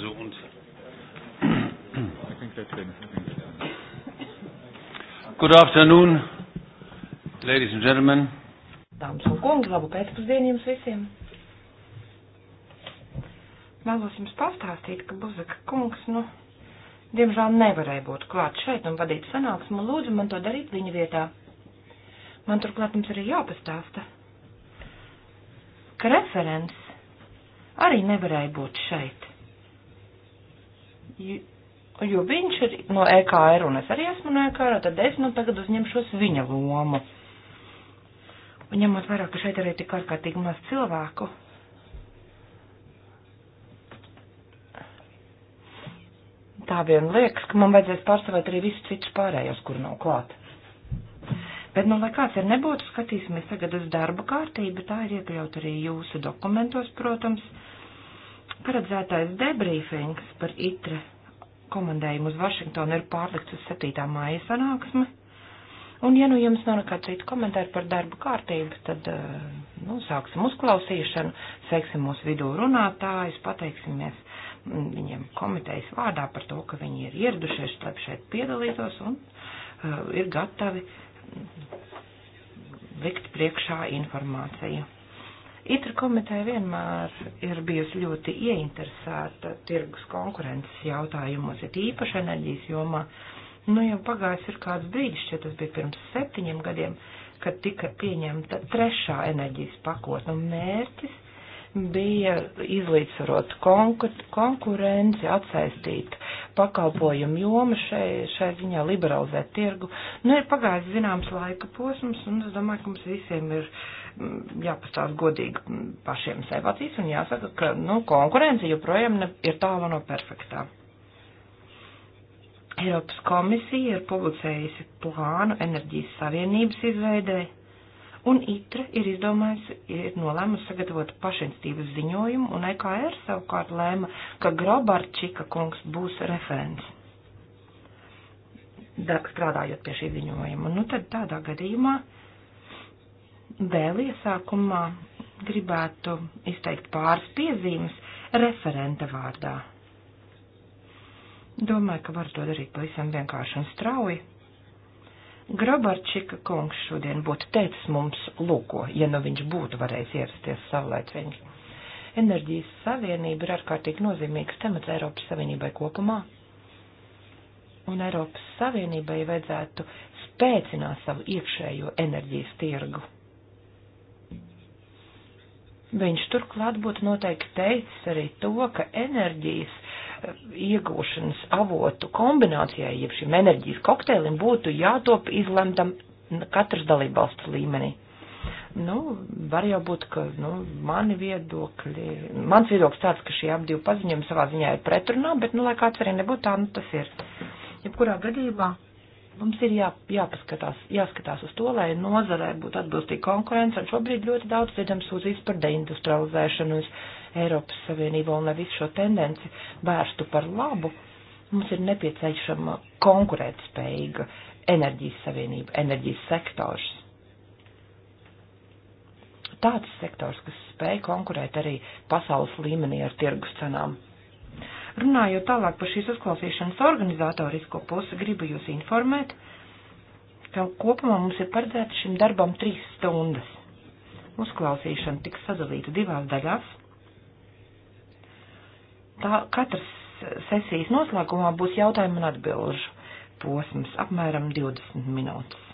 So und. Good afternoon, ladies and gentlemen. Dāmas un kungi, labu pēcpusdienu jums visiem. Vēlos jums pastāstīt, ka Buzaka kungs, nu, diemžēl nevarēja būt klāt šeit un vadīt sanāksmu, lūdzu man to darīt viņa vietā. Man turklāt jums arī jāpastāsta, ka referents arī nevarēja būt šeit jo viņš ir no EKR un es arī esmu no EKR, tad es nu tagad uzņemšos viņa lomu. Un ņemot vērā, ka šeit arī tik ārkārtīgi maz cilvēku. Tā vien liekas, ka man vajadzēs pārstāvēt arī visus citus pārējos, kur nav klāt. Bet, nu, lai kāds ir nebūtu, skatīsimies tagad uz darba kārtību, tā ir iekļaut arī jūsu dokumentos, protams. Uh, Paredzētais debriefings par ITRE komandējumu uz Vašingtonu ir pārlikts uz 7. māja sanāksmi. Un, ja nu jums nav nekāda cita komentāra par darbu kārtību, tad, eh, nu, sāksim uzklausīšanu, sveiksim mūsu vidū runātājus, pateiksimies mm, viņiem komitejas vārdā par to, ka viņi ir ieradušies, lai šeit piedalītos un uh, ir gatavi mm, likt priekšā informāciju. ITRA komiteja vienmēr ir bijusi ļoti ieinteresēta tirgus konkurences jautājumos, ir īpaši enerģijas jomā. Nu, jau pagājis ir kāds brīdis, šķiet, tas bija pirms septiņiem gadiem, kad tika pieņemta trešā enerģijas pakotne, un mērķis bija izlīdzsvarot konkurenci, atsaistīt pakalpojumu jomu šai, šai ziņā, liberalizēt tirgu. Nu, ir pagājis zināms laika posms, un es domāju, ka mums visiem ir mm, jāpastāst godīgi pašiem sev acīs un jāsaka, ka, nu, konkurence joprojām ne, ir tālu no perfektā. Eiropas komisija ir publicējusi plānu enerģijas savienības izveidēji un ITRA ir izdomājusi, ir nolēmusi sagatavot pašinstīvas ziņojumu, un EKR savukārt lēma, ka Grobarčika kungs būs referents. Darb strādājot pie šī ziņojuma. Nu tad tādā gadījumā vēl iesākumā gribētu izteikt pāris piezīmes referenta vārdā. Domāju, ka var to darīt pavisam vienkārši un strauji. Grabarčika kungs šodien būtu teicis mums lūko, ja nu viņš būtu varējis ierasties savlaicīgi. Enerģijas savienība ir ārkārtīgi nozīmīgs temats Eiropas Savienībai kopumā, un Eiropas Savienībai vajadzētu spēcināt savu iekšējo enerģijas tirgu. Viņš turklāt būtu noteikti teicis arī to, ka enerģijas iegūšanas avotu kombinācijai, jeb šim enerģijas kokteilim, būtu jātop izlemtam katras dalībvalsts līmenī. Nu, var jau būt, ka nu, mani viedokļi, mans viedoklis tāds, ka šie ap divi paziņojumi savā ziņā ir pretrunā, bet, nu, lai kāds arī nebūtu tā, nu, tas ir. Jebkurā gadījumā mums ir jā, jāpaskatās, jāskatās uz to, lai nozarē būtu atbilstīga konkurence, un šobrīd ļoti daudz dzirdam sūdzības par deindustrializēšanu. Es Eiropas Savienībā un lai visu šo tendenci vērstu par labu, mums ir nepieciešama konkurētspējīga enerģijas savienība, enerģijas sektors. Tāds sektors, kas spēj konkurēt arī pasaules līmenī ar tirgus cenām. Runājot tālāk par šīs uzklausīšanas organizatorisko pusi, gribu jūs informēt, ka kopumā mums ir paredzēta šim darbam trīs stundas. Uzklausīšana tiks sadalīta divās daļās tā katras sesijas noslēgumā būs jautājumu un atbilžu posms, apmēram 20 minūtes.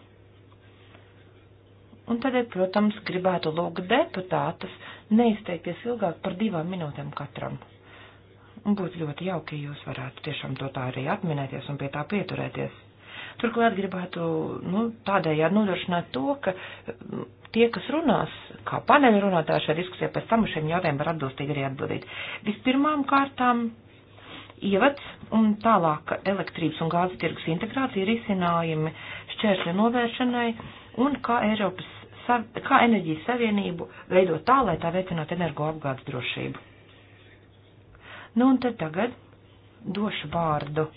Un tad, protams, gribētu lūgt deputātus neizteikties ilgāk par divām minūtēm katram. Un būtu ļoti jauki, ja jūs varētu tiešām to tā arī atminēties un pie tā pieturēties. Turklāt gribētu nu, tādējādi nodrošināt to, ka tie, kas runās, kā paneļa runātāji šajā diskusijā, pēc tam uz šiem jautājumiem var atbilstīgi arī atbildīt. Vispirmām kārtām ievads un tālāk elektrības un gāzes tirgus integrācija risinājumi šķēršļa novēršanai un kā Eiropas, kā enerģijas savienību veidot tā, lai tā veicinātu energoapgādes drošību. Nu un tad tagad došu vārdu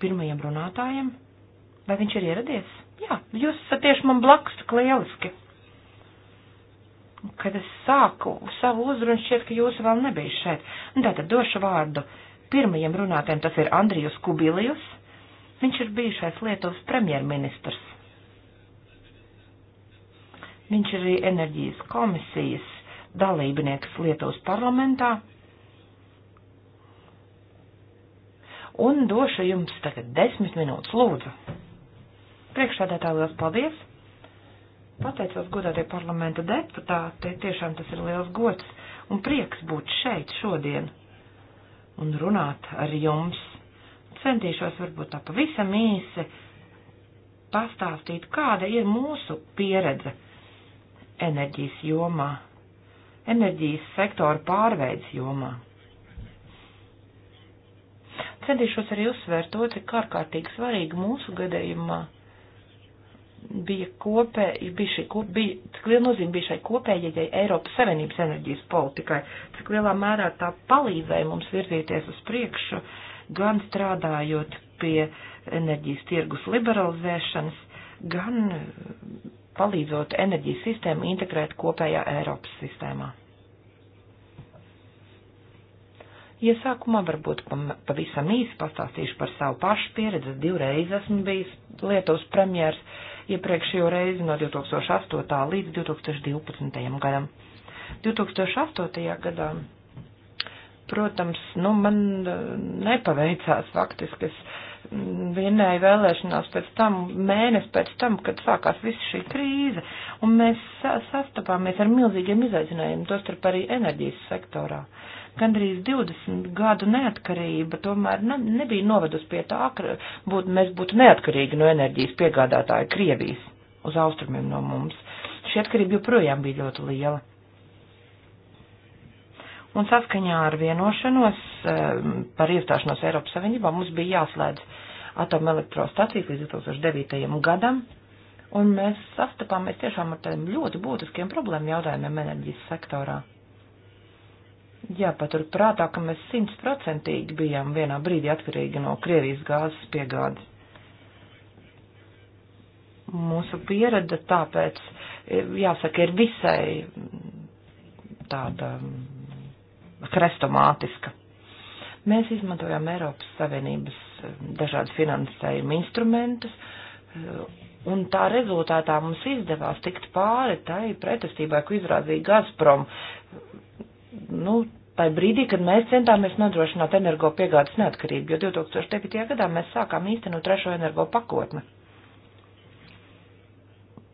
pirmajam runātājam. Vai viņš ir ieradies? Jā, jūs esat tieši man blakus, tik lieliski kad es sāku savu uzrunu, šķiet, ka jūs vēl nebija šeit. Tātad došu vārdu pirmajam runātājam, tas ir Andrijus Kubilijus. Viņš ir bijušais Lietuvas premjerministrs. Viņš ir arī enerģijas komisijas dalībnieks Lietuvas parlamentā. Un došu jums tagad desmit minūtes, lūdzu. Priekšādētāji, liels paldies! Pateicos godātie parlamenta deputāti, tiešām tas ir liels gods un prieks būt šeit šodien un runāt ar jums. Centīšos varbūt tā pavisam īsi pastāstīt, kāda ir mūsu pieredze enerģijas jomā, enerģijas sektora pārveids jomā. Centīšos arī uzsvērt to, cik ārkārtīgi svarīgi mūsu gadījumā bija kopē, bija šī kopē, bija, cik liela nozīme bija šai kopējai Eiropas Savienības enerģijas politikai, cik lielā mērā tā palīdzēja mums virzīties uz priekšu, gan strādājot pie enerģijas tirgus liberalizēšanas, gan palīdzot enerģijas sistēmu integrēt kopējā Eiropas sistēmā. Iesākumā ja varbūt pavisam īsi pastāstīšu par savu pašu pieredzi. Divreiz esmu bijis Lietuvas premjers iepriekšējo reizi no 2008. līdz 2012. gadam. 2008. gadā, protams, nu, man e, nepaveicās faktiski. Es mm, vienēju vēlēšanās pēc tam, mēnesi pēc tam, kad sākās visa šī krīze, un mēs sastapāmies ar milzīgiem izaicinājumiem, tostarp arī enerģijas sektorā. Uh, gandrīz 20 gadu neatkarība tomēr ne, nu, nebija novedus pie tā, ka būt, mēs būtu neatkarīgi no enerģijas piegādātāja Krievijas uz austrumiem no mums. Šī atkarība joprojām bija ļoti liela. Un saskaņā ar vienošanos ehm, par iestāšanos Eiropas Savienībā mums bija jāslēdz atomelektrostacijas līdz 2009. gadam, un mēs sastapāmies tiešām ar tādiem ļoti būtiskiem problēmu jautājumiem enerģijas sektorā jāpatur prātā, ka mēs simtprocentīgi bijām vienā brīdī atkarīgi no Krievijas gāzes piegādes. Mūsu pieredze tāpēc, e, jāsaka, ir visai mm, tāda krestomātiska. Mm, mēs izmantojām Eiropas Savienības e, dažādu finansējumu instrumentus, e, un tā rezultātā mums izdevās tikt pāri tai pretestībai, ko izrādīja Gazprom nu, tai brīdī, kad mēs centāmies nodrošināt energo piegādes neatkarību, jo 2009. gadā mēs sākām īstenot trešo energo pakotni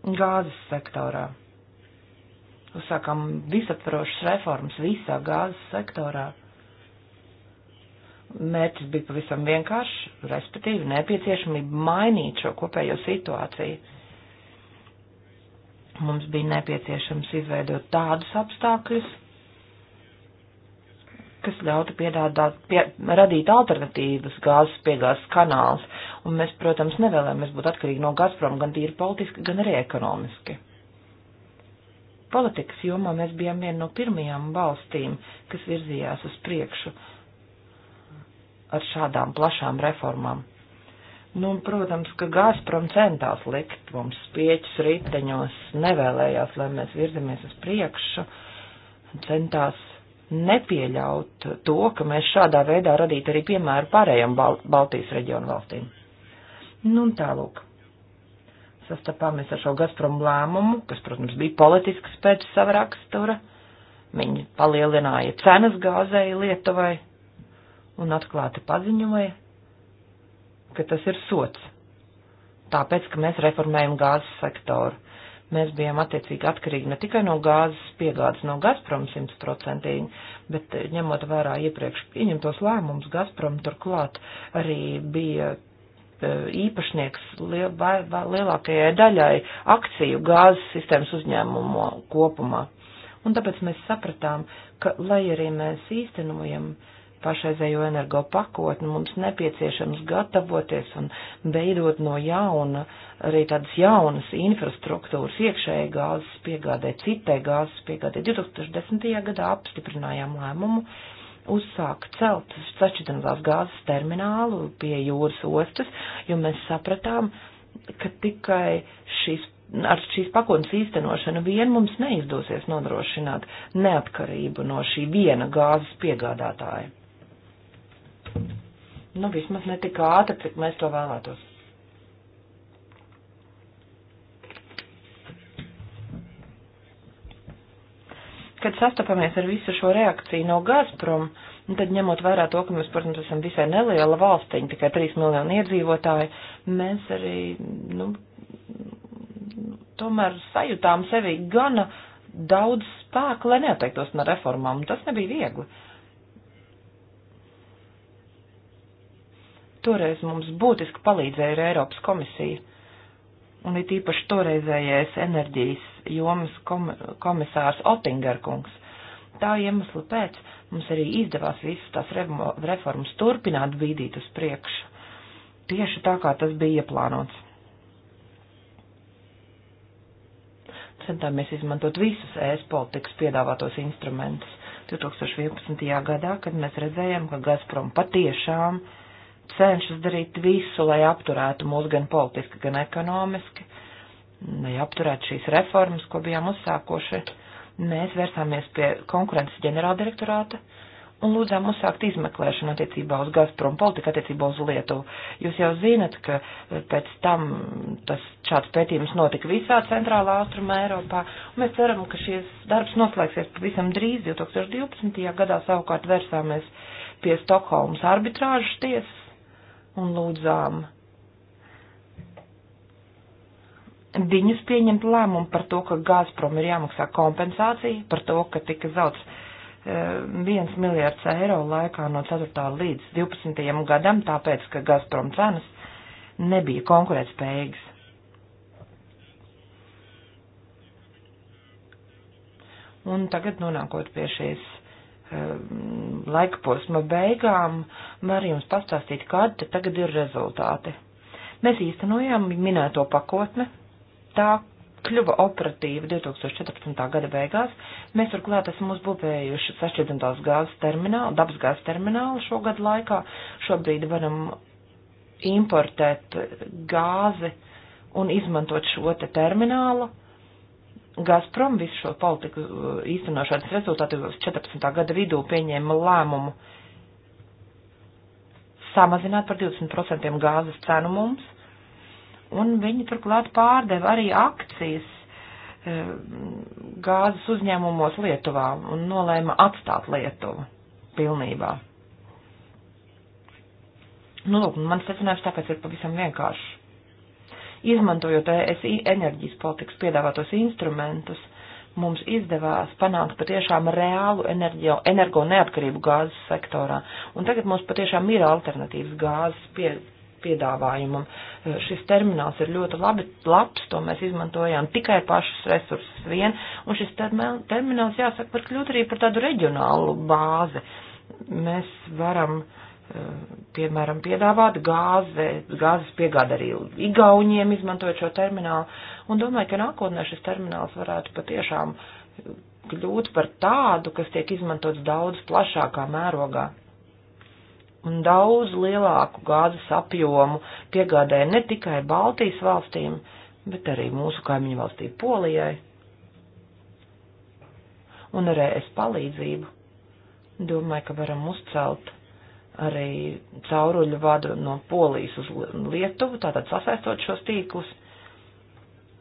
gāzes sektorā. Uzsākām visaptvarošas reformas visā gāzes sektorā. Mērķis bija pavisam vienkāršs, respektīvi nepieciešamība mainīt šo kopējo situāciju. Mums bija nepieciešams izveidot tādus apstākļus, kas ļautu piedādāt, pie, radīt alternatīvas gāzes piegāzes kanāls, un mēs, protams, nevēlamies būt atkarīgi no Gazprom gan tīri politiski, gan arī ekonomiski. Politikas jomā mēs bijām viena no pirmajām valstīm, kas virzījās uz priekšu ar šādām plašām reformām. Nu, un, protams, ka Gazprom centās likt mums pieķus riteņos, nevēlējās, lai mēs virzamies uz priekšu, centās nepieļaut to, ka mēs šādā veidā radītu arī piemēru pārējām Bal Baltijas reģionu valstīm. Nu un tālūk. Sastapāmies ar šo Gazprom lēmumu, kas, protams, bija politisks pēc sava rakstura. Viņi palielināja cenas gāzēji Lietuvai un atklāti paziņoja, ka tas ir sots. Tāpēc, ka mēs reformējam gāzes sektoru mēs bijām attiecīgi atkarīgi ne tikai no gāzes piegādes no Gazprom simtprocentīgi, bet eh, ņemot vērā iepriekš pieņemtos lēmumus, Gazprom turklāt arī bija eh, īpašnieks liel, vai, vai, lielākajai daļai akciju gāzes sistēmas uzņēmumu kopumā. Un tāpēc mēs sapratām, ka, lai arī mēs īstenojam uh, pašreizējo energo pakotni, mums nepieciešams gatavoties un beidot no jauna arī tādas jaunas infrastruktūras iekšēji gāzes piegādē, citai gāzes piegādē. 2010. gadā apstiprinājām lēmumu uzsākt celt sašķidrinās gāzes terminālu pie jūras ostas, jo mēs sapratām, ka tikai šīs ar šīs pakotnes īstenošanu vien mums neizdosies nodrošināt neatkarību no šī viena gāzes piegādātāja. Nu, vismaz ne tik ātri, cik mēs to vēlētos. Kad sastopamies ar visu šo reakciju no Gazprom, Un tad ņemot vērā to, ka mēs, protams, esam visai neliela valstiņa, tikai 3 miljoni iedzīvotāji, mēs arī, nu, tomēr sajūtām sevi gana daudz spēku, lai neatteiktos no reformām. Un tas nebija viegli. Uh, Toreiz mums būtiski palīdzēja ar Eiropas komisiju, un it īpaši toreizējais enerģijas jomas komisārs Otingerkungs. Tā iemesla pēc mums arī izdevās visas tās reformas turpināt bīdīt uz priekšu, tieši tā kā tas bija ieplānots. centāmies izmantot visus ES politikas piedāvātos instrumentus. 2011. gadā, kad mēs redzējām, ka Gazprom patiešām cenšas darīt visu, lai apturētu mūs gan politiski, gan ekonomiski, lai apturētu šīs reformas, ko bijām uzsākoši. Mēs vērsāmies pie konkurences ģenerāldirektorāta un lūdzām uzsākt izmeklēšanu attiecībā uz Gazprom politiku, attiecībā uz Lietuvu. Jūs jau zinat, ka eh, pēc tam tas šāds pētījums notika visā centrālā austruma Eiropā, un mēs ceram, ka šis darbs noslēgsies pavisam drīz, 2012. gadā savukārt vērsāmies pie Stokholmas arbitrāžas tiesas, un lūdzām viņus pieņemt lēmumu par to, ka Gazprom ir jāmaksā kompensācija, par to, ka tika zauts e, viens miljards eiro laikā no 4. līdz 12. gadam, tāpēc, ka Gazprom cenas nebija konkurētspējīgas. Un tagad nonākot pie šīs Ehm, laika posma beigām var jums pastāstīt, kādi tagad ir rezultāti. Mēs īstenojām minēto pakotni, tā kļuva operatīva 2014. gada beigās. Mēs turklāt esam uzbūvējuši sašķidrinātās gāzes terminālu, dabas gāzes terminālu šo gadu laikā. Šobrīd varam importēt gāzi un izmantot šo te terminālu Gazprom visu šo politiku uh, īstenošanas rezultātu 14. gada vidū pieņēma lēmumu samazināt par 20% gāzes cenu mums, un viņi turklāt pārdeva arī akcijas uh, gāzes uzņēmumos Lietuvā un nolēma atstāt Lietuvu pilnībā. Nu, lūk, man secinājums tāpēc ir pavisam vienkārši izmantojot ES enerģijas politikas piedāvātos instrumentus, mums izdevās panākt patiešām reālu enerģio, energo neatkarību gāzes sektorā. Un tagad mums patiešām ir alternatīvas gāzes pie, piedāvājumam. E, šis termināls ir ļoti labi, labs, to mēs izmantojām tikai pašus resursus vien, un šis termināls jāsaka par kļūt arī par tādu reģionālu bāzi. Mēs varam uh, piemēram, piedāvāt gāze, gāzes piegāda arī igauņiem, izmantojot šo terminālu, un domāju, ka nākotnē šis termināls varētu patiešām kļūt par tādu, kas tiek izmantots daudz plašākā mērogā. Un daudz lielāku gāzes apjomu piegādē ne tikai Baltijas valstīm, bet arī mūsu kaimiņu valstī Polijai. Un ar es palīdzību domāju, ka varam uzcelt arī cauruļu vadu no Polijas uz Lietuvu, tātad sasaistot šos tīklus.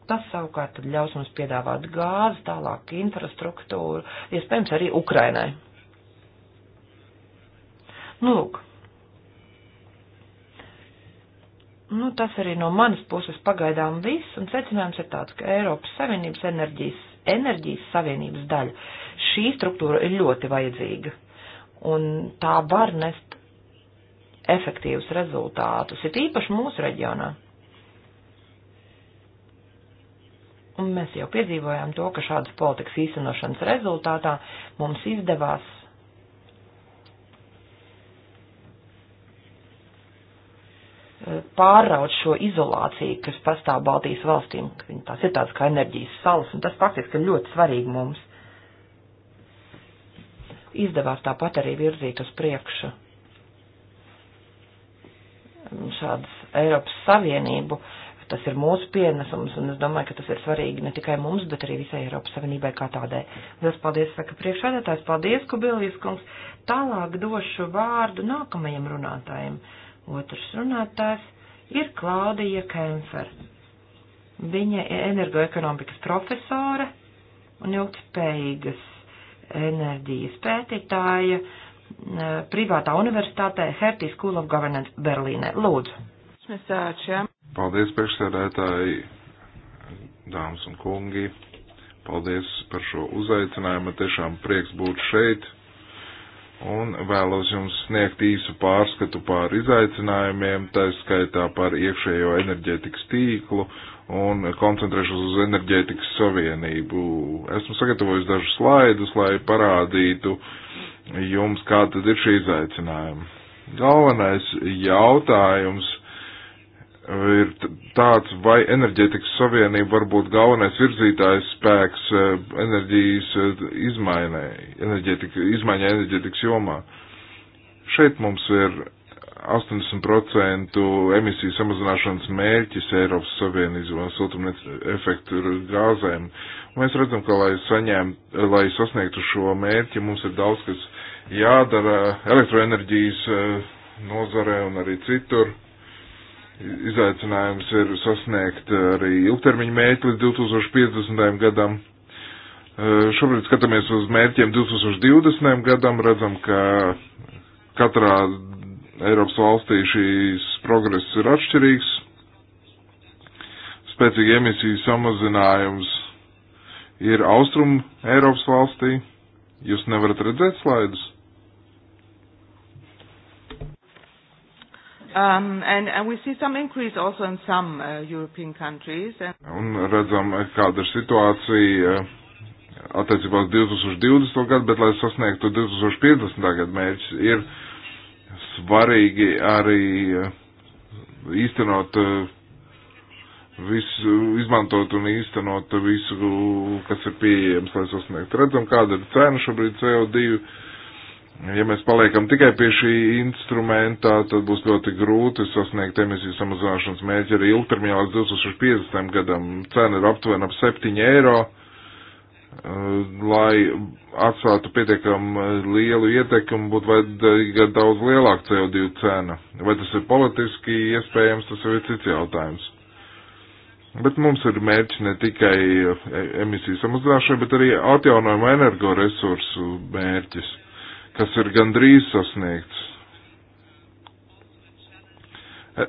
Tas savukārt ļaus mums piedāvāt gāzi, tālāk infrastruktūru, iespējams arī Ukrainai. Nu, lūk. Nu, tas arī no manas puses pagaidām viss, un secinājums ir tāds, ka Eiropas Savienības enerģijas, enerģijas savienības daļa šī struktūra ir ļoti vajadzīga, un tā var nest efektīvus rezultātus, ir īpaši mūsu reģionā. Un mēs jau piedzīvojām to, ka šādas politikas īstenošanas rezultātā mums izdevās pārraut šo izolāciju, kas pastāv Baltijas valstīm, ka tās ir tādas kā enerģijas salas, un tas faktiski ir ļoti svarīgi mums. Izdevās tāpat arī virzīt uz priekšu šādas Eiropas Savienību. Tas ir mūsu pienesums, un es domāju, ka tas ir svarīgi ne tikai mums, bet arī visai Eiropas Savienībai kā tādai. Liels paldies, saka priekšādātājs, paldies, Kubilijas kungs. Tālāk došu vārdu nākamajam runātājiem. Otrs runātājs ir Klaudija Kemfer. Viņa ir energoekonomikas profesore un ilgtspējīgas enerģijas pētītāja Eh, privātā universitātē Hertie School of Governance Berlīnē. Lūdzu. Eh, Paldies, priekšsēdētāji, dāmas un kungi. Paldies par šo uzaicinājumu. Tiešām prieks būt šeit un vēlos jums sniegt īsu pārskatu pār izaicinājumiem, tā skaitā par iekšējo enerģētikas tīklu un koncentrēšos uz enerģētikas savienību. Esmu sagatavojis dažus slaidus, lai parādītu jums, kā tad ir šī izaicinājuma. Galvenais jautājums ir tāds, vai enerģetikas savienība var būt galvenais virzītājs spēks eh, enerģijas eh, izmaiņai, enerģetika, izmaiņai enerģetikas jomā. Šeit mums ir 80% emisiju samazināšanas mērķis Eiropas Savienības siltumnīca efektu gāzēm. Mēs redzam, ka, lai, saņēm, lai sasniegtu šo mērķi, mums ir daudz, kas jādara elektroenerģijas eh, nozarē un arī citur Izaicinājums ir sasniegt arī ilgtermiņa mērķi līdz 2050. gadam. Šobrīd skatāmies uz mērķiem 2020. gadam, redzam, ka katrā Eiropas valstī šīs progress ir atšķirīgs. Spēcīgi emisiju samazinājums ir Austrum Eiropas valstī. Jūs nevarat redzēt slaidus? Um, and, and we see some increase also in some uh, European countries. And... Un redzam, eh, kāda ir situācija attiecībā uz 2020. gadu, bet lai sasniegtu 2050. gadu mērķus, ir svarīgi arī eh, īstenot eh, visu, izmantot un īstenot visu, kas ir pieejams, lai sasniegtu. Redzam, kāda ir cena šobrīd CO2 Ja mēs paliekam tikai pie šī instrumenta, tad būs ļoti grūti sasniegt emisiju samazināšanas mērķi arī ilgtermiņā līdz 2050. gadam. Cena ir aptuveni ap 7 eiro, eh, lai atstātu pietiekam eh, lielu ietekumu, būtu vajadzīga daudz lielāka CO2 cena. Vai tas ir politiski iespējams, tas jau ir cits jautājums. Bet mums ir mērķi ne tikai eh, emisiju samazināšana, bet arī atjaunojama energoresursu mērķis kas ir gandrīz sasniegts. E,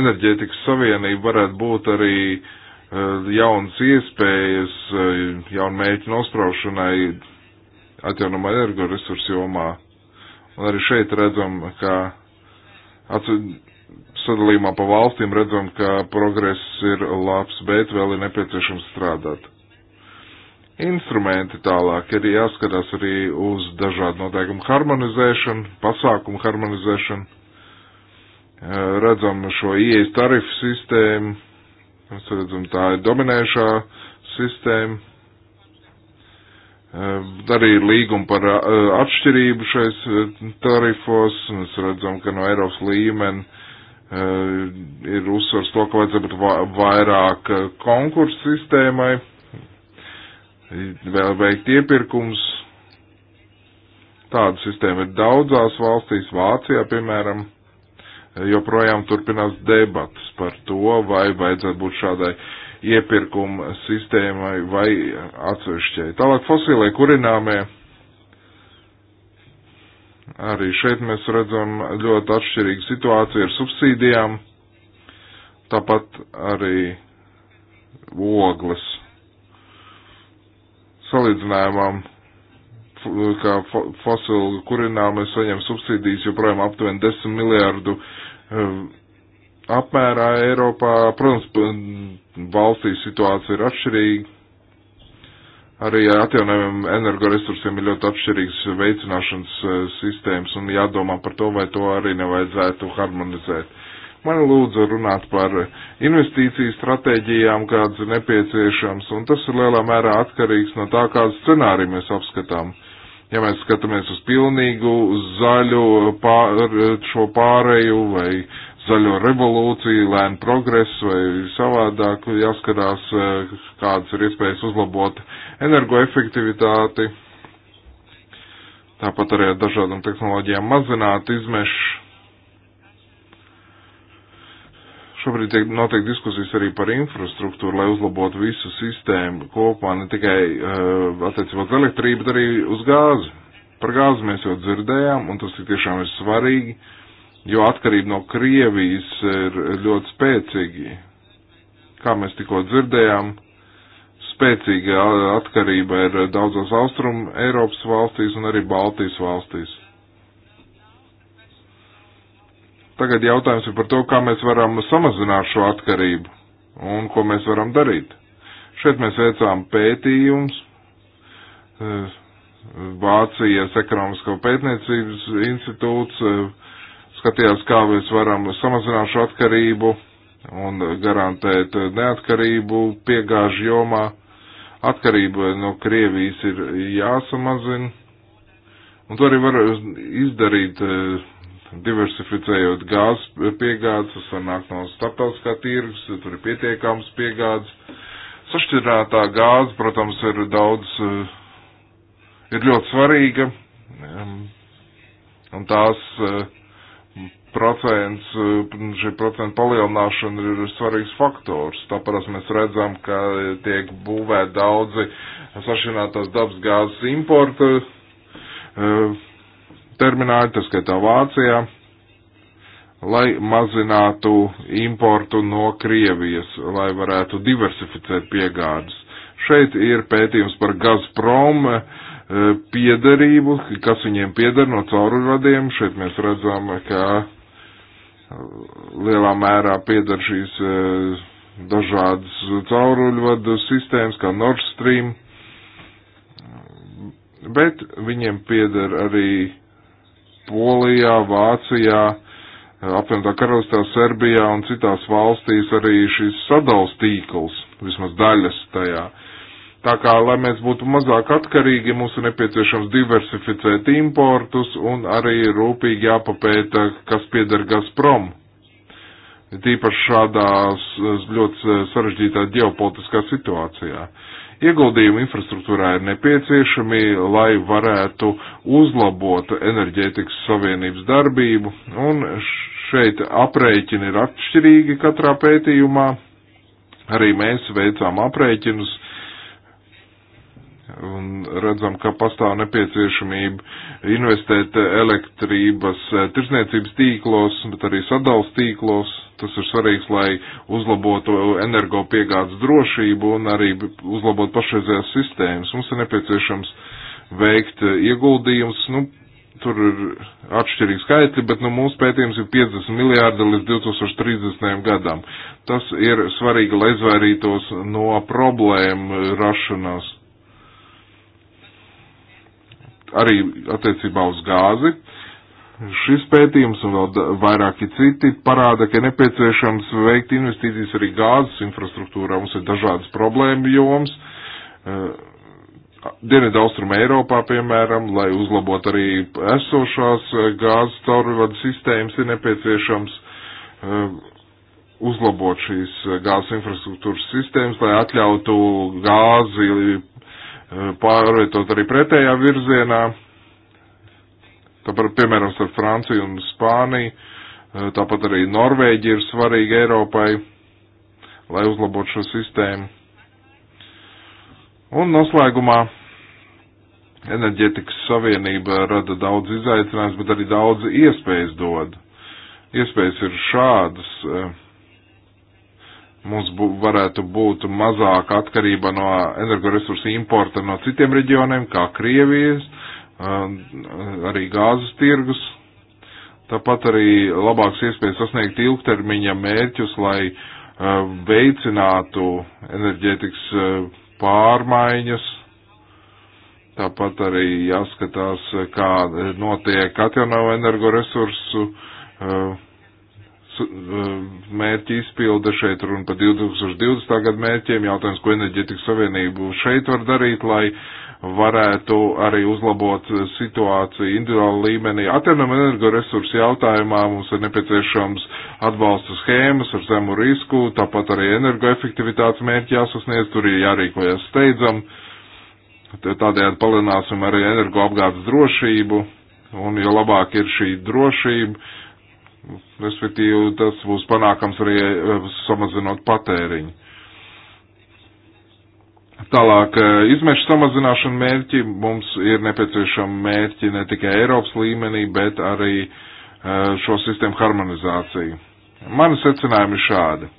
enerģētikas savienība varētu būt arī e, jaunas iespējas, e, jaunu mēķu nospraušanai atjaunamā energoresursu jomā. Un arī šeit redzam, ka sadalījumā pa valstīm redzam, ka progress ir labs, bet vēl ir nepieciešams strādāt instrumenti tālāk ir jāskatās arī uz dažādu noteikumu harmonizēšanu, pasākumu harmonizēšanu. Redzam šo ieejas tarifu sistēmu, mēs redzam tā ir dominējušā sistēma. Arī ir līguma par atšķirību šais tarifos, mēs redzam, ka no Eiropas līmeni ir uzsvars to, ka vajadzētu būt vairāk konkursu sistēmai vēl veikt iepirkums. Tāda sistēma ir daudzās valstīs, Vācijā, piemēram, joprojām turpinās debatas par to, vai vajadzētu būt šādai iepirkuma sistēmai vai atsevišķai. Tālāk fosilie kurināmie. Arī šeit mēs redzam ļoti atšķirīgu situāciju ar subsīdijām, tāpat arī ogles salīdzinājumam, kā fosilu kurināmai saņem subsīdijas joprojām aptuveni 10 miljārdu eh, apmērā Eiropā. Protams, valstī situācija ir atšķirīga. Arī atjaunojumiem energoresursiem ir ļoti atšķirīgs veicināšanas eh, sistēmas un jādomā par to, vai to arī nevajadzētu harmonizēt. Man lūdzu runāt par investīciju stratēģijām, kādas ir nepieciešams, un tas ir lielā mērā atkarīgs no tā, kādu scenāriju mēs apskatām. Ja mēs skatāmies uz pilnīgu uz zaļu pār, šo pāreju vai zaļo revolūciju, lēnu progresu vai savādāk jāskatās, eh, kādas ir iespējas uzlabot energoefektivitāti, tāpat arī ar dažādām tehnoloģijām mazināt izmešu. Šobrīd tiek notiek diskusijas arī par infrastruktūru, lai uzlabotu visu sistēmu kopumā, ne tikai uh, attiecībā uz elektrību, bet arī uz gāzi. Par gāzi mēs jau dzirdējām, un tas ir tiešām ir svarīgi, jo atkarība no Krievijas ir ļoti spēcīga. Kā mēs tikko dzirdējām, spēcīga atkarība ir daudzos austrumu Eiropas valstīs un arī Baltijas valstīs. Tagad jautājums ir par to, kā mēs varam samazināt šo atkarību un ko mēs varam darīt. Šeit mēs veicām pētījums eh, Vācijas ekonomisko pētniecības institūts, eh, skatījās, kā mēs varam samazināt šo atkarību un garantēt neatkarību piegāžu jomā. Atkarība no Krievijas ir jāsamazina, un to arī var izdarīt eh, diversificējot gāzes piegādes, tas var nākt no starptautiskā tirgus, tur ir pietiekams piegādes. Sašķirinātā gāze, protams, ir daudz, eh, ir ļoti svarīga, ehm, un tās eh, procents, eh, šī procenta palielināšana ir svarīgs faktors. Tāpēc mēs redzam, ka tiek būvēt daudzi sašķirinātās dabas gāzes importa termināļi, tas skaitā Vācijā, lai mazinātu importu no Krievijas, lai varētu diversificēt piegādes. Šeit ir pētījums par Gazprom eh, piederību, kas viņiem pieder no caurvadiem. Šeit mēs redzam, ka eh, lielā mērā pieder šīs eh, dažādas cauruļvadu sistēmas, kā Nord Stream, bet viņiem pieder arī Polijā, Vācijā, apvienotā karalistā, Serbijā un citās valstīs arī šis sadals tīkls, vismaz daļas tajā. Tā kā, lai mēs būtu mazāk atkarīgi, mums ir nepieciešams diversificēt importus un arī rūpīgi jāpapēta, kas pieder Gazprom. Tīpaši šādā ļoti sarežģītā ģeopolitiskā situācijā. Ieguldījumi infrastruktūrā ir nepieciešami, lai varētu uzlabot enerģētikas savienības darbību, un šeit aprēķini ir atšķirīgi katrā pētījumā. Arī mēs veicām aprēķinus un redzam, ka pastāv nepieciešamība investēt elektrības eh, tirsniecības tīklos, bet arī sadals tīklos. Tas ir svarīgs, lai uzlabotu energopiegādes drošību un arī uzlabotu pašreizējās sistēmas. Mums ir nepieciešams veikt ieguldījums, nu, tur ir atšķirīgi skaitļi, bet nu, mūsu pētījums ir 50 miljārdi līdz 2030. gadam. Tas ir svarīgi, lai izvairītos no problēmu rašanās arī attiecībā uz gāzi. Šis pētījums un vēl vairāki citi parāda, ka nepieciešams veikt investīcijas arī gāzes infrastruktūrā. Mums ir dažādas problēma joms. E, Dienvidu austrumu Eiropā, piemēram, lai uzlabot arī esošās e, gāzes caurvadu sistēmas, ir nepieciešams e, uzlabot šīs gāzes infrastruktūras sistēmas, lai atļautu gāzi pārvietot arī pretējā virzienā. Tāpēc, piemēram, ar Franciju un Spāniju, eh, tāpat arī Norvēģija ir svarīga Eiropai, lai uzlabotu šo sistēmu. Un noslēgumā enerģetikas savienība rada daudz izaicinājumus, bet arī daudz iespējas dod. Iespējas ir šādas. Uh, mums bū, varētu būt mazāka atkarība no energoresursu importa no citiem reģioniem, kā Krievijas, um, arī gāzes tirgus. Tāpat arī labāks iespējas sasniegt ilgtermiņa mērķus, lai um, veicinātu enerģētikas um, pārmaiņas. Tāpat arī jāskatās, kā eh, notiek atjaunojumu energoresursu uh, Um, mērķi izpilda šeit runa par 2020. gadu mērķiem, jautājums, ko enerģetikas savienību šeit var darīt, lai varētu arī uzlabot situāciju individuālu līmenī. Atjaunam energoresursu jautājumā mums ir nepieciešams atbalsta schēmas ar zemu risku, tāpat arī energoefektivitātes mērķi jāsasniedz, tur ir jārīkojas steidzam, tādējādi palielināsim arī energoapgādes drošību, un jo labāk ir šī drošība, Respektīvi, tas būs panākams arī eh, samazinot patēriņu. Tālāk, eh, izmešu samazināšana mērķi mums ir nepieciešama mērķi ne tikai Eiropas līmenī, bet arī eh, šo sistēmu harmonizāciju. Mani secinājumi ir šādi.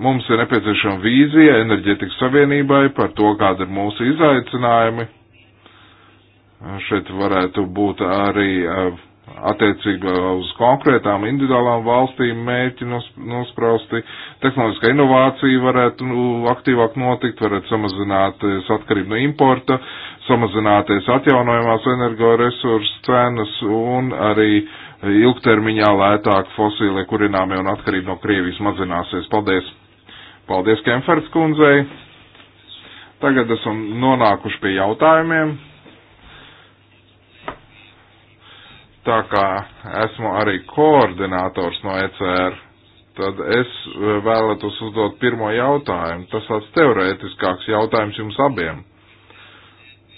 Mums ir nepieciešama vīzija enerģetikas savienībai par to, kāda ir mūsu izaicinājumi. Šeit varētu būt arī uh, attiecībā uz konkrētām individuālām valstīm mērķi nosprausti. Tehnoloģiskā inovācija varētu nu, aktīvāk notikt, varētu samazināties atkarību no importa, samazināties atjaunojumās energoresursu cenas un arī ilgtermiņā lētāk fosīlie kurināmie un atkarība no Krievijas mazināsies. Paldies! Paldies Kemferts kundzei! Tagad esam nonākuši pie jautājumiem. tā kā esmu arī koordinators no ECR, tad es e, vēlētos uzdot pirmo jautājumu. Tas tāds teorētiskāks jautājums jums abiem.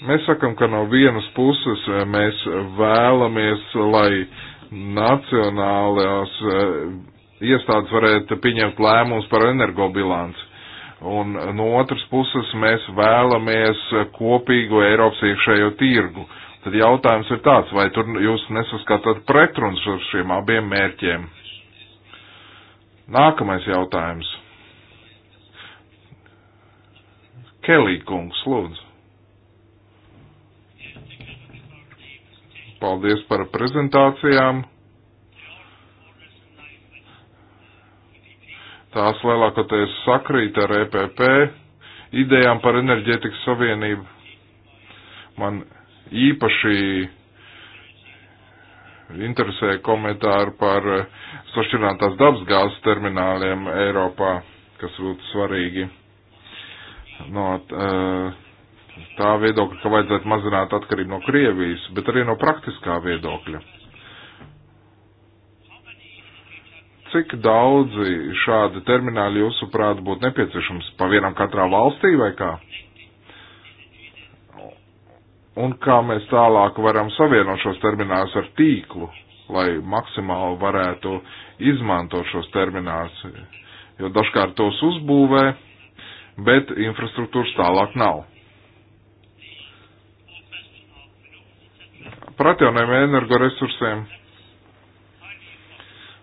Mēs sakam, ka no vienas puses e, mēs vēlamies, lai nacionālās e, iestādes varētu pieņemt lēmumus par energobilanci. Un no otras puses mēs vēlamies kopīgu Eiropas iekšējo tirgu. Uh, Tad jautājums ir tāds, vai tur jūs nesaskatāt pretruns ar šiem abiem mērķiem? Nākamais jautājums. Kelī kungs, lūdzu. Paldies par prezentācijām. Tās lielākoties sakrīt ar EPP idejām par enerģētikas savienību. Man īpaši interesē komentāri par eh, sašķirinātās dabasgāzes termināliem Eiropā, kas būtu svarīgi no eh, tā viedokļa, ka vajadzētu mazināt atkarību no Krievijas, bet arī no praktiskā viedokļa. cik daudzi šādi termināli jūsuprāt būtu nepieciešams? Pa vienam katrā valstī vai kā? un kā mēs tālāk varam savienot šos terminālus ar tīklu, lai maksimāli varētu izmantot šos terminālus, jo dažkārt tos uzbūvē, bet infrastruktūras tālāk nav. Par atjaunējumiem energoresursiem.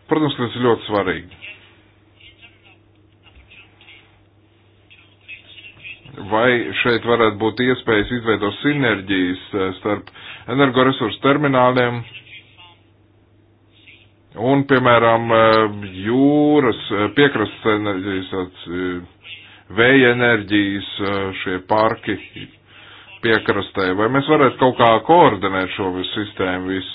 Protams, tas ir ļoti svarīgi. vai šeit varētu būt iespējas izveidot sinerģijas eh, starp energoresursu termināliem un, piemēram, eh, jūras eh, piekrastes enerģijas, vēja enerģijas šie parki piekrastē, vai mēs varētu kaut kā koordinēt šo visu sistēmu visu.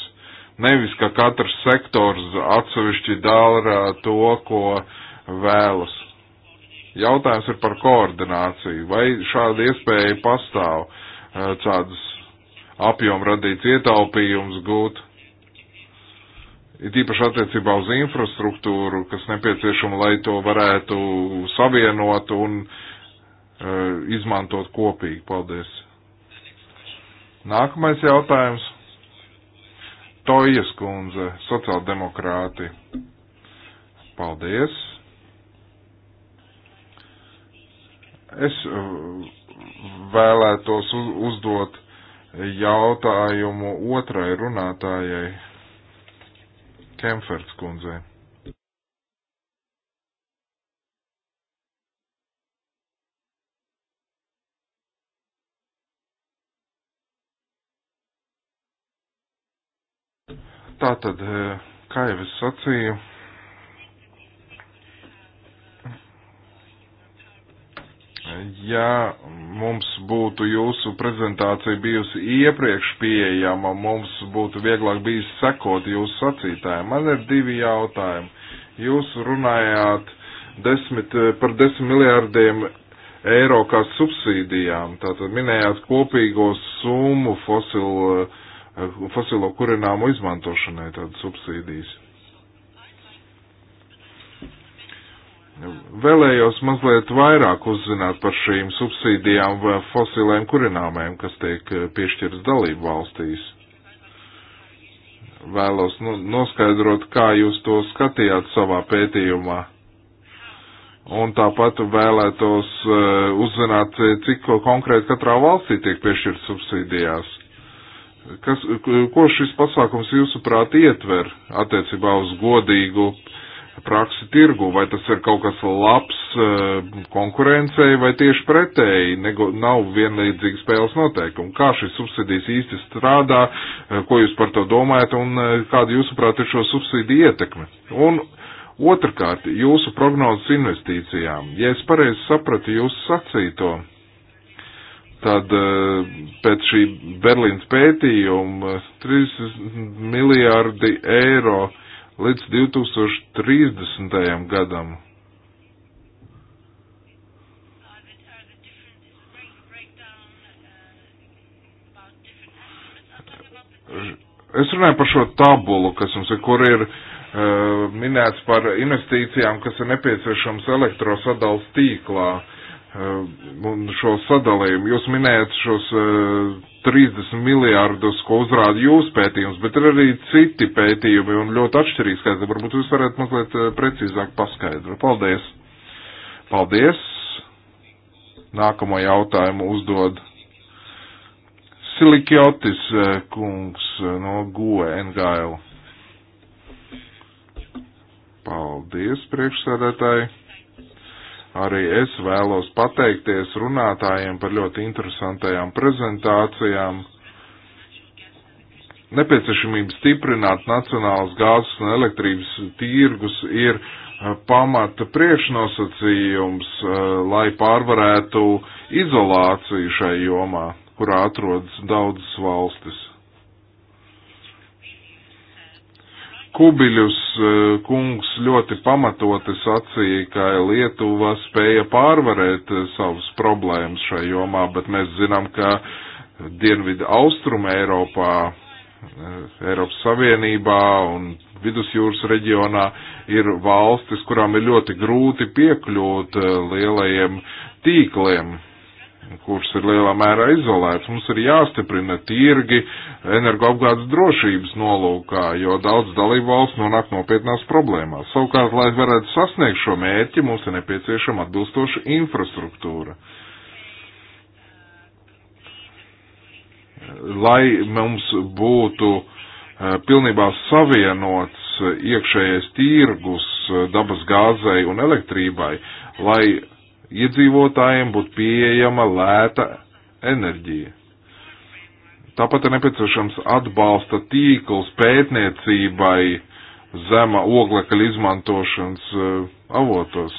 Nevis, ka katrs sektors atsevišķi dara to, ko vēlas. Jautājums ir par koordināciju. Vai šāda iespēja pastāv eh, šādas apjomu radīts ietaupījums gūt? Ir īpaši attiecībā uz infrastruktūru, kas nepieciešama, lai to varētu savienot un uh, izmantot kopīgi. Paldies! Nākamais jautājums. Tojas kundze, sociāldemokrāti. Paldies! Es uh, vēlētos uzdot jautājumu otrai runātājai, Kemferts kundzei. Tātad, eh, kā jau es sacīju, ja mums būtu jūsu prezentācija bijusi iepriekš pieejama, mums būtu vieglāk bijis sekot jūsu sacītājiem. Man ir divi jautājumi. Jūs runājāt desmit, par desmit miljārdiem eiro kā subsīdijām, tātad minējāt kopīgo summu fosilo, fosilo kurināmu izmantošanai, tātad subsīdijas. Vēlējos mazliet vairāk uzzināt par šīm subsīdijām fosilēm kurināmēm, kas tiek eh, piešķirts dalību valstīs. Vēlos noskaidrot, kā jūs to skatījāt savā pētījumā. Un tāpat vēlētos eh, uzzināt, cik konkrēti katrā valstī tiek piešķirts subsīdijās. Kas, ko šis pasākums jūsuprāt ietver attiecībā uz godīgu uh, praksi tirgu, vai tas ir kaut kas labs e, konkurencei, vai tieši pretēji, nego, nav vienlīdzīgi spēles noteikumi. Kā šīs subsidijas īsti strādā, e, ko jūs par to domājat un e, kāda jūsuprāt ir šo subsidiju ietekme? Un otrkārt, jūsu prognozes investīcijām. Ja es pareizi sapratu jūsu sacīto, tad pēc šī Berlīnas pētījuma 30 miljārdi eiro līdz 2030. gadam. Es runāju par šo tabulu, kas mums ir, kur ir uh, minēts par investīcijām, kas ir nepieciešams elektrosadals tīklā. Uh, Eh, šo sadalījumu. Jūs minējat šos 30 eh, miljārdus, ko uzrāda jūsu pētījums, bet ir arī citi pētījumi un ļoti atšķirīgi skaitļi. Varbūt jūs varētu mazliet eh, precīzāk paskaidrot. Paldies! Paldies! Nākamo jautājumu uzdod Silikjotis kungs no GOE NGL. Paldies, priekšsēdētāji! Arī es vēlos pateikties runātājiem par ļoti interesantajām prezentācijām. Nepieciešamība stiprināt nacionālas gāzes un elektrības tirgus ir eh, pamata priekšnosacījums, eh, lai pārvarētu izolāciju šai jomā, kurā atrodas daudzas valstis. Kubiļus eh, kungs ļoti pamatoti sacīja, ka Lietuva spēja pārvarēt eh, savas problēmas šai jomā, bet mēs zinām, ka Dienvidu Austruma Eiropā, eh, Eiropas Savienībā un Vidusjūras reģionā ir valstis, kurām ir ļoti grūti piekļūt lielajiem tīkliem, kurš ir lielā mērā izolēts. Mums ir jāstiprina tirgi energoapgādes drošības nolūkā, jo daudz dalību valsts nonāk nopietnās problēmās. Savukārt, lai varētu sasniegt šo mērķi, mums ir nepieciešama atbilstoša infrastruktūra. Lai mums būtu eh, pilnībā savienots iekšējais tirgus eh, dabas gāzei un elektrībai, lai iedzīvotājiem būtu pieejama lēta enerģija. Tāpat ir nepieciešams atbalsta tīkls pētniecībai zema oglekļa izmantošanas e, avotos.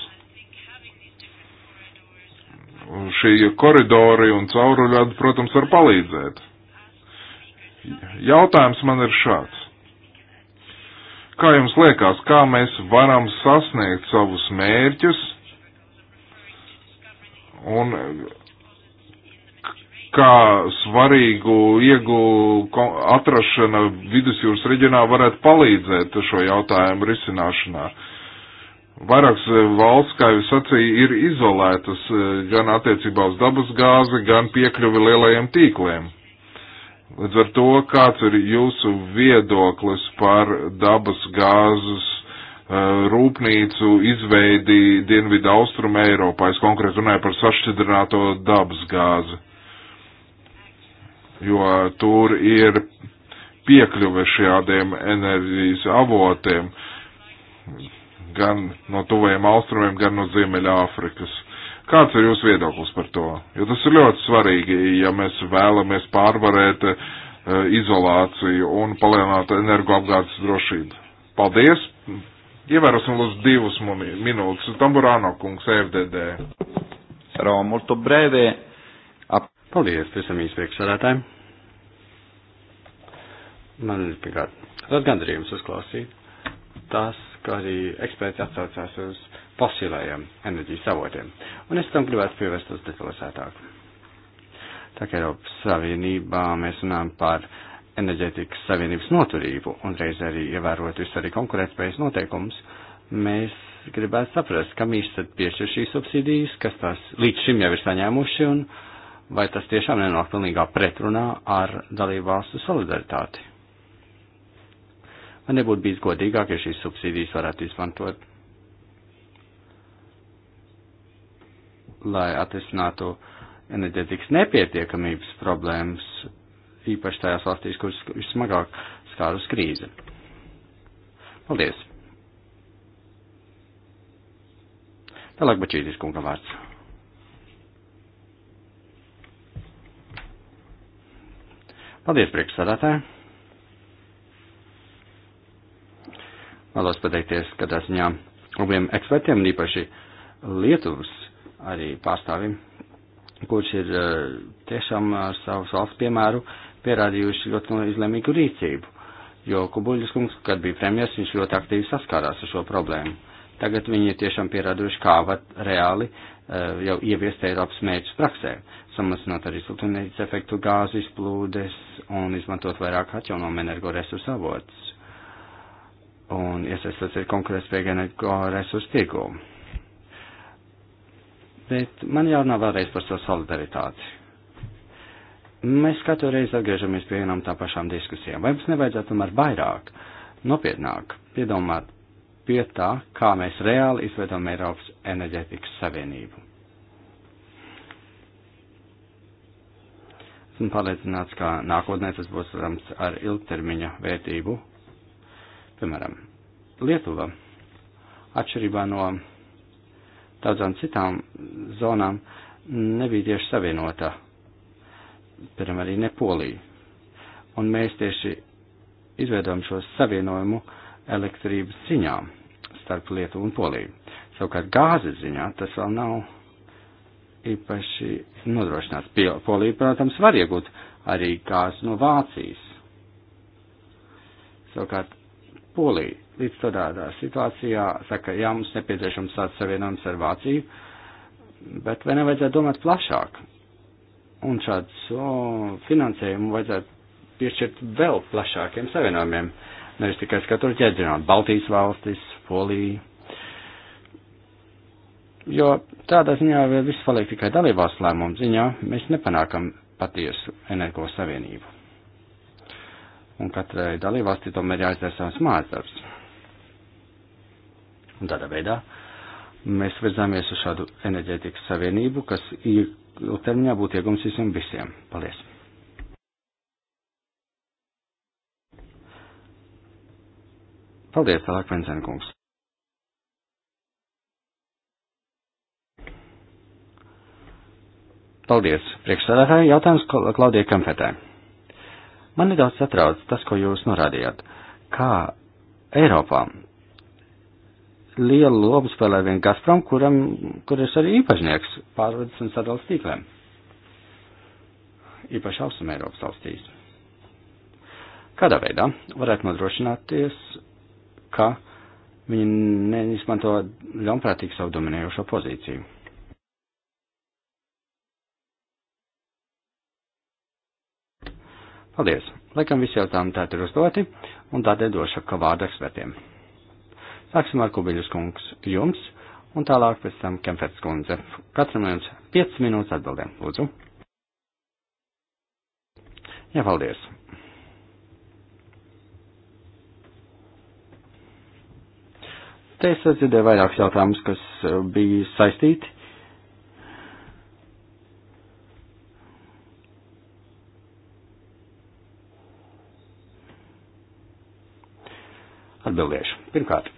Šie koridori un cauruļi, protams, var palīdzēt. Jautājums man ir šāds. Kā jums liekas, kā mēs varam sasniegt savus mērķus, un kā svarīgu iegūlu atrašana vidusjūras reģionā varētu palīdzēt šo jautājumu risināšanā. Vairākas eh, valsts, kā jau sacīju, ir izolētas eh, gan attiecībā uz dabas gāzi, gan piekļuvi lielajiem tīkliem. Līdz ar to, kāds ir jūsu viedoklis par dabas gāzes Eh, rūpnīcu izveidi Dienvidu Austrum Eiropā. Es konkrēti runāju par sašķidrināto dabas gāzi, jo tur ir piekļuve šādiem enerģijas avotiem gan no tuvajiem austrumiem, gan no Ziemeļa Āfrikas. Kāds ir jūsu viedoklis par to? Jo tas ir ļoti svarīgi, ja mēs vēlamies pārvarēt uh, izolāciju un palielināt energoapgādes drošību. Paldies! Ievērosim lūdzu divus minūtes. Tamburāno kungs, FDD. Sarau, molto breve. Ap... Paldies, visam īspriekšsādātājiem. Man ir pirmkārt, tas gandarījums uzklausīt. Tas, ka arī eksperti atsaucās uz fosilējiem enerģijas avotiem. Un es tam gribētu pievērst uz detalizētāk. Tā kā Eiropas Savienībā mēs runājam par uh, enerģētikas savienības noturību un reiz arī ievērot visu arī konkurētspējas noteikumus, mēs gribētu saprast, kam īsti tad piešķir šīs subsīdijas, kas tās līdz šim jau ir saņēmuši un vai tas tiešām nenāk pilnīgā pretrunā ar dalību valstu solidaritāti. Vai nebūtu bijis godīgāk, ja šīs subsīdijas varētu izmantot, lai atrisinātu enerģētikas nepietiekamības problēmas īpaši tajās valstīs, kuras vismagāk skārus krīze. Paldies! Tālāk Bačītis kungam vārds. Paldies, priekšsādātāji! Vēlos pateikties, ka tā ziņā abiem ekspertiem, īpaši Lietuvas arī pārstāvim, kurš ir eh, tiešām ar savu valsts piemēru pierādījuši ļoti izlēmīgu rīcību, jo Kubuļas kungs, kad bija premjers, viņš ļoti aktīvi saskārās ar šo problēmu. Tagad viņi ir tiešām pierādījuši, kā var reāli eh, jau ieviest Eiropas mērķus praksē, samazinot arī siltumnīcas efektu gāzu izplūdes un izmantot vairāk atjaunojumu energoresursu avotus un iesaistot ir konkurētspējīga energoresursu tirgumu. Bet man jārunā vēlreiz par savu solidaritāti mēs katru reizi atgriežamies pie vienām tā pašām diskusijām. Vai mums nevajadzētu tomēr vairāk, nopietnāk piedomāt pie tā, kā mēs reāli izveidām Eiropas enerģētikas savienību? Esmu pārliecināts, ka nākotnē tas būs, protams, ar ilgtermiņa vērtību. Piemēram, Lietuva atšķirībā no daudzām citām zonām nebija tieši savienota piemēram, arī ne Polija. Un mēs tieši izveidojam šo savienojumu elektrības ziņā starp Lietuvu un Poliju. Savukārt gāzes ziņā tas vēl nav īpaši nodrošināts. Polija, protams, var iegūt arī gāzi no Vācijas. Savukārt Polija līdz tādā situācijā saka, jā, mums nepieciešams tāds savienojums ar Vāciju, bet vai nevajadzētu domāt plašāk? Un šāds o, finansējumu vajadzētu piešķirt vēl plašākiem savienojumiem, nevis tikai skatot ķēdzināt Baltijas valstis, Poliju. Jo tādā ziņā vēl viss paliek tikai dalībās lēmumu ziņā, mēs nepanākam patiesu energo savienību. Un katrai dalībvalstī tomēr jāizdara savs mājasdarbs. Un tādā veidā mēs virzāmies uz šādu enerģētikas savienību, kas ir ilgtermiņā būtu iegums visiem visiem. Paldies! Paldies, tālāk Venzenkungs. Paldies, priekšsēdētāji. Jautājums Klaudija Kampetē. Man nedaudz satrauc tas, ko jūs norādījāt. Kā Eiropā lielu lobu spēlē vien Gazprom, kuram, kur ir arī īpašnieks pārvades un sadalas tīkliem. Īpaši Austrum Eiropas valstīs. Kādā veidā varētu nodrošināties, ka viņi neizmanto ļaunprātīgi savu dominējošo pozīciju? Paldies! Laikam visi jautājumi tātad ir uzdoti, un tādēļ došu ka vārdu ekspertiem. Sāksim ar Kubiļus kungs jums, un tālāk pēc tam Kemfets kundze. Katram jums 5 minūtes atbildēm, lūdzu. Jā, paldies. Te es atzirdēju vairākus jautājumus, kas eh, bija saistīti. Atbildēšu. Pirmkārt,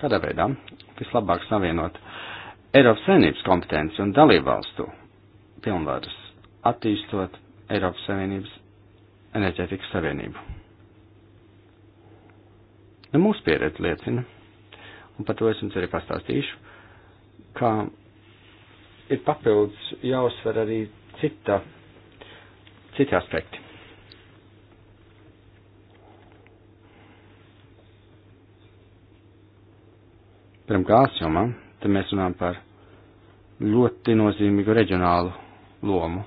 Tādā veidā vislabāk savienot Eiropas Savienības kompetenci un dalībvalstu pilnvaras, attīstot Eiropas Savienības enerģētikas savienību. Nu, mūsu pieredze liecina, un par to es jums arī pastāstīšu, ka ir papildus jāuzsver arī cita, citi aspekti. Piemēram, gāzes jomā, tad mēs runājam par ļoti nozīmīgu reģionālu lomu.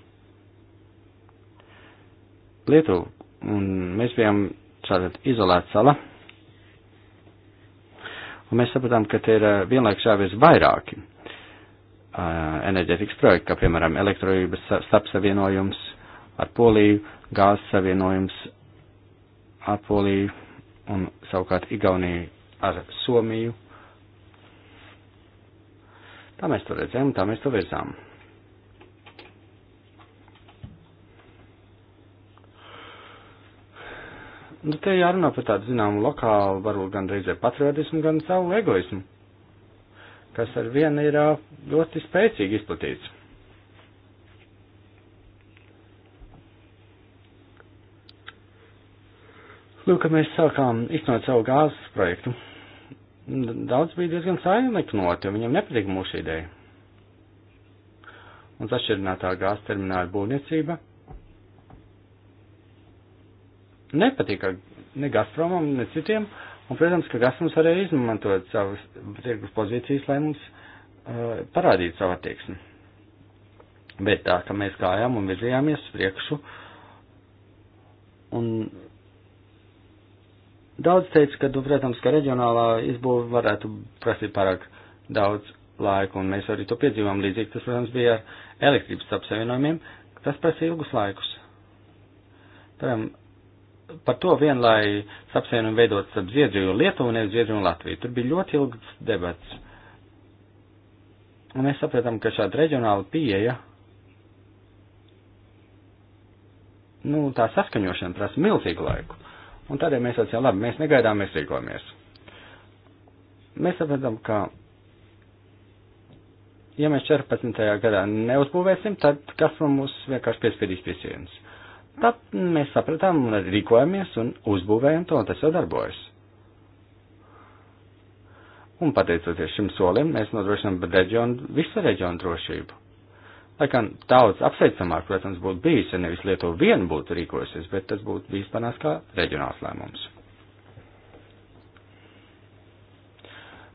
Lietuva, un mēs bijām tātad izolēta sala, un mēs sapratām, ka te ir eh, vienlaikus jāvies vairāki uh, eh, enerģētikas projekti, kā piemēram elektroības starpsavienojums ar Poliju, gāzes savienojums ar Poliju un savukārt Igauniju ar Somiju Tā mēs to redzējām, tā mēs to virzām. Nu, te jārunā par tādu, zinām, lokālu, varbūt gan reizē patriotismu, gan savu egoismu, kas ar vienu ir ļoti spēcīgi izplatīts. Lūk, ka mēs sākām iznot savu gāzes projektu daudz bija diezgan saimeknoti, un viņam nepatīk mūsu ideja. Un sašķirinātā gāzes termināla būvniecība nepatīk ne Gazpromam, ne citiem, un, protams, ka Gazproms varēja izmantot savas tirgus pozīcijas, lai mums uh, parādītu savu attieksmi. Bet tā, ka mēs gājām un virzījāmies priekšu, un Daudz teica, ka, nu, protams, ka reģionālā izbūve varētu prasīt pārāk daudz laika, un mēs arī to piedzīvām līdzīgi. Tas, protams, bija ar elektrības apsevienojumiem, tas prasīja ilgus laikus. Param, par to vien, lai apsevienojumu veidot starp Zviedriju un Lietuvu, nevis Zviedriju un Latviju. Tur bija ļoti ilgs debats. Un mēs sapratām, ka šāda reģionāla pieeja, nu, tā saskaņošana prasa milzīgu laiku. Un tādēļ mēs sacījām, labi, mēs negaidām, mēs rīkojamies. Mēs saprotam, ka, ja mēs 14. gadā neuzbūvēsim, tad kas mums vienkārši piespiedīs pie sienas. Tad mēs sapratām un rīkojamies un uzbūvējam to, un tas jau darbojas. Un pateicoties šim solim, mēs nodrošinām reģionu, visu reģionu drošību. Laikam daudz apsveicamāk, protams, būtu bijis, ja nevis Lietuva vien būtu rīkojusies, bet tas būtu bijis panāks kā reģionāls lēmums.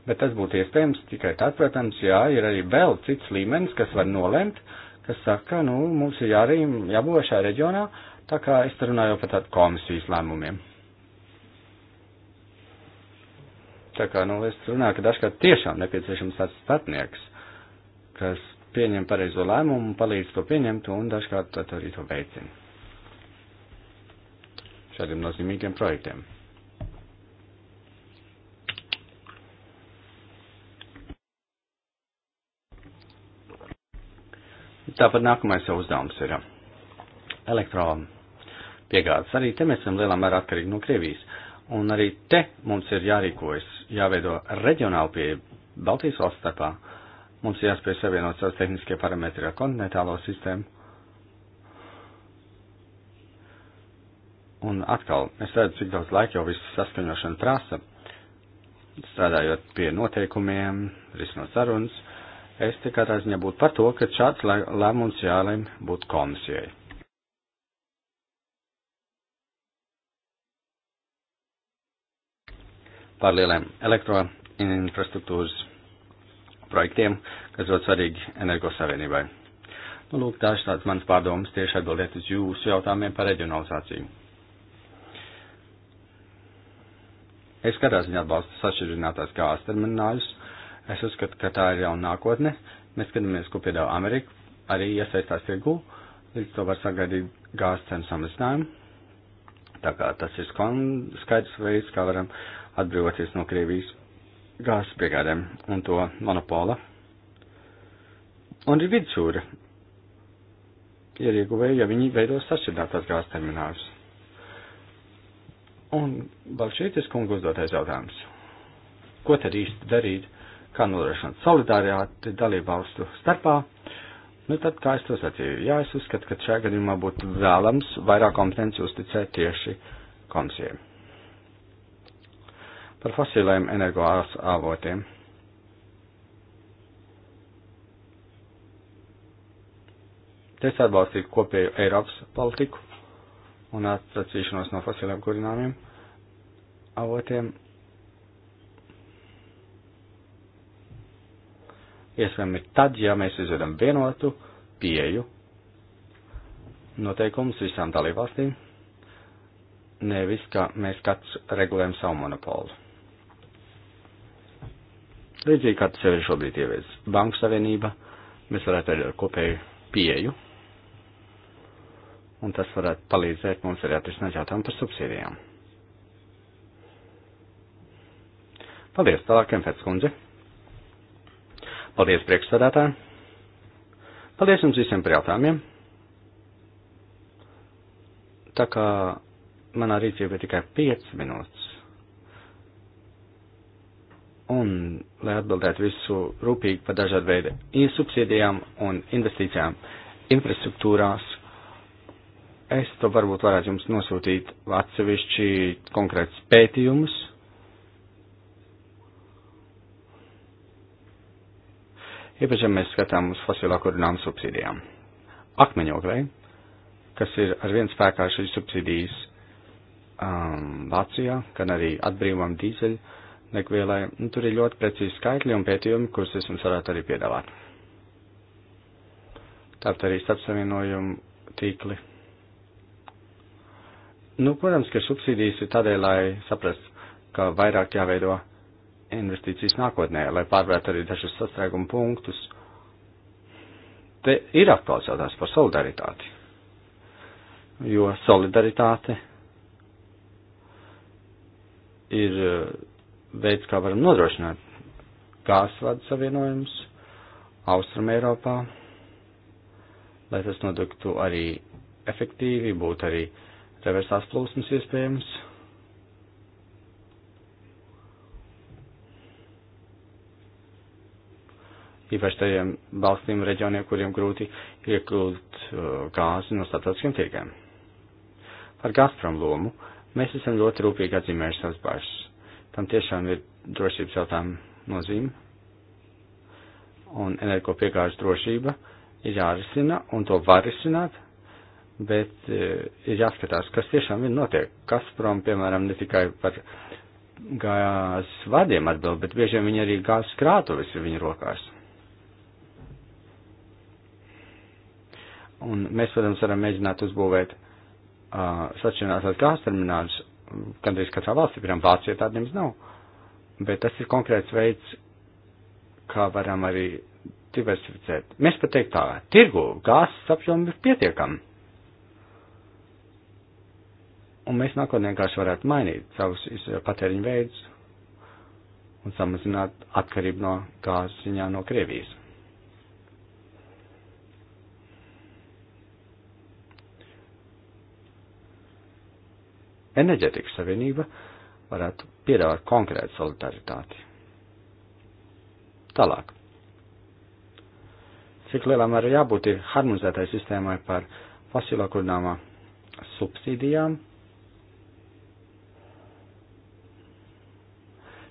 Bet tas būtu iespējams tikai tad, protams, jā, ir arī vēl cits līmenis, kas var nolemt, kas saka, nu, mums ir jārī, jābūt šajā reģionā, tā kā es runāju par tādu komisijas lēmumiem. Tā kā, nu, es runāju, ka dažkārt tiešām nepieciešams tāds starpnieks, kas pieņem pareizo lēmumu, palīdz to pieņemt un dažkārt tad arī to veicina. Šādiem nozīmīgiem projektiem. Tāpat nākamais jau uzdevums ir elektropiegādes. Arī te mēs esam lielā mērā atkarīgi no Krievijas. Un arī te mums ir jārīkojas, jāveido reģionāli pie Baltijas valsts starpā. Uh, Mums jāspēj savienot savus tehniskie parametri ar kontinentālo sistēmu. Un atkal, es redzu, cik daudz laika jau viss saskaņošana prasa. Strādājot pie noteikumiem, risinot sarunas, es tikai tā ziņā būtu par to, ka šāds lēmums jālem būtu komisijai. Par lieliem elektroinfrastruktūras projektiem, kas ļoti svarīgi energosavienībai. Nu, lūk, tā ir tāds mans pārdoms tieši atbildēt uz jūsu jautājumiem par reģionalizāciju. Es katrā ziņā atbalstu sašķirinātās gāzes termināļus. Es uzskatu, ka tā ir jau nākotne. Mēs skatāmies, ko piedāvā Amerika, arī iesaistās tirgū, līdz to var sagaidīt gāzes cenu samazinājumu. Tā kā tas ir skaidrs veids, kā varam atbrīvoties no Krievijas gāzes piegādēm un to monopola. Un ir vidusjūra. Ir ieguvēji, ja viņi veidos sašķidrātās gāzes terminālus. Un Balčītis kungu uzdotais jautājums. Ko tad īsti darīt, kā nodrošināt solidaritāti dalībvalstu starpā? Nu, tad, kā es to sacīju, jā, es uzskatu, ka šajā gadījumā būtu vēlams vairāk kompetenci uzticēt tieši komisijai par fosilēm energoās avotiem. Es atbalstītu kopēju Eiropas politiku un atsacīšanos no fosiliem kurināmiem avotiem. Iespējami tad, ja mēs izvedam vienotu pieju noteikumus visām dalībvalstīm, nevis, ka mēs kāds regulējam savu monopolu. Līdzīgi kā tas jau ir šobrīd ievies Banku Savienība, mēs varētu arī ar kopēju pieeju, un tas varētu palīdzēt mums arī atrisināt jautājumu par subsīdijām. Paldies, tālāk, Kempfets kundze. Paldies, priekšstādātāji. Paldies jums visiem par jautājumiem. Tā kā manā rīcībā ir tikai 5 minūtes. Un, lai atbildētu visu rūpīgi par dažādu veidu subsīdijām un investīcijām infrastruktūrās, es to varbūt varētu jums nosūtīt atsevišķi konkrēts pētījumus. Īpaši, ja mēs skatām uz fosilā kurināmu subsīdijām. Akmeņoglei, kas ir ar viens spēkā šīs subsīdijas um, Vācijā, gan arī atbrīvām dīzeļu degvielai. Nu, tur ir ļoti precīzi skaitļi un pētījumi, kurus es jums varētu arī piedāvāt. Tāpat arī starpsavienojumu tīkli. Nu, protams, ka subsīdijas ir tādēļ, lai saprastu, ka vairāk jāveido investīcijas nākotnē, lai pārvērtu arī dažus sastrēgumu punktus. Te ir aktuāls jautājums par solidaritāti, jo solidaritāte ir veids, kā varam nodrošināt gāzvadu savienojumus Austrum Eiropā, lai tas notiktu arī efektīvi, būtu arī reversās plūsmas iespējams. Īpaši tajiem valstīm reģioniem, kuriem grūti iekļūt uh, gāzi no starptautiskiem tirgiem. Par Gazprom lomu mēs esam ļoti rūpīgi atzīmējuši savas bažas Tam tiešām ir drošības jautājuma nozīme. Un energo piegāžu drošība ir jārisina, un to var risināt, bet eh, ir jāskatās, kas tiešām ir notiek. Gazprom, piemēram, ne tikai par gāzes vadiem atbild, bet bieži vien viņi arī gāzes krātuvis ir viņu rokās. Un mēs, protams, varam mēģināt uzbūvēt uh, ah, sačinātās gāzes terminālus gandrīz katrā valstī, piemēram, Vācijā tādiem nav. Bet tas ir konkrēts veids, kā varam arī diversificēt. Mēs pat teikt tā, tirgu gāzes apjomi ir pietiekami. Un mēs nākotnē vienkārši varētu mainīt savus patēriņu veidus un samazināt atkarību no gāzes ziņā no Krievijas. enerģetikas savienība varētu piedāvāt konkrētu solidaritāti. Tālāk. Cik lielā mērā jābūt ir harmonizētai sistēmai par fosilo kurināmā subsīdijām?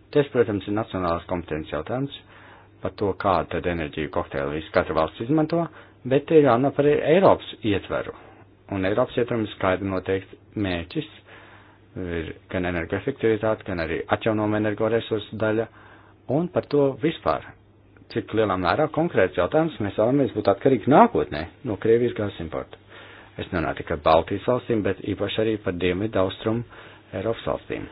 Tas, protams, ir nacionālās kompetences jautājums par to, kādu tad enerģiju kokteili katra valsts izmanto, bet ir jāna par Eiropas ietveru. Un Eiropas ietveram ir skaidri noteikti mēķis – ir gan energoefektivitāte, gan arī atjaunojama energoresursu daļa, un par to vispār, cik lielā mērā konkrēts jautājums mēs vēlamies būt atkarīgi nākotnē no Krievijas gāzes importa. Es nerunāju tikai Baltijas valstīm, bet īpaši arī par Dienvidu austrumu Eiropas valstīm.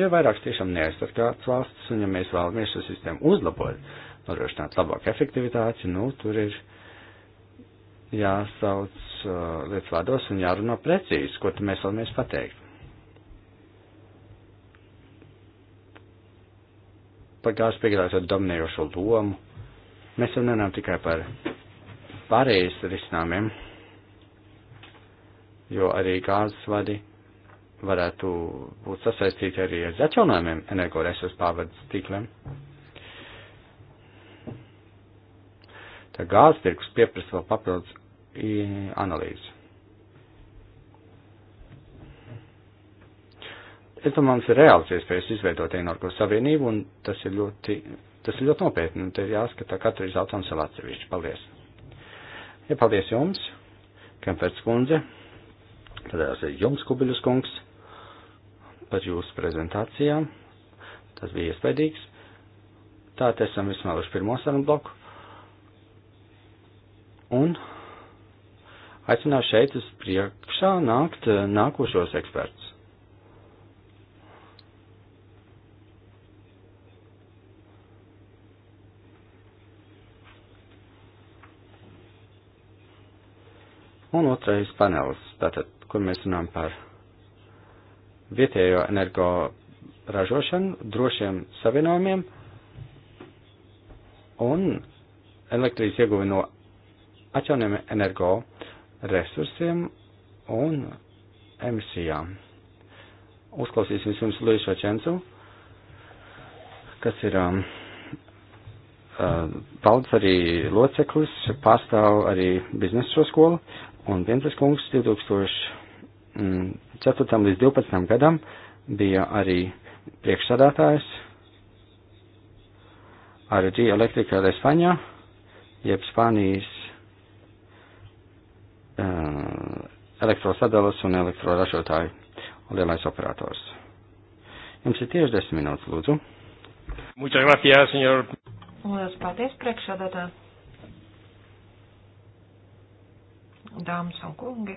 Jo vairākas tiešām neaizsargātas valstis, un ja mēs vēlamies šo sistēmu uzlabot, nodrošināt labāku efektivitāti, nu, tur ir jāsauc uh, lietas vārdos un jārunā precīzi, ko tad mēs vēlamies pateikt. Par gāzes piegādātāju dominējošo lomu mēs jau nenām tikai par pārējais risinājumiem, jo arī gāzes vadi varētu būt sasaistīti arī ar atjaunojumiem energoresursu pārvades tīkliem. Tā gāzes tirkus pieprasa vēl papildus analīzi. Es domāju, mums ir reāls iespējas izveidot energo savienību, un tas ir ļoti, tas ir ļoti nopietni, un te ir jāskatā katru izaucam sev atsevišķi. Paldies! Ja paldies jums, Kempērts kundze, tad arī jums, Kubiļus kungs, par jūsu prezentācijām. Tas bija iespējams. Tātad esam vismaz uz pirmo sarunu bloku. Un aicināju šeit uz priekšā nākt eh, nākošos ekspertus. Un otrais panelis, tātad, kur mēs runājam par vietējo energo ražošanu, drošiem savienojumiem un elektrības ieguvi no atjauniem energo uh, resursiem un emisijām. Uzklausīsim vispirms Līšu Čencu, kas ir um, valdes uh, arī loceklis, pārstāv arī biznesa šo skolu, un Vientas kungs 2004. līdz 2012. gadam bija arī priekšsādātājs arī Elektrika de Espaņa, jeb Spānijas Eh, elektrosadalas un elektroražotāju un lielais operators. Jums ir tieši desmit minūtes, lūdzu. Muchas gracias, señor. Lielas paldies, priekšsādātā. Dāmas un kungi.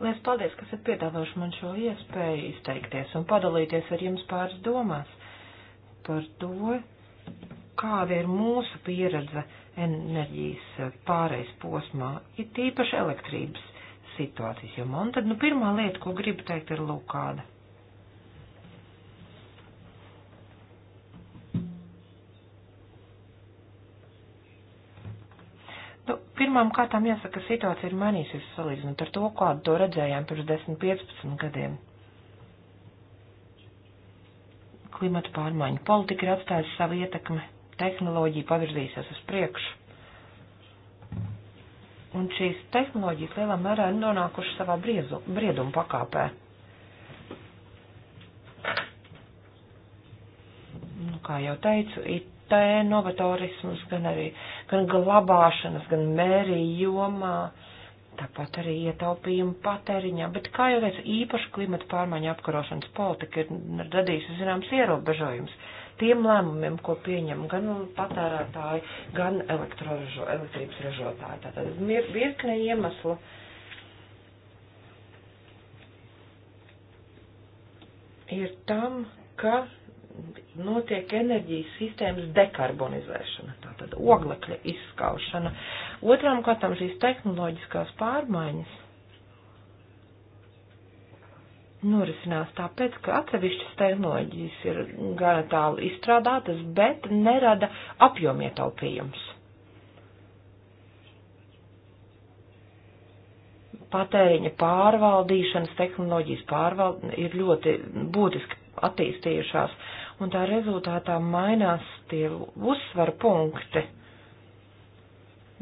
Lielas paldies, kas ir piedāvājuši man šo iespēju izteikties un padalīties ar jums pāris domās par to, kāda ir mūsu pieredze enerģijas eh, pārejas posmā, ir tīpaši elektrības situācijas jomā. Un tad, nu, pirmā lieta, ko gribu teikt, ir lūk kāda. Nu, pirmām kārtām jāsaka, situācija ir mainījusies salīdzinot ar to, kādu to redzējām pirms 10-15 gadiem. Klimata pārmaiņu politika ir atstājusi savu ietekmi tehnoloģija pavirzīsies uz priekšu. Un šīs tehnoloģijas lielā mērā ir nonākušas savā briezu, brieduma pakāpē. Nu, kā jau teicu, IT novatorisms, gan arī gan glabāšanas, gan mērījumā, tāpat arī ietaupījuma patēriņā, bet, kā jau teicu, īpaši klimata pārmaiņa apkarošanas politika ir radījusi zināms ierobežojums tiem lēmumiem, ko pieņem gan patērētāji, gan elektrības ražotāji. Tātad ir virkne iemeslu. Ir tam, ka notiek enerģijas sistēmas dekarbonizēšana, tātad oglekļa izskaušana. Otrām kārtām šīs tehnoloģiskās pārmaiņas norisinās tāpēc, ka atsevišķas tehnoloģijas ir gana tālu izstrādātas, bet nerada apjomietaupījums. Patēriņa pārvaldīšanas tehnoloģijas pārvald ir ļoti būtiski attīstījušās, un tā rezultātā mainās tie uzsvaru punkti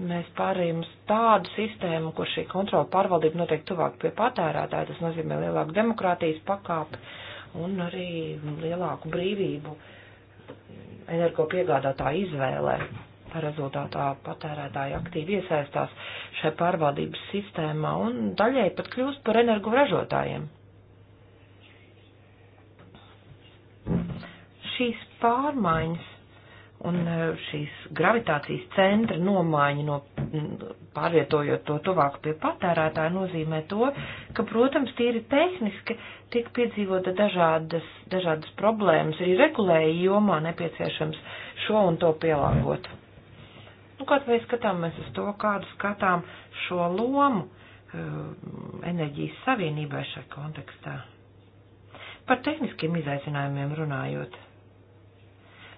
mēs pārējām uz tādu sistēmu, kur šī kontrola pārvaldība notiek tuvāk pie patērētāja. Tas nozīmē lielāku demokrātijas pakāpi un arī lielāku brīvību energo piegādātāju izvēlē. Rezultātā patērētāji aktīvi iesaistās šai pārvaldības sistēmā un daļai pat kļūst par energo ražotājiem. Šīs pārmaiņas Un e, šīs gravitācijas centra nomaiņa no pārvietojot to tuvāk pie patērētāja nozīmē to, ka, protams, tīri tehniski tiek piedzīvota dažādas, dažādas problēmas, arī regulēja jomā nepieciešams šo un to pielāgot. Nu, kaut vai skatāmies uz to, kādu skatām šo lomu e, enerģijas savienībai šajā kontekstā. Par tehniskiem izaicinājumiem runājot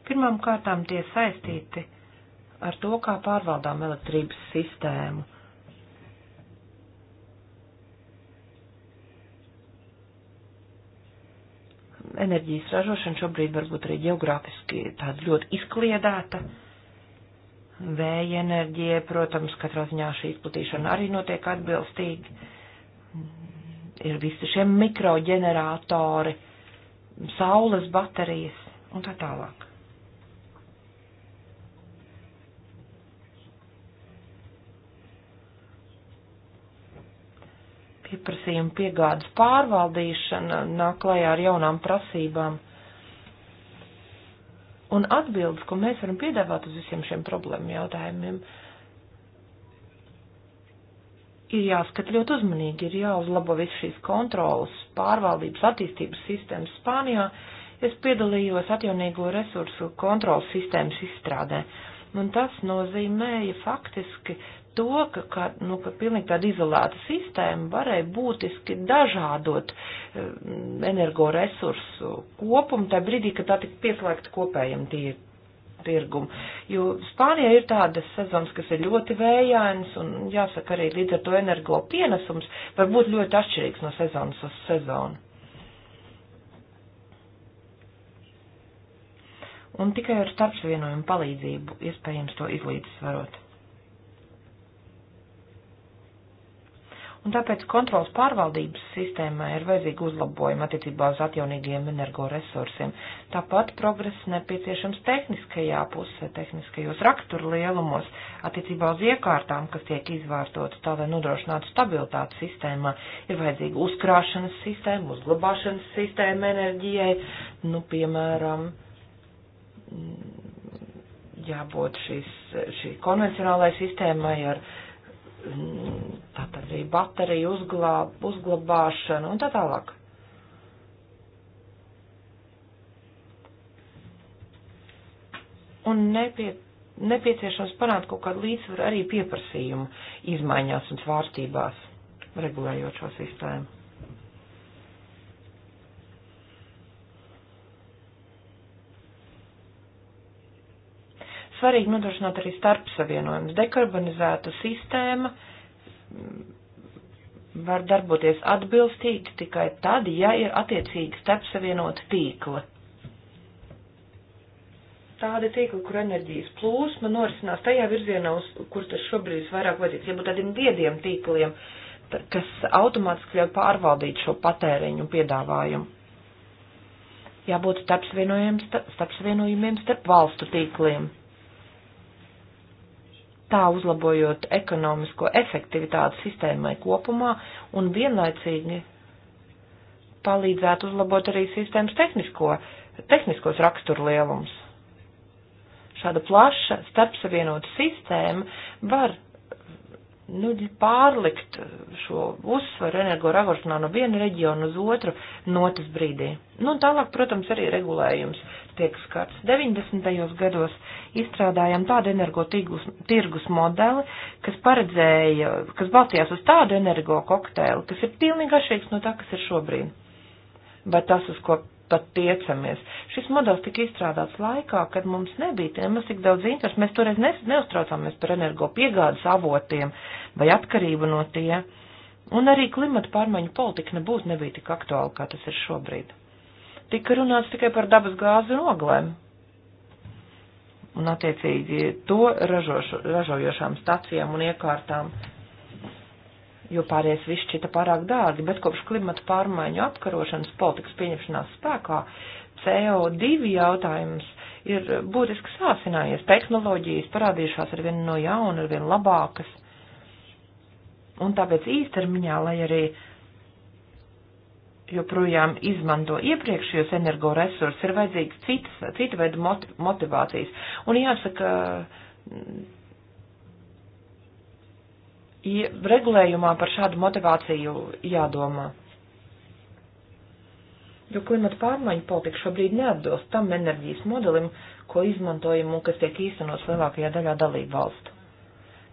Pirmām kārtām tie saistīti ar to, kā pārvaldām elektrības sistēmu. Enerģijas ražošana šobrīd varbūt arī geogrāfiski tāda ļoti izkliedēta. Vēja enerģija, protams, katrā ziņā šī izplatīšana arī notiek atbilstīgi. Ir visi šie mikroģeneratori, saules baterijas un tā tālāk. pieprasījuma piegādes pārvaldīšana nāk klajā ar jaunām prasībām. Un atbildes, ko mēs varam piedāvāt uz visiem šiem problēmu jautājumiem, ir jāskat ļoti uzmanīgi, ir jāuzlabo visu šīs kontrolas, pārvaldības, attīstības sistēmas Spānijā. Es piedalījos atjaunīgo resursu kontrolas sistēmas izstrādē, un tas nozīmēja faktiski to, ka, ka, nu, ka pilnīgi tāda izolēta sistēma varēja būtiski dažādot eh, energoresursu kopumu, tā brīdī, kad tā tika pieslēgta kopējiem tīri tirgumu. Jo Spānijā ir tādas sezonas, kas ir ļoti vējainas, un jāsaka arī līdz ar to energo pienesums var būt ļoti atšķirīgs no sezonas uz sezonu. Un tikai ar starpsavienojumu palīdzību iespējams to izlīdzsvarot. un tāpēc kontrols pārvaldības sistēmā ir vajadzīga uzlabojuma attiecībā uz atjaunīgiem energoresursiem. Tāpat progress nepieciešams tehniskajā pusē, tehniskajos rakstura lielumos, attiecībā uz iekārtām, kas tiek izvārtotas tā, lai nodrošinātu stabilitāti sistēmā. Ir vajadzīga uzkrāšanas sistēma, uzglabāšanas sistēma enerģijai, nu, piemēram, jābūt šīs, šī konvencionālai sistēmai ar tātad arī bateriju uzglāb, uzglabāšanu un tā tālāk. Un nepie, nepieciešams panākt kaut kādu līdzsvaru arī pieprasījumu izmaiņās un svārstībās, regulējot šo sistēmu. Svarīgi nodrošināt arī starpsavienojumus. Dekarbonizēta sistēma var darboties atbilstīgi tikai tad, ja ir attiecīgi starpsavienota tīkla. Tāda tīkla, kur enerģijas plūsma norisinās tajā virzienā, uz kur tas šobrīd visvairāk vajadzīgs, ja būtu tādiem viediem tīkliem, kas automātiski ļauj pārvaldīt šo patēriņu un piedāvājumu. Jābūt starpsavienojumiem starp valstu tīkliem tā uzlabojot ekonomisko efektivitāti sistēmai kopumā un vienlaicīgi palīdzētu uzlabot arī sistēmas tehnisko, tehniskos raksturu lielums. Šāda plaša starpsavienota sistēma var nu, pārlikt šo uzsvaru energoražošanā no viena reģiona uz otru notas brīdī. Nu, tālāk, protams, arī regulējums tiek skarts. 90. gados izstrādājām tādu energo tīgus, tirgus modeli, kas paredzēja, kas balstījās uz tādu energo kokteili, kas ir pilnīgi atšķirīgs no tā, kas ir šobrīd. Vai tas, uz ko pat tiecamies. Šis modelis tika izstrādāts laikā, kad mums nebija nemaz tik daudz interesi. Mēs toreiz neuztraucāmies par energo piegādes avotiem vai atkarību no tie. Un arī klimata pārmaiņu politika nebūtu nebija tik aktuāla, kā tas ir šobrīd. Tika runāts tikai par dabas gāzi un oglēm. Un attiecīgi to ražošu, ražojošām stacijām un iekārtām jo pārējais viss šķita pārāk dārgi, bet kopš klimata pārmaiņu apkarošanas politikas pieņemšanās spēkā CO2 jautājums ir būtiski sāsinājies, tehnoloģijas parādījušās ar vienu no jaunu, ar vienu labākas. Un tāpēc īstermiņā, lai arī joprojām izmanto iepriekšējos energoresursus, ir vajadzīgs citas, cita veida motivācijas. Un jāsaka, ja regulējumā par šādu motivāciju jādomā. Jo klimata pārmaiņu politika šobrīd neatbilst tam enerģijas modelim, ko izmantojam un kas tiek īstenots lielākajā daļā dalību valstu.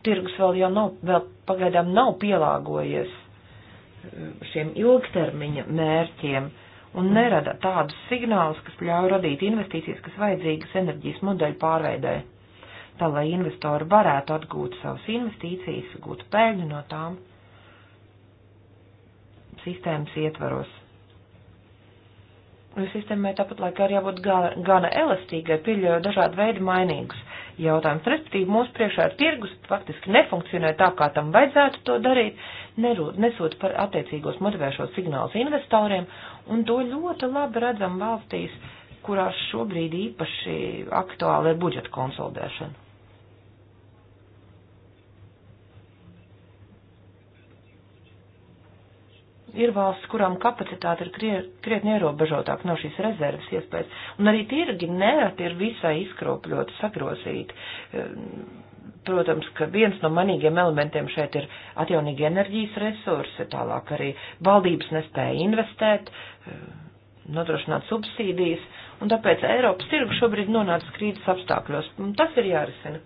Tirgus vēl jau nav, vēl pagaidām nav pielāgojies eh, šiem ilgtermiņa mērķiem un nerada tādus signālus, kas ļauj radīt investīcijas, kas vajadzīgas enerģijas modeļu pārveidēji tā lai investori varētu atgūt savas investīcijas, gūt peļņu no tām sistēmas ietvaros. Sistēmai tāpat laikā ir jābūt gana, gana elastīgai, pieļaujot dažādu veidu mainīgus jautājumus. Respektīvi, mūsu priekšā ir tirgus, faktiski nefunkcionē tā, kā tam vajadzētu to darīt, nerūt, nesot par attiecīgos motivēšos signālus investoriem, un to ļoti labi redzam valstīs, kurās šobrīd īpaši aktuāli ir budžeta konsolidēšana. ir valsts, kurām kapacitāte ir krietni ierobežotāka, nav šīs rezerves iespējas, un arī tirgi nereti ir visai izkropļoti, sagrozīti. Ehm, protams, ka viens no manīgiem elementiem šeit ir atjaunīgi enerģijas resursi, tālāk arī valdības nespēja investēt, ehm, nodrošināt subsīdijas, un tāpēc Eiropas tirgu šobrīd nonāca krīzes apstākļos. Tas ir jārisina.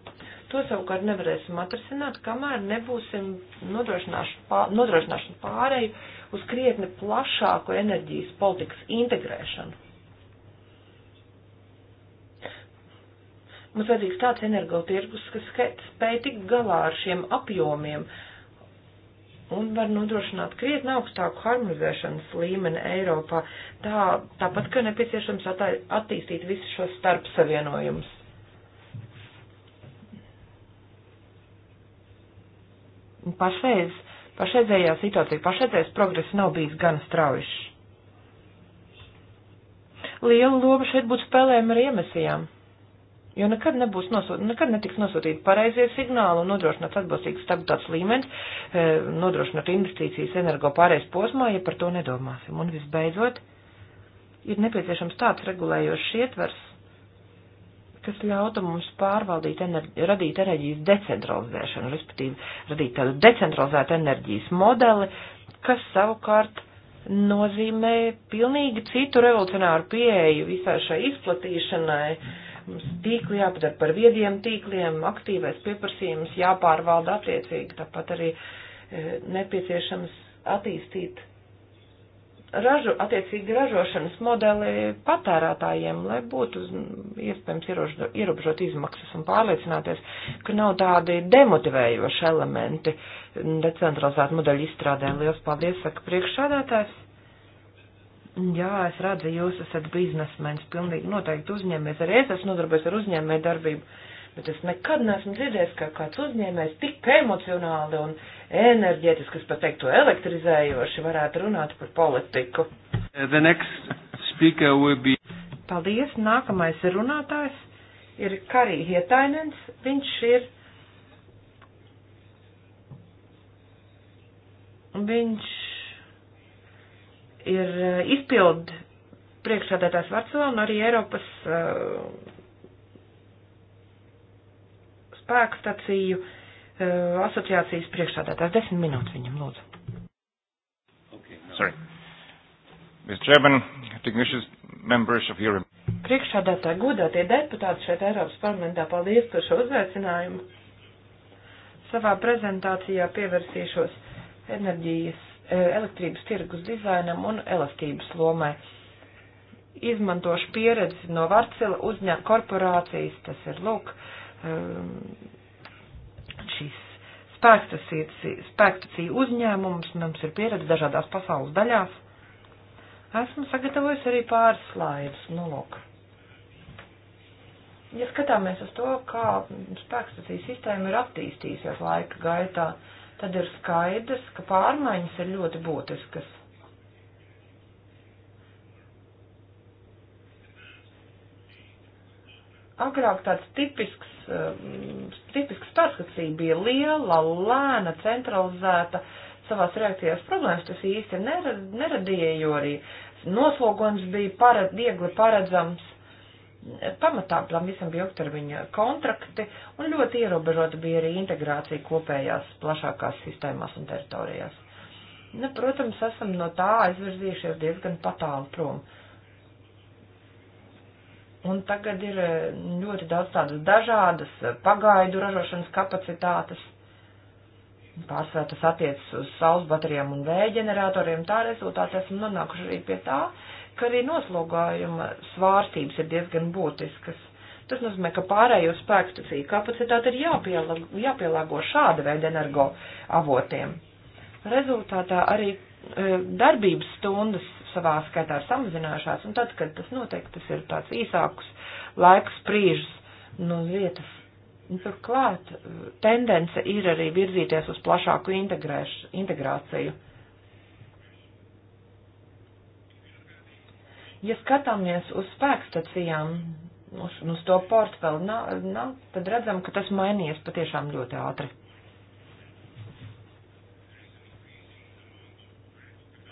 To savukārt nevarēsim atrasināt, kamēr nebūsim nodrošināšanu pārēju uz krietni plašāku enerģijas politikas integrēšanu. Mums vajadzīgs tāds energotirgus, kas spēj tikt galā ar šiem apjomiem un var nodrošināt krietni augstāku harmonizēšanas līmeni Eiropā. Tā, tāpat, ka nepieciešams attā, attīstīt visus šos starpsavienojumus. Pašreiz, pašreizējā situācija, pašreizējais progress nav bijis gan straujišs. Lielu lomu šeit būtu spēlējama arī iemesijām, jo nekad, nebūs nosūt, nekad netiks nosūtīti pareizie signāli un nodrošināts atbalstīgs stabilitātes līmenis, e, nodrošināt investīcijas energo pārējais posmā, ja par to nedomāsim. Un visbeidzot, ir nepieciešams tāds regulējošs ietvers, kas ļautu mums pārvaldīt, enerģi, radīt enerģijas decentralizēšanu, respektīvi radīt tādu decentralizētu enerģijas modeli, kas savukārt nozīmē pilnīgi citu revolucionāru pieeju visā šai izplatīšanai. Mums tīkli jāpadara par viediem tīkliem, aktīvais pieprasījums jāpārvalda attiecīgi, tāpat arī e, nepieciešams attīstīt ražu, attiecīgi ražošanas modeli patērētājiem, lai būtu iespējams ierobežot izmaksas un pārliecināties, ka nav tādi demotivējoši elementi decentralizētu modeļu izstrādē. Liels paldies, saka priekšsādātājs. Jā, es redzu, jūs esat biznesmenis, pilnīgi noteikti uzņēmējs. Arī es esmu nodarbojies ar uzņēmēju darbību bet es nekad neesmu dzirdējis, ka kāds uzņēmējs tik emocionāli un enerģētiski, es pat teiktu, elektrizējoši varētu runāt par politiku. Uh, the next speaker will be. Paldies, nākamais runātājs ir Karī Hietainens, viņš ir. Viņš ir uh, izpildu priekšādātājs Varcelā un arī Eiropas uh, spēkstaciju eh, asociācijas priekšsādātājs. Desmit minūtes viņam lūdzu. Okay, no. Sorry. Mr. Chairman, distinguished members of your... Priekšsādātāji, godātie deputāti šeit Eiropas parlamentā, paldies par šo uzveicinājumu. Savā prezentācijā pievērsīšos enerģijas, eh, elektrības tirgus dizainam un elastības lomai izmantošu pieredzi no Varcila uzņēmuma korporācijas, tas ir lūk, Um, šīs spēkstacīja uzņēmums, mums ir pieredze dažādās pasaules daļās. Esmu sagatavojis arī pāris slaidus, nu lūk. Ja skatāmies uz to, kā spēkstacīja sistēma ir attīstījusies laika gaitā, tad ir skaidrs, ka pārmaiņas ir ļoti būtiskas. Agrāk tāds tipisks Um, tipisks pārskatība bija liela, lēna, centralizēta savās reakcijās problēmas tas īsti neradīja, jo arī noslogojums bija pared, viegli paredzams. Pamatā tam visam bija ilgtermiņa kontrakti un ļoti ierobežota bija arī integrācija kopējās plašākās sistēmās un teritorijās. Nu, protams, esam no tā aizvirzījušies diezgan patālu prom. Uh, Un tagad ir eh, ļoti daudz tādas dažādas eh, pagaidu ražošanas kapacitātes. Pārsvarā tas attiecas uz saules baterijām un vēja ģeneratoriem. Tā rezultātā esam nonākuši arī pie tā, ka arī noslogājuma svārstības ir diezgan būtiskas. Tas nozīmē, ka pārējo spēkstacīju kapacitāti ir jāpielāgo, jāpielāgo šāda veida energo avotiem. Rezultātā arī eh, darbības stundas savā skaitā ir samazinājušās, un tad, kad tas notiek, tas ir tāds īsāks laiks prīžs no nu, vietas. Nu, turklāt tendence ir arī virzīties uz plašāku integrēš, integrāciju. Ja skatāmies uz spēkstacijām, uz, uz to portfeli, nā, nā, tad redzam, ka tas mainījies patiešām ļoti ātri.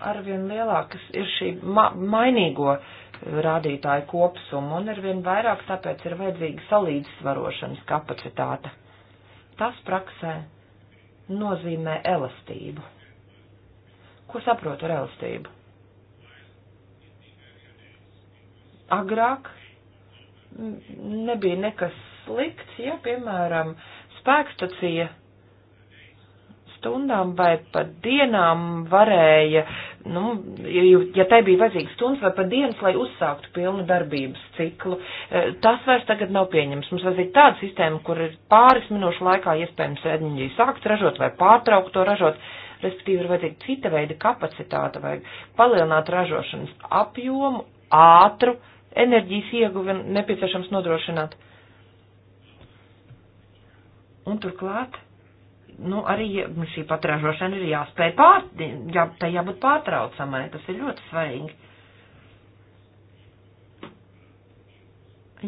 arvien lielākas ir šī ma mainīgo eh, rādītāju kopsuma un arvien vairāk tāpēc ir vajadzīga salīdzsvarošanas kapacitāte. Tas praksē nozīmē elastību. Ko saprotu ar elastību? Agrāk nebija nekas slikts, ja, piemēram, spēkstacija stundām vai pat dienām varēja, nu, ja tai bija vajadzīgs stundas vai pat dienas, lai uzsāktu pilnu darbības ciklu. Eh, tas vairs tagad nav pieņems. Mums vajadzīga tāda sistēma, kur ir pāris minūšu laikā iespējams enerģiju sākt ražot vai pārtraukt to ražot respektīvi ir vajadzīga cita veida kapacitāte, vajag palielināt ražošanas apjomu, ātru enerģijas ieguvi nepieciešams nodrošināt. Un turklāt nu, arī šī patražošana ir jāspēj pār, jā, tai jābūt pārtraucamai, tas ir ļoti svarīgi.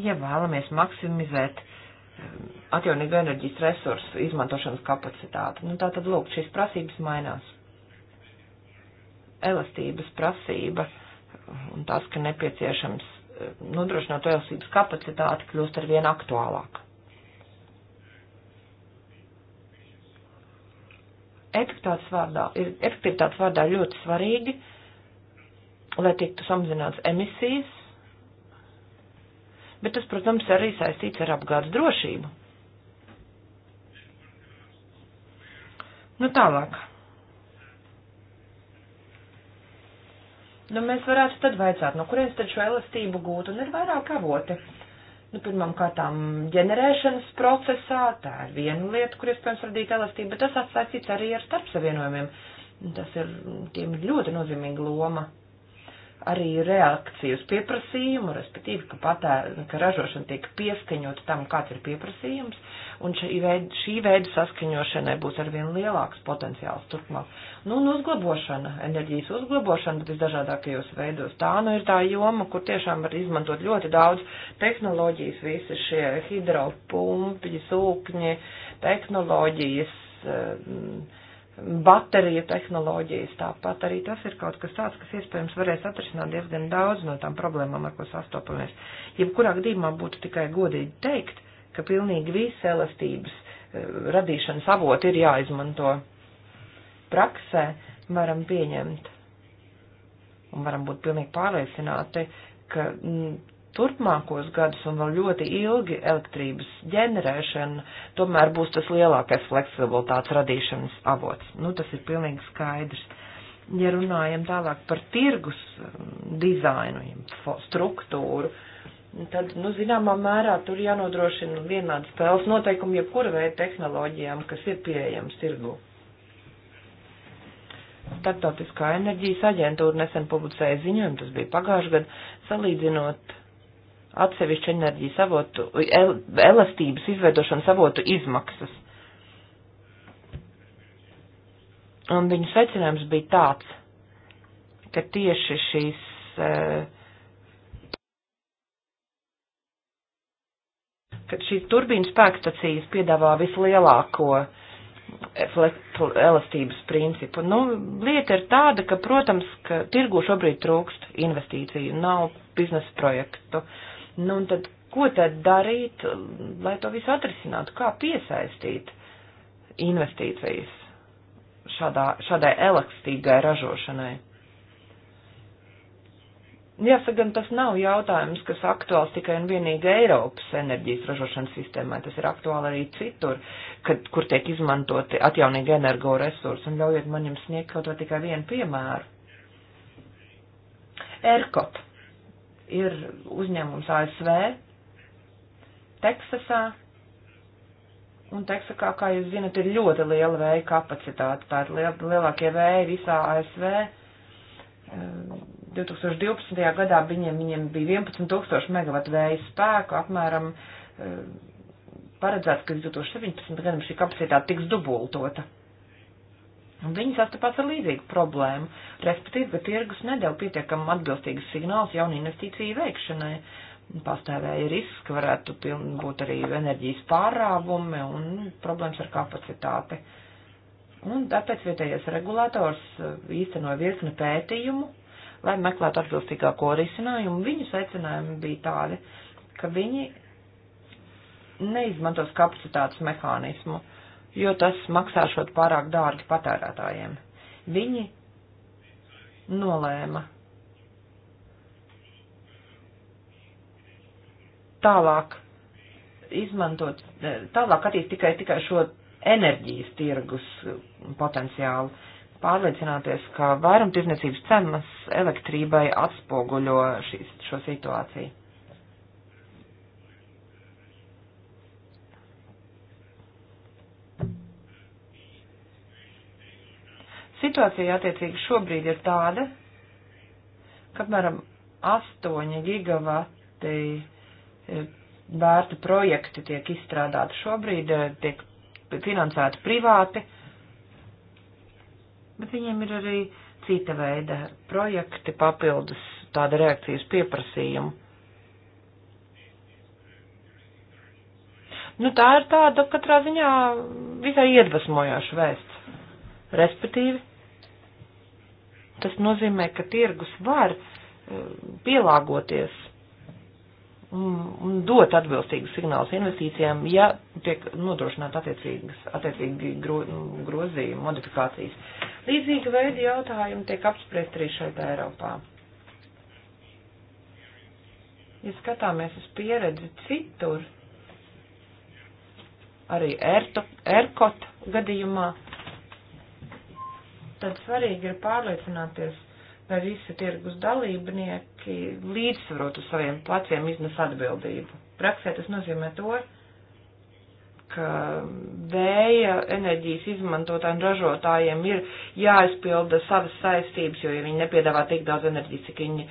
Ja vēlamies maksimizēt um, atjaunīgo enerģijas resursu izmantošanas kapacitāti, nu tā tad lūk, šīs prasības mainās. Elastības prasība un tas, ka nepieciešams um, nodrošināt elastības kapacitāti, kļūst ar vien aktuālāk. efektivitātes vārdā, ir efektivitātes vārdā ļoti svarīgi, lai tiktu samazināts emisijas, bet tas, protams, arī saistīts ar apgādes drošību. Nu tālāk. Nu, mēs varētu tad vaicāt, no kurienes tad šo elastību gūt, un ir vairāk avoti. Nu, pirmām kārtām ģenerēšanas procesā, tā ir viena lieta, kur iespējams radīt elastību, bet tas atsaistīts arī ar starpsavienojumiem. Tas ir, tiem ir ļoti nozīmīga loma arī reakciju uz pieprasījumu, respektīvi, ka, patē, ka ražošana tiek pieskaņota tam, kāds ir pieprasījums, un šī veida, šī veida saskaņošanai būs arvien lielāks potenciāls turpmāk. Nu, un uzglabošana, enerģijas uzglabošana visdažādākajos veidos. Tā nu ir tā joma, kur tiešām var izmantot ļoti daudz tehnoloģijas, visi šie hidropumpi, sūkņi, tehnoloģijas. Uh, bateriju tehnoloģijas. Tāpat arī tas ir kaut kas tāds, kas iespējams varēs atrisināt diezgan daudz no tām problēmām, ar ko sastopamies. Jebkurā gadījumā būtu tikai godīgi teikt, ka pilnīgi visi elastības eh, radīšanas avoti ir jāizmanto praksē, varam pieņemt un varam būt pilnīgi pārliecināti, ka mm, turpmākos gadus un vēl ļoti ilgi elektrības ģenerēšana tomēr būs tas lielākais fleksibilitātes radīšanas avots. Nu, tas ir pilnīgi skaidrs. Ja runājam tālāk par tirgus um, dizainu, struktūru, tad, nu, zināmā mērā tur jānodrošina vienādi spēles noteikumi jebkura veida tehnoloģijām, kas ir pieejams tirgu. Startautiskā enerģijas aģentūra nesen publicēja ziņojumu, tas bija pagājušajā gadā, salīdzinot atsevišķu enerģijas avotu, el, elastības izveidošanas avotu izmaksas. Un viņu secinājums bija tāds, ka tieši šīs eh, kad šīs turbīnu spēkstacijas piedāvā vislielāko elastības principu. Nu, lieta ir tāda, ka, protams, ka tirgu šobrīd trūkst investīciju, nav biznesa projektu. Uh, Nu, un tad, ko tad darīt, lai to visu atrisinātu? Kā piesaistīt investīcijas šādā, šādai elastīgai ražošanai? Jāsaka, gan tas nav jautājums, kas aktuāls tikai un vienīgi Eiropas enerģijas ražošanas sistēmai. Tas ir aktuāli arī citur, kad, kur tiek izmantoti atjaunīgi energoresursi. Un ļaujiet man jums sniegt kaut vai tikai vienu piemēru. ERCOT ir uzņēmums ASV, Teksasā. Un Teksakā, kā jūs zinat, ir ļoti liela vēja kapacitāte. Tā ir liel, lielākie vēji visā ASV. 2012. Eh, gadā viņiem, viņiem bija 11 tūkstoši megavatu vēja spēku, apmēram eh, paredzēts, ka 2017. gadam šī kapacitāte tiks dubultota. Un viņi sastapās ar līdzīgu problēmu, respektīvi, ka tirgus nedēļ pietiekam atbilstīgas signāls jaunu investīciju veikšanai. Pastāvēja risks, ka varētu būt arī enerģijas pārāvumi un problēmas ar kapacitāti. Un tāpēc vietējais regulators uh, īstenoja virkni pētījumu, lai meklētu atbilstīgāko risinājumu. Viņu secinājumi bija tādi, ka viņi neizmantos kapacitātes mehānismu. Uh, jo tas maksāšot pārāk dārgi patērētājiem. Viņi nolēma tālāk izmantot, eh, tālāk attīst tikai, tikai šo enerģijas tirgus potenciālu, pārliecināties, ka vairumtirdzniecības cenas elektrībai atspoguļo šis, šo situāciju. Situācija attiecīgi šobrīd ir tāda, ka apmēram 8 gigavati e, vērti projekti tiek izstrādāti šobrīd, e, tiek finansēti privāti, bet viņiem ir arī cita veida projekti papildus tāda reakcijas pieprasījumu. Nu, tā ir tāda katrā ziņā visai iedvesmojoša vēsts. Respektīvi, Tas nozīmē, ka tirgus var eh, pielāgoties un dot atbilstīgus signālus investīcijām, ja tiek nodrošināta attiecīgi gro, grozījumi, modifikācijas. Līdzīga veida jautājumi tiek apspriest arī šeit Eiropā. Ja skatāmies uz pieredzi citur, arī ERTO, ERKOT gadījumā, tad svarīgi ir pārliecināties, lai visi tirgus dalībnieki līdzsvarot uz saviem pleciem iznes atbildību. Praksē tas nozīmē to, ka vēja enerģijas izmantotājiem, ražotājiem ir jāizpilda savas saistības, jo, ja viņi nepiedāvā tik daudz enerģijas, cik viņi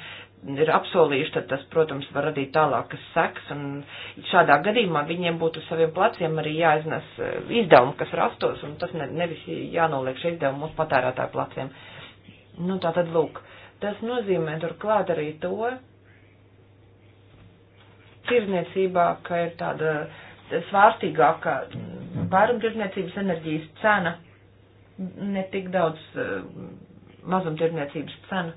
ir apsolījuši, tad tas, protams, var radīt tālākas seks, un šādā gadījumā viņiem būtu saviem pleciem arī jāiznes eh, izdevumi, kas rastos, un tas ne, nevis jānoliek šie izdevumi mūsu patērētāju pleciem. Nu, tā tad lūk, tas nozīmē turklāt arī to, tirzniecībā, ka ir tāda svārstīgāka vairumtirdzniecības enerģijas cena, ne tik daudz eh, mazumtirdzniecības cena.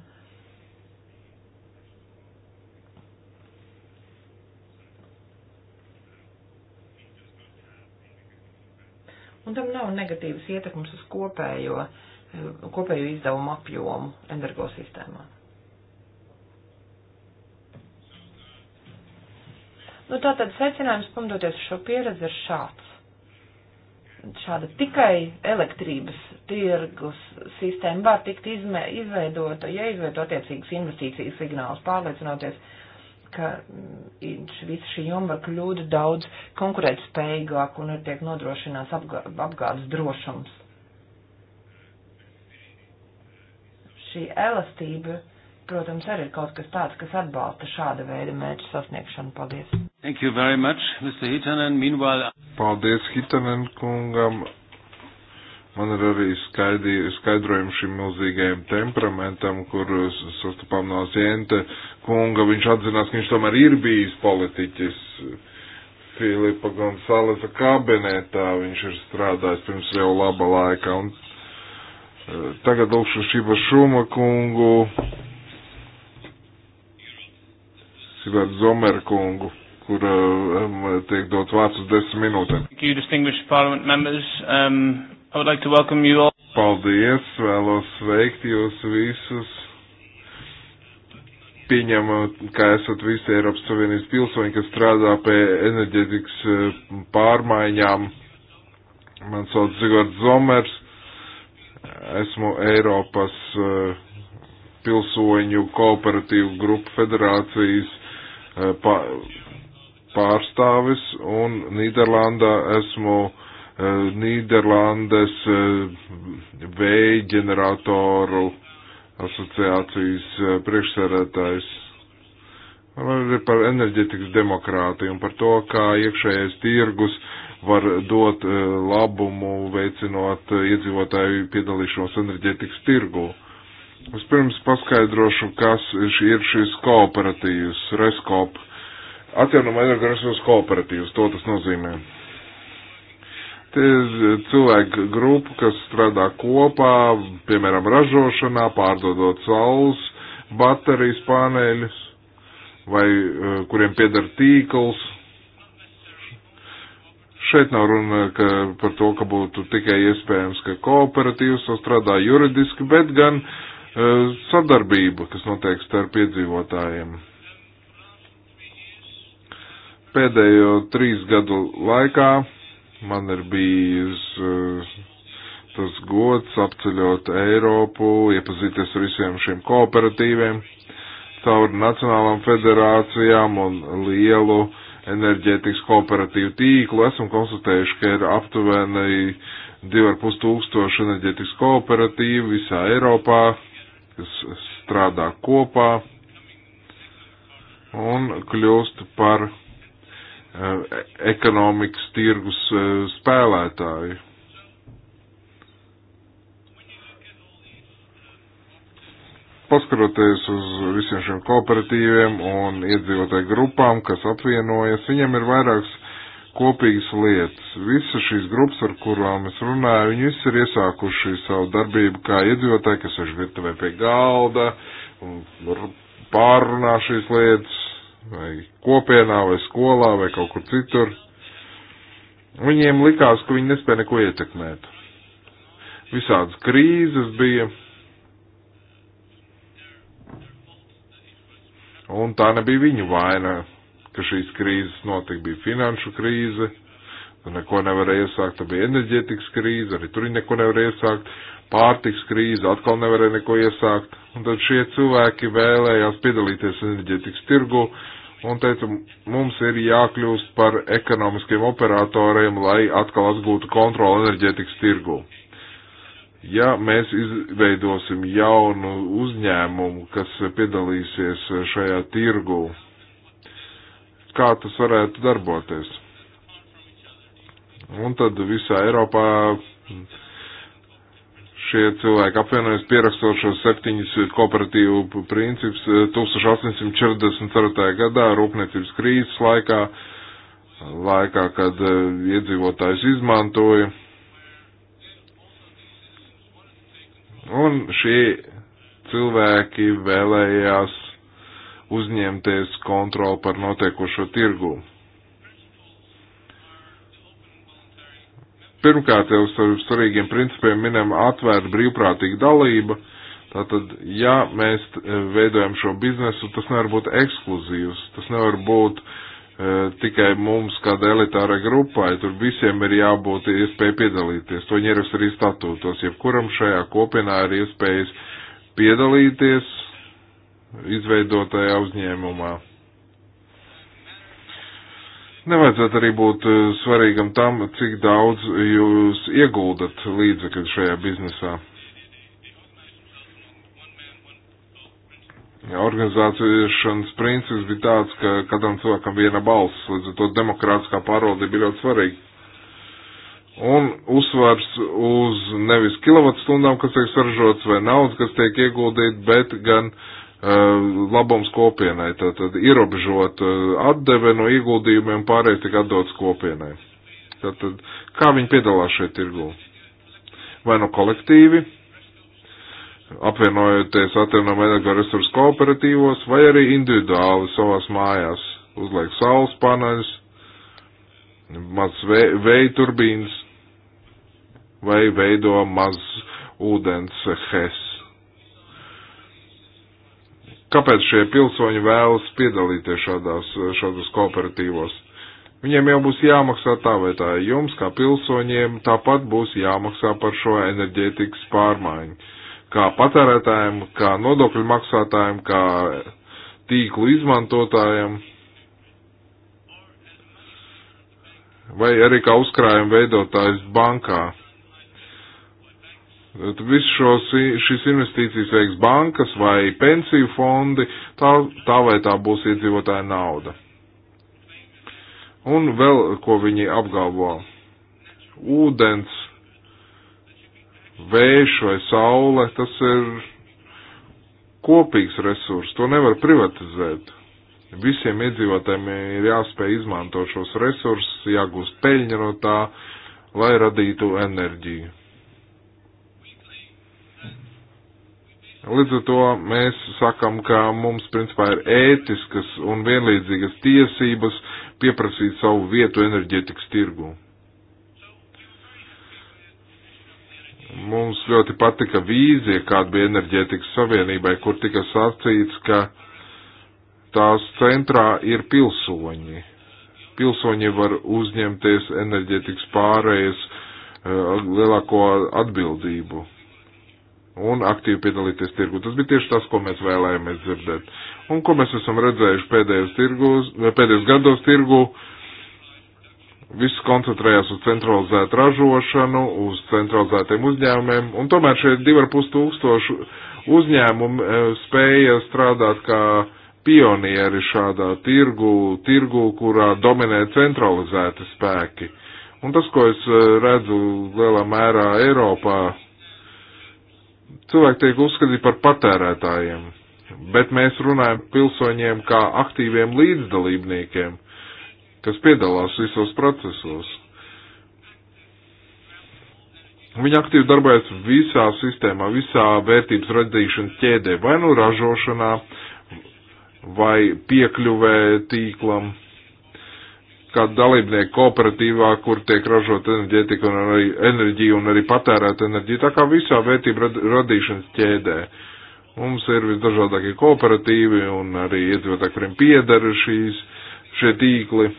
un tam nav negatīvas ietekmes uz kopējo, eh, kopējo izdevumu apjomu energosistēmā. Nu, tātad secinājums, pamatoties uz šo pieredzi, ir šāds. Šāda tikai elektrības tirgus sistēma var tikt izme, izveidota, ja izveidot attiecīgas investīcijas signālus, pārliecinoties, ka mm, visa šī joma var kļūt daudz konkurētspējīgāk un ir tiek nodrošināts apgā, apgādes drošums. Šī elastība, protams, arī ir kaut kas tāds, kas atbalsta šāda veida mērķu sasniegšanu. Paldies! Thank you very much, Mr. Hitanen. Meanwhile... Paldies Hitanen kungam. Man ir arī skaidri, skaidrojumi šim milzīgajam temperamentam, kur sastapām no Sienta kunga. Viņš atzinās, ka viņš tomēr ir bijis politiķis. Filipa Gonsalesa kabinetā viņš ir strādājis pirms jau laba laika. Un e, tagad lūkšu Šiba Šuma kungu, Sivert Zomer kungu kur um, tiek dots vārds uz desmit minūtēm. I would like to welcome you all. Paldies, vēlos sveikt jūs visus. Pieņemot, ka esat visi Eiropas Savienības pilsoņi, kas strādā pie enerģetikas eh, pārmaiņām. Man sauc Zigords Zomers, esmu Eiropas eh, pilsoņu kooperatīvu grupu federācijas eh, pārstāvis un Nīderlandā esmu uh, Eh, Nīderlandes eh, vēja ģeneratoru asociācijas eh, priekšsarētājs. Arī par enerģetikas demokrātiju un par to, kā iekšējais tirgus var dot labumu, veicinot iedzīvotāju piedalīšanos enerģetikas tirgu. Vispirms paskaidrošu, kas ir šis kooperatīvs, reskop, atjaunuma energoresursu kooperatīvs, to tas nozīmē. Tie ir cilvēku grupa, kas strādā kopā, piemēram, ražošanā, pārdodot saules, baterijas paneļus, vai eh, kuriem pieder tīkls. Šeit nav runa ka, par to, ka būtu tikai iespējams, ka kooperatīvs to strādā juridiski, bet gan uh, sadarbība, kas notiek starp iedzīvotājiem. Pēdējo trīs gadu laikā Man ir bijis eh, tas gods apceļot Eiropu, iepazīties ar visiem šiem kooperatīviem, caur nacionālām federācijām un lielu enerģētikas kooperatīvu tīklu. Esam konstatējuši, ka ir aptuveni 2,5 tūkstoši enerģētikas kooperatīvu visā Eiropā, kas strādā kopā un kļūst par Eh, ekonomikas tirgus eh, spēlētāji. Paskaroties uz visiem šiem kooperatīviem un iedzīvotāju grupām, kas apvienojas, viņiem ir vairākas kopīgas lietas. Visas šīs grupas, ar kurām es runāju, viņi visi ir iesākuši savu darbību kā iedzīvotāji, kas ir virtuvē pie galda, pārrunā šīs lietas, vai kopienā, vai skolā, vai kaut kur citur. Viņiem likās, ka viņi nespēja neko ietekmēt. Visādas krīzes bija. Un tā nebija viņu vaina, ka šīs krīzes notika. Bija finanšu krīze, neko nevarēja iesākt, tā bija enerģētikas krīze, arī tur viņi neko nevarēja iesākt pārtiks krīze, atkal nevarēja neko iesākt. Un tad šie cilvēki vēlējās piedalīties enerģētikas tirgu un teica, mums ir jākļūst par ekonomiskiem operatoriem, lai atkal atgūtu kontroli enerģētikas tirgu. Ja mēs izveidosim jaunu uzņēmumu, kas piedalīsies šajā tirgu, kā tas varētu darboties? Un tad visā Eiropā šie cilvēki apvienojas pierakstot šos septiņus kooperatīvu principus 1844. Eh, gadā rūpniecības krīzes laikā, laikā, kad eh, iedzīvotājs izmantoja. Un šie cilvēki vēlējās uzņemties kontroli par notiekošo tirgumu Pirmkārt, jau ar svarīgiem principiem minam atvērt brīvprātīgu dalību. Tātad, ja mēs e, veidojam šo biznesu, tas nevar būt ekskluzīvs, tas nevar būt uh, tikai mums, kāda elitāra grupai, tur visiem ir jābūt iespēja piedalīties. To ņēras arī statūtos. Jebkuram šajā kopienā ir iespējas piedalīties izveidotajā uzņēmumā. Nevajadzētu arī būt eh, svarīgam tam, cik daudz jūs ieguldat līdzekļu šajā biznesā. Ja, organizācijas princips bija tāds, ka katram cilvēkam viena balss, līdz ar to demokrātiskā pārvaldība ir ļoti svarīga. Un uzsvars uz nevis kilovatstundām, kas tiek saražots, vai naudas, kas tiek ieguldīta, bet gan uh, Ehm, labums kopienai, tad, tad ierobežot eh, atdeve no ieguldījumiem pārējais tik atdots kopienai. Tad, tad kā viņi piedalās šeit tirgū? Vai no nu kolektīvi, apvienojoties atjaunam energoresursu kooperatīvos, vai arī individuāli savās mājās uzliek saules paneļus, maz vēja turbīnas vai veido maz ūdens eh, hes kāpēc šie pilsoņi vēlas piedalīties šādās, šādos kooperatīvos. Viņiem jau būs jāmaksā tā vai tā. Jums, kā pilsoņiem, tāpat būs jāmaksā par šo enerģētikas pārmaiņu. Kā patērētājiem, kā nodokļu maksātājiem, kā tīklu izmantotājiem, vai arī kā uzkrājuma veidotājs bankā. Viss šīs investīcijas veiks bankas vai pensiju fondi, tā, tā vai tā būs iedzīvotāja nauda. Un vēl, ko viņi apgalvo, ūdens, vējš vai saule, tas ir kopīgs resurs, to nevar privatizēt. Visiem iedzīvotājiem ir jāspēj izmantot šos resursus, jāgūst peļņa no tā, lai radītu enerģiju. Līdz ar to mēs sakam, ka mums principā ir ētiskas un vienlīdzīgas tiesības pieprasīt savu vietu enerģetikas tirgu. Mums ļoti patika vīzija, kāda bija enerģētikas savienībai, kur tika sacīts, ka tās centrā ir pilsoņi. Pilsoņi var uzņemties enerģētikas pārējas eh, lielāko atbildību un aktīvi piedalīties tirgu. Tas bija tieši tas, ko mēs vēlējāmies dzirdēt. Un ko mēs esam redzējuši pēdējos, tirgus, pēdējos gados tirgu, viss koncentrējās uz centralizētu ražošanu, uz centralizētiem uzņēmumiem, un tomēr šie 2,5 tūkstoši uzņēmumi eh, spēja strādāt kā pionieri šādā tirgu, tirgu, kurā dominē centralizēti spēki. Un tas, ko es eh, redzu lielā mērā Eiropā, cilvēki tiek uzskatīti par patērētājiem, bet mēs runājam pilsoņiem kā aktīviem līdzdalībniekiem, kas piedalās visos procesos. Viņi aktīvi darbojas visā sistēmā, visā vērtības radīšanas ķēdē, vai nu ražošanā, vai piekļuvē tīklam kā dalībnieku kooperatīvā, kur tiek ražot enerģētika un arī enerģija un arī patērēt enerģiju, tā kā visā vērtību radīšanas ķēdē. Mums ir visdažādākie kooperatīvi un arī iedzīvotāji, kuriem piedara šīs, šie tīkli,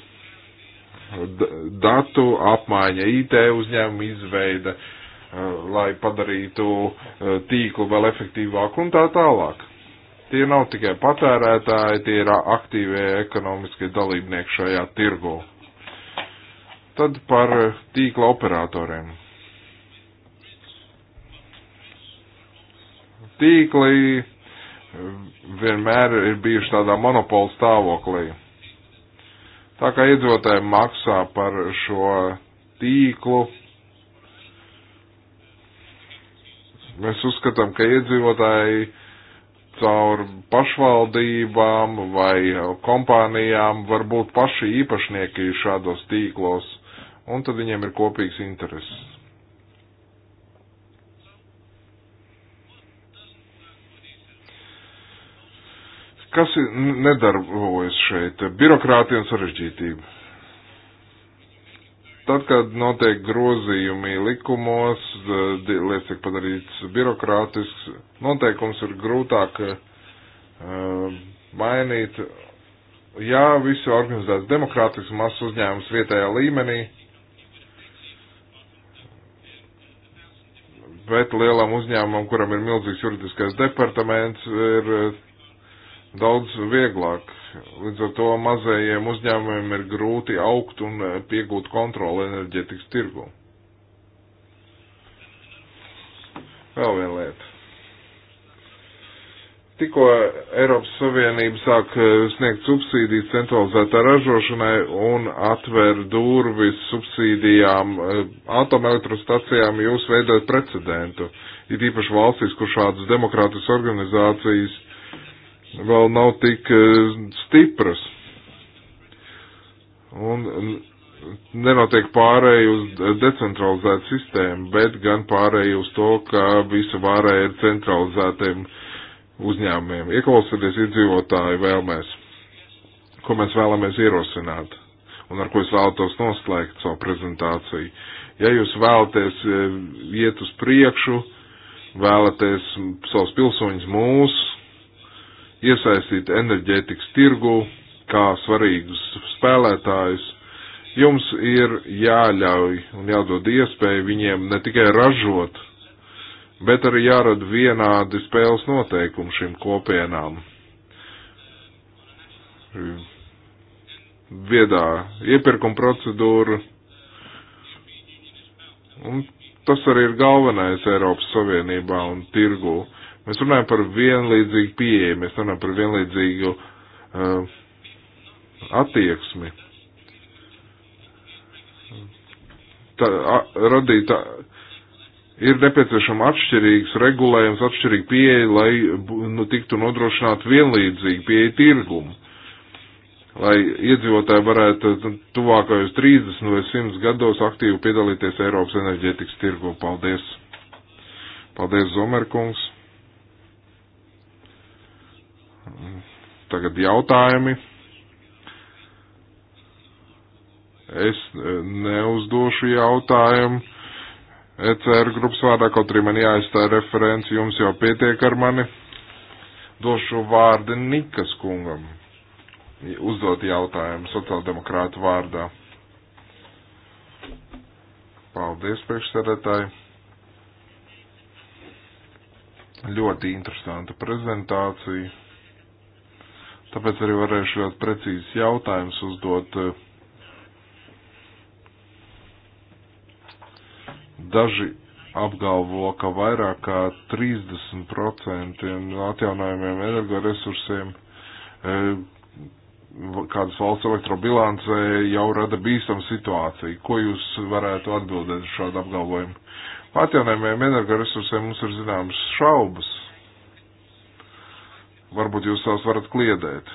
datu apmaiņa, IT uzņēmuma izveida, eh, lai padarītu eh, tīklu vēl efektīvāku un tā tālāk. Tie nav tikai patērētāji, tie ir aktīvie ekonomiskie dalībnieki šajā tirgu. Tad par tīkla operatoriem. Tīkli eh, vienmēr ir bijuši tādā monopola stāvoklī. Tā kā iedzīvotāji maksā par šo tīklu, mēs uzskatām, ka iedzīvotāji caur pašvaldībām vai kompānijām var būt paši īpašnieki šādos tīklos, un tad viņiem ir kopīgs intereses. Kas nedarbojas šeit? Birokrātija un sarežģītība. Tad, kad notiek grozījumi likumos, eh, lietas tiek padarīts birokrātisks, noteikums ir grūtāk uh, mainīt. Ja visu organizēts demokrātisks mazs uzņēmums vietējā līmenī, bet lielam uzņēmumam, kuram ir milzīgs juridiskais departaments, ir eh, daudz vieglāk Līdz ar to mazajiem uzņēmumiem ir grūti augt un eh, piegūt kontroli enerģetikas tirgu. Vēl viena lieta. Tikko Eiropas Savienība sāk eh, sniegt subsīdijas centralizētā ražošanai un atver durvis subsīdijām eh, atomelektrostacijām, jūs veidojat precedentu. Ir īpaši valstīs, kur šādas demokrātas organizācijas vēl nav tik e, stipras. Un nenotiek pārēju uz decentralizētu sistēmu, bet gan pārēju uz to, ka visa vārēja ir centralizētiem uzņēmumiem. Ieklausieties iedzīvotāju vēlmēs, ko mēs vēlamies ierosināt un ar ko es vēlētos noslēgt savu prezentāciju. Ja jūs vēlaties e, iet uz priekšu, vēlaties savus pilsoņus mūsu, iesaistīt enerģētikas tirgu kā svarīgus spēlētājus. Jums ir jāļauj un jādod iespēju viņiem ne tikai ražot, bet arī jārada vienādi spēles noteikumi šīm kopienām. Viedā iepirkuma procedūra. Un tas arī ir galvenais Eiropas Savienībā un tirgū Mēs runājam par vienlīdzīgu pieeju, mēs runājam par vienlīdzīgu uh, attieksmi. Tā, a, radīt, a, ir nepieciešama atšķirīgs regulējums, atšķirīga pieeja, lai nu, tiktu nodrošināt vienlīdzīgu pieeju tirgumu. Lai iedzīvotāji varētu nu, tuvākajos 30 vai 100 gados aktīvi piedalīties Eiropas enerģētikas tirgu. Paldies! Paldies, Zomerkungs! Tagad jautājumi. Es e, neuzdošu jautājumu ECR grupas vārdā, kaut arī man jāizstāja referenci, jums jau pietiek ar mani. Došu vārdu Nikas kungam. Uzdot jautājumu sociāldemokrātu vārdā. Paldies, priekšsēdētāji. Ļoti interesanta prezentācija. Tāpēc arī varēšu ļoti precīzi jautājumus uzdot. Daži apgalvo, ka vairāk kā 30% no atjaunojumiem energoresursiem e, kādas valsts elektrobilancē jau rada bīstamu situāciju. Ko jūs varētu atbildēt šādu apgalvojumu? Atjaunojumiem energoresursiem mums ir zināmas šaubas Varbūt jūs tās varat kliedēt.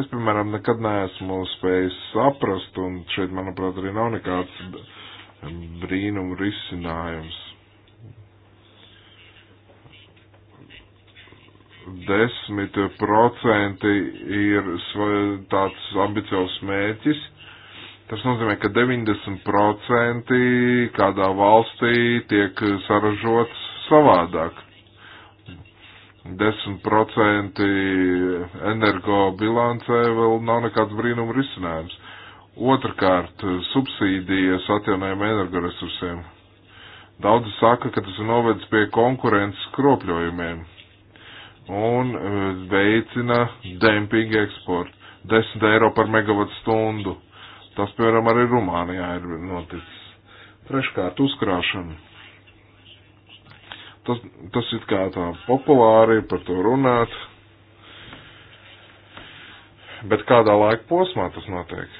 Es, piemēram, nekad neesmu spējis saprast, un šeit, manuprāt, arī nav nekāds brīnuma risinājums. Desmit procenti ir tāds ambiciozs mērķis. Tas nozīmē, ka 90% kādā valstī tiek saražots savādāk. 10% energobilancē vēl nav nekāds brīnuma risinājums. Otrakārt, subsīdijas atjaunojumiem energoresursiem. Daudzi saka, ka tas novedz pie konkurences kropļojumiem un e, veicina dempingu eksportu. 10 eiro par megavatu stundu. Tas, piemēram, arī Rumānijā ir noticis. Treškārt, uzkrāšana Tas, tas ir kā tā populāri par to runāt. Bet kādā laika posmā tas notiek?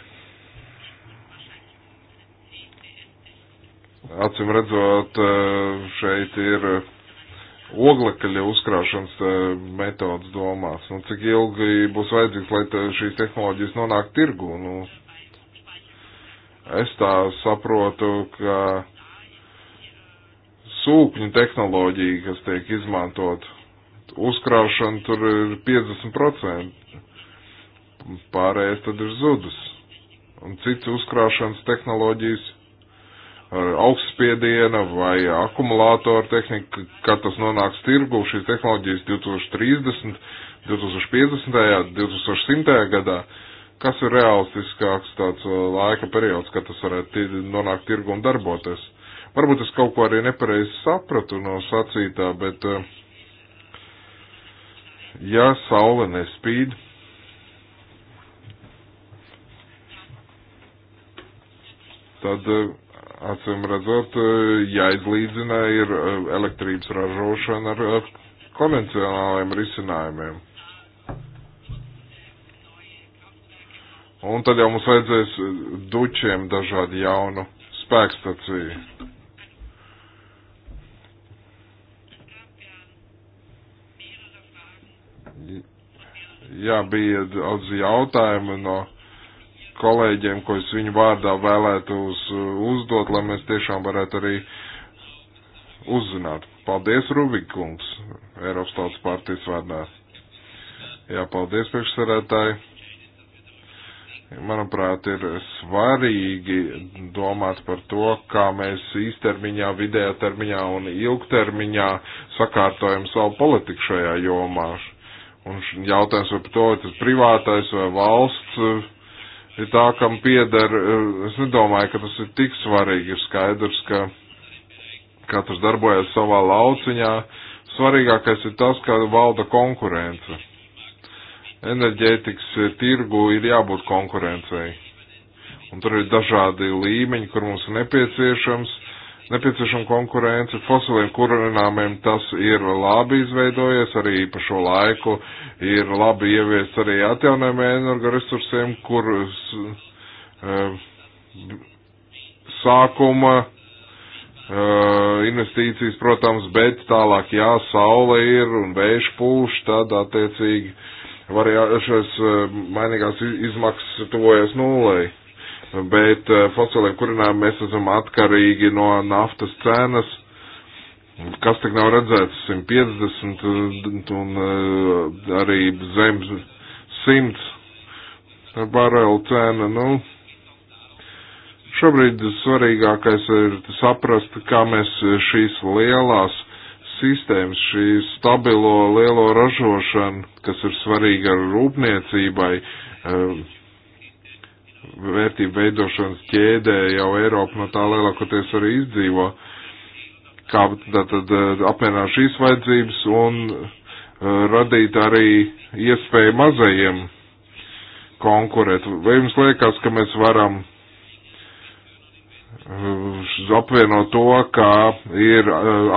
Acim redzot, eh, šeit ir oglekļa uzkrāšanas eh, metodas domās. Nu, cik ilgi būs vajadzīgs, lai šīs tehnoloģijas nonāk tirgu? Nu, es tā saprotu, ka sūkņu tehnoloģija, kas tiek izmantot. Uzkraušana tur ir 50%, pārējais tad ir zudus. Un citas uzkraušanas tehnoloģijas ar augstspiediena vai akumulātoru tehniku, kad tas nonāks tirgu, šīs tehnoloģijas 2030, 2050, 2100 gadā, kas ir realistiskāks tāds uh, laika periods, kad tas varētu nonākt tirgu un darboties. Varbūt es kaut ko arī nepareizi sapratu no sacītā, bet eh, ja saule nespīd, tad eh, acīm redzot, eh, jāizlīdzina ir elektrības ražošana ar konvencionāliem risinājumiem. Un tad jau mums vajadzēs dučiem dažādi jaunu spēkstaciju. jā, bija daudz jautājumu no kolēģiem, ko es viņu vārdā vēlētos uzdot, lai mēs tiešām varētu arī uzzināt. Paldies, Rubikungs, Eiropas Tautas partijas vārdā. Jā, paldies, priekšsarētāji. Manuprāt, ir svarīgi domāt par to, kā mēs īstermiņā, vidējā termiņā un ilgtermiņā sakārtojam savu politiku šajā jomā. Un jautājums par to, tas privātais vai valsts eh, ir tā, kam pieder. Eh, es nedomāju, ka tas ir tik svarīgi. Ir skaidrs, ka katrs darbojas savā lauciņā. Svarīgākais ir tas, ka valda konkurence. Enerģētikas tirgu ir jābūt konkurencei. Un tur ir dažādi līmeņi, kur mums ir nepieciešams nepieciešama konkurence. Fosiliem kurināmiem tas ir labi izveidojies, arī pa šo laiku ir labi ievies arī atjaunojumiem energoresursiem, kur uh, sākuma uh, investīcijas, protams, bet tālāk, jā, saule ir un vējš pūš, tad attiecīgi var jā, šis uh, e, mainīgās izmaksas tuvojas nulēji bet eh, fosiliem kurinām mēs esam atkarīgi no naftas cenas, kas tik nav redzēts 150 eh, un, un eh, arī zem 100 barelu cena. Nu, šobrīd svarīgākais ir saprast, kā mēs šīs lielās sistēmas, šī stabilo lielo ražošanu, kas ir svarīga rūpniecībai, vērtību veidošanas ķēdē jau Eiropa no tā lielākoties arī izdzīvo, kā tātad eh, apmierināt šīs vajadzības un eh, radīt arī iespēju mazajiem konkurēt. Vai jums liekas, ka mēs varam eh, apvienot to, ka ir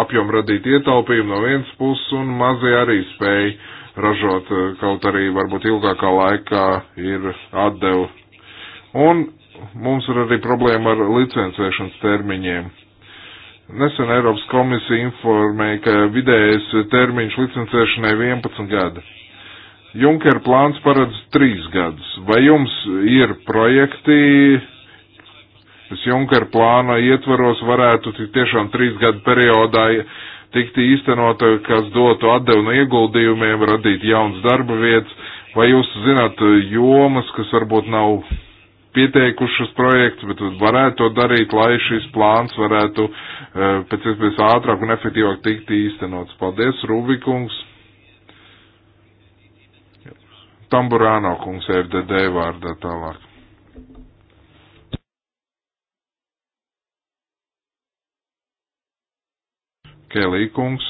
apjom radīt ietaupījumu no vienas puses un mazie arī spēj ražot, kaut arī varbūt ilgākā laikā ir atdevu Un mums ir arī problēma ar licencēšanas termiņiem. Nesen Eiropas komisija informēja, ka vidējais termiņš licencēšanai 11 gadi. Junker plāns paredz 3 gadus. Vai jums ir projekti, kas Junker plāna ietvaros varētu tiešām 3 gadu periodā tikt īstenota, kas dotu atdevu no ieguldījumiem, radīt jaunas darba vietas, vai jūs zināt jomas, kas varbūt nav pieteikušas projektus, bet varētu to darīt, lai šis plāns varētu e, pēc iespējas ātrāk un efektīvāk tikt īstenots. Paldies, Rubikungs. Tamburāno kungs FDD vārdā tālāk. Kelī kungs.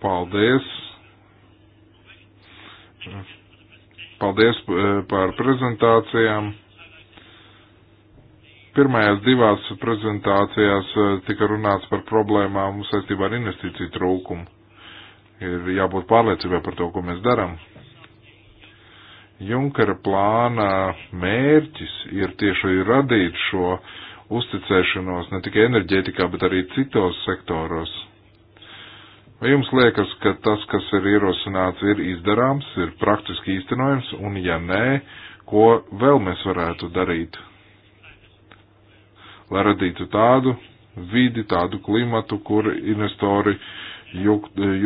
Paldies. Paldies eh, par prezentācijām. Pirmajās divās prezentācijās eh, tika runāts par problēmām saistībā ar investīciju trūkumu. Ir jābūt pārliecībai par to, ko mēs darām. Junkara plāna mērķis ir tieši radīt šo uzticēšanos ne tikai enerģētikā, bet arī citos sektoros Vai jums liekas, ka tas, kas ir ierosināts, ir izdarāms, ir praktiski īstenojams, un ja nē, ko vēl mēs varētu darīt, lai radītu tādu vidi, tādu klimatu, kur investori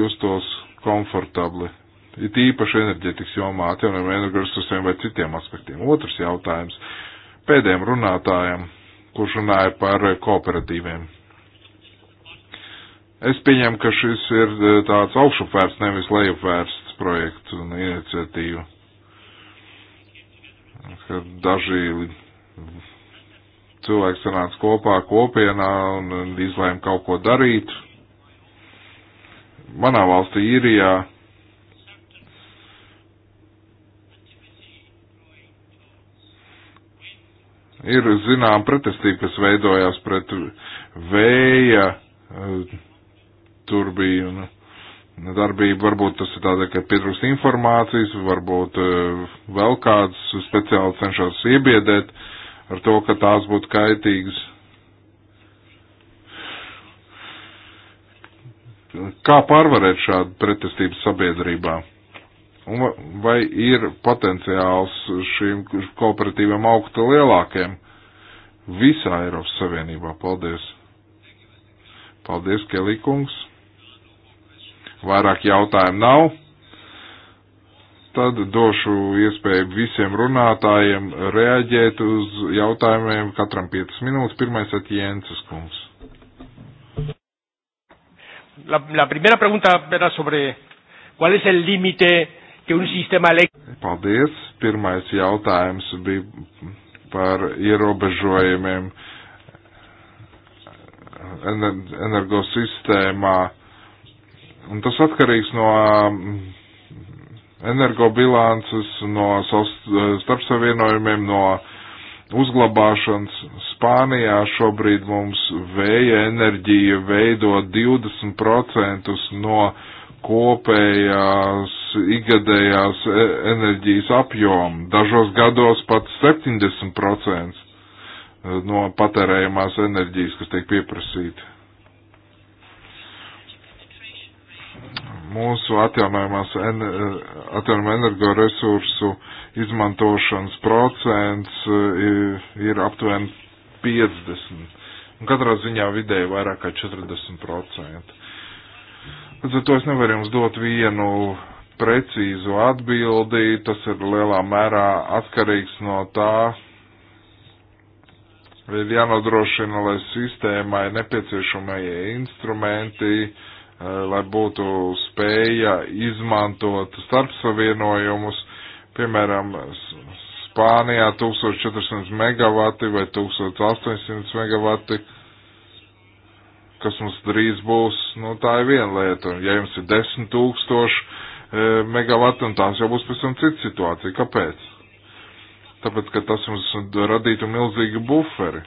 justos komfortabli? It īpaši enerģetikas jomā, atjaunojumiem, energoresursiem vai citiem aspektiem. Otrs jautājums pēdējiem runātājiem, kurš runāja par kooperatīviem Es pieņemu, ka šis ir e, tāds augšupvērsts, nevis lejupvērsts projekts un iniciatīva. Kad daži cilvēki sanāca kopā kopienā un izlēma kaut ko darīt. Manā valstī īrijā ir zinām pretestība, kas veidojās pret vēja e, tur bija darbība, varbūt tas ir tādēļ, ka pietrūkst informācijas, varbūt eh, vēl kāds speciāli cenšas iebiedēt ar to, ka tās būtu kaitīgas. Kā pārvarēt šādu pretestību sabiedrībā? Un vai ir potenciāls šīm kooperatīvām augt lielākiem visā Eiropas Savienībā? Paldies! Paldies, Kelī kungs! vairāk jautājumu nav, tad došu iespēju visiem runātājiem reaģēt uz jautājumiem katram 5 minūtes. Pirmais ir Jēnces kungs. La, la primera pregunta era sobre cuál es el límite que un sistema eléctrico. Paldies. Pirmais jautājums bija par ierobežojumiem energosistēmā Un tas atkarīgs no mm, energobilances, no starpsavienojumiem, no uzglabāšanas. Spānijā šobrīd mums vēja enerģija veido 20% no kopējās ikgadējās e, enerģijas apjoma, dažos gados pat 70% e, no patērējamās enerģijas, kas tiek pieprasīta. mūsu atjaunojumās atjaunojumu energoresursu izmantošanas procents e, ir aptuveni 50. Un katrā ziņā vidēji vairāk kā 40%. Līdz ar to es nevaru jums dot vienu precīzu atbildi. Tas ir lielā mērā atkarīgs no tā, ir jānodrošina, lai sistēmai nepieciešamajie instrumenti uh, Eh, lai būtu spēja izmantot starpsavienojumus, piemēram, Spānijā 1400 megavati vai 1800 megavati, kas mums drīz būs, nu tā ir viena lieta. Ja jums ir 10 tūkstoši eh, megavati, un tās jau būs pēc tam cita situācija. Kāpēc? Tāpēc, ka tas mums radītu milzīgu buferi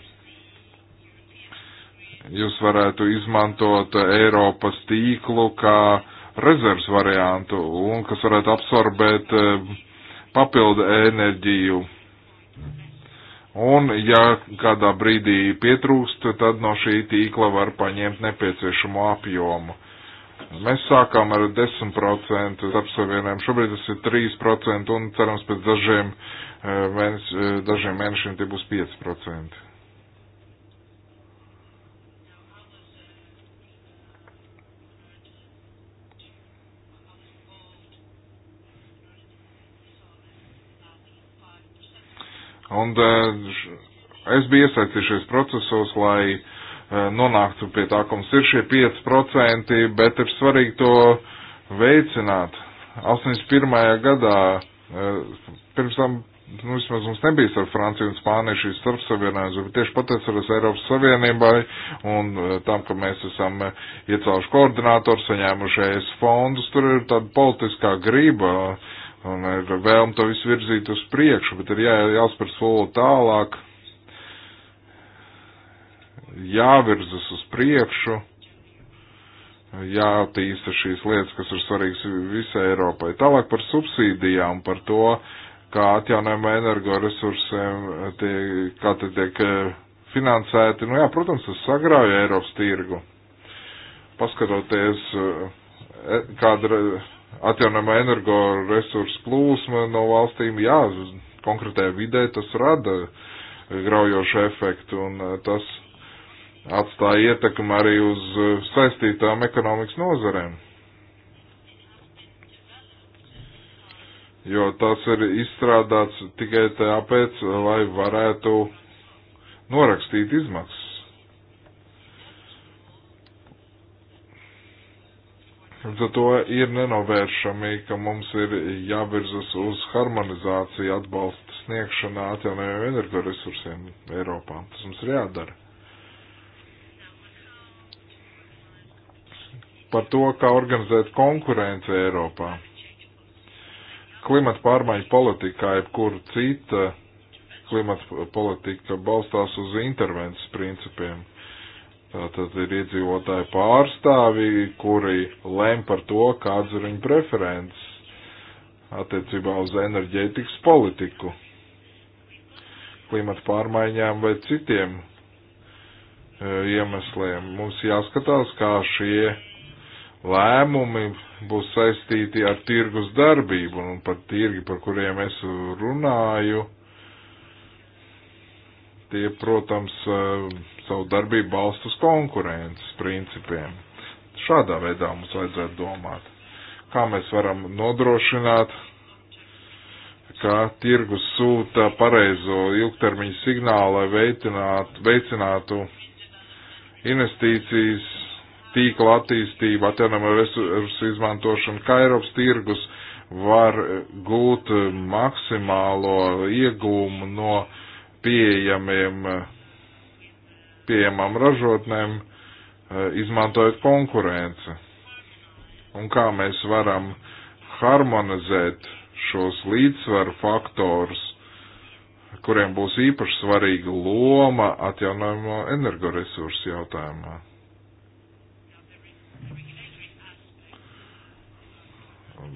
jūs varētu izmantot Eiropas tīklu kā rezerves variantu un kas varētu absorbēt e, papildu enerģiju. Un, ja kādā brīdī pietrūkst, tad no šī tīkla var paņemt nepieciešamo apjomu. Mēs sākām ar 10% apsavienojumu, šobrīd tas ir 3% un cerams pēc dažiem, e, mēneš, e, dažiem mēnešiem tie būs 5%. Un eh, es biju iesaistījušies procesos, lai eh, nonāktu pie tā, ka mums ir šie 5%, bet ir svarīgi to veicināt. 81. gadā, eh, pirms tam, nu, vismaz mums nebija ar Franciju un Spāniju šīs starpsavienojums, bet tieši pateicoties Eiropas Savienībai un tam, ka mēs esam iecēluši koordinātors, saņēmuši ES fondus, tur ir tāda politiskā grība. Uh, un ir vēlme to visu virzīt uz priekšu, bet ir jā, jāspēr soli tālāk, jāvirzas uz priekšu, jātīsta šīs lietas, kas ir svarīgas visai Eiropai. Tālāk par subsīdijām, par to, kā atjaunojama energoresursiem, tie, kā te tiek eh, finansēti. Nu jā, protams, tas sagrauja Eiropas tirgu. Paskatoties, eh, e, kāda atjaunamā energoresursu plūsma no valstīm, jā, konkrētajā vidē tas rada graujošu efektu un eh, tas atstāja ietekmi arī uz eh, saistītām ekonomikas nozarēm. jo tas ir izstrādāts tikai tāpēc, lai varētu norakstīt izmaksas. Līdz ar to ir nenovēršami, ka mums ir jāvirzas uz harmonizāciju atbalsta sniegšanā atjaunojumiem energoresursiem Eiropā. Tas mums ir jādara. Par to, kā organizēt konkurenci Eiropā. Klimata pārmaiņu politikā, jebkur cita klimata politika balstās uz intervences principiem Tātad ir iedzīvotāji pārstāvji, kuri lem par to, kāds ir viņu preferences attiecībā uz enerģētikas politiku, klimata pārmaiņām vai citiem e, iemesliem. Mums jāskatās, kā šie lēmumi būs saistīti ar tirgus darbību un par tirgi, par kuriem es runāju. Tie, protams, e, savu darbību balst uz konkurences principiem. Šādā veidā mums vajadzētu domāt, kā mēs varam nodrošināt, ka tirgus sūta pareizo ilgtermiņu signālu, lai veicinātu, veicinātu investīcijas, tīkla attīstību, atjaunamo resursu izmantošanu, kā Eiropas tirgus var gūt maksimālo iegūmu no pieejamiem uh, pieejamām ražotnēm, e, izmantojot konkurenci. Un kā mēs varam harmonizēt šos līdzsvaru faktorus, kuriem būs īpaši svarīga loma atjaunojamo energoresursu jautājumā.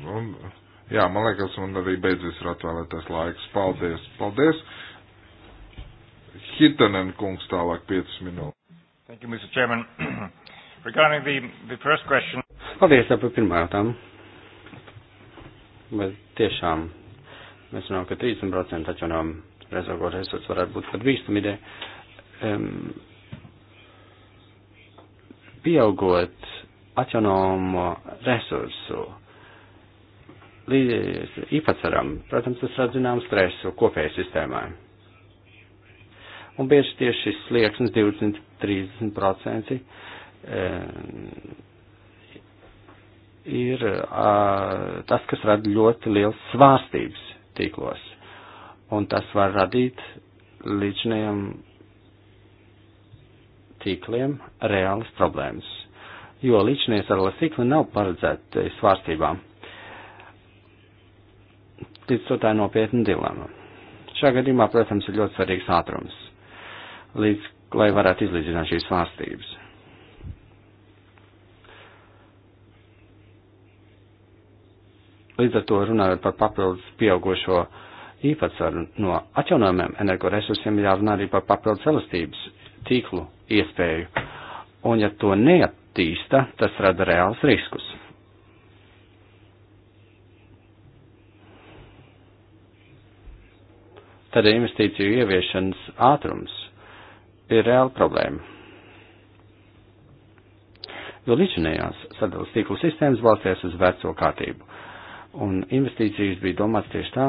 Un, jā, man liekas, man arī beidzies ir atvēlētais laiks. Paldies! Paldies! Hirtanen kungs tālāk 5 minūtes. Thank you, Mr. Chairman. Regarding the, the first question. Paldies par pirmā jautājumu. Bet tiešām mēs runājam, ka 30% atjaunām rezervu resursu varētu būt pat bīstama ideja. Um, pieaugot atjaunojumu resursu līdz īpatsvaram, protams, tas rada zināmu stresu kopējai sistēmai Un bieži tieši šis slieksnis 20-30% eh, ir eh, tas, kas rada ļoti liels svārstības tīklos. Un tas var radīt līdzinējiem tīkliem reālas problēmas, jo līdzinie sarlas tīkli nav paredzēti svārstībām. Līdz to tā ir nopietna dilema. Šā gadījumā, protams, ir ļoti svarīgs ātrums līdz, lai varētu izlīdzināt šīs svārstības. Līdz ar to runājot par papildus pieaugušo īpatsvaru no atjaunojumiem energoresursiem, jārunā arī par papildus elastības tīklu iespēju. Un ja to neattīsta, tas rada reāls riskus. Tad investīciju ieviešanas ātrums ir reāla problēma. Jo līdzinējās sadalas tīklu sistēmas balstījās uz veco kārtību, un investīcijas bija domāts tieši tā,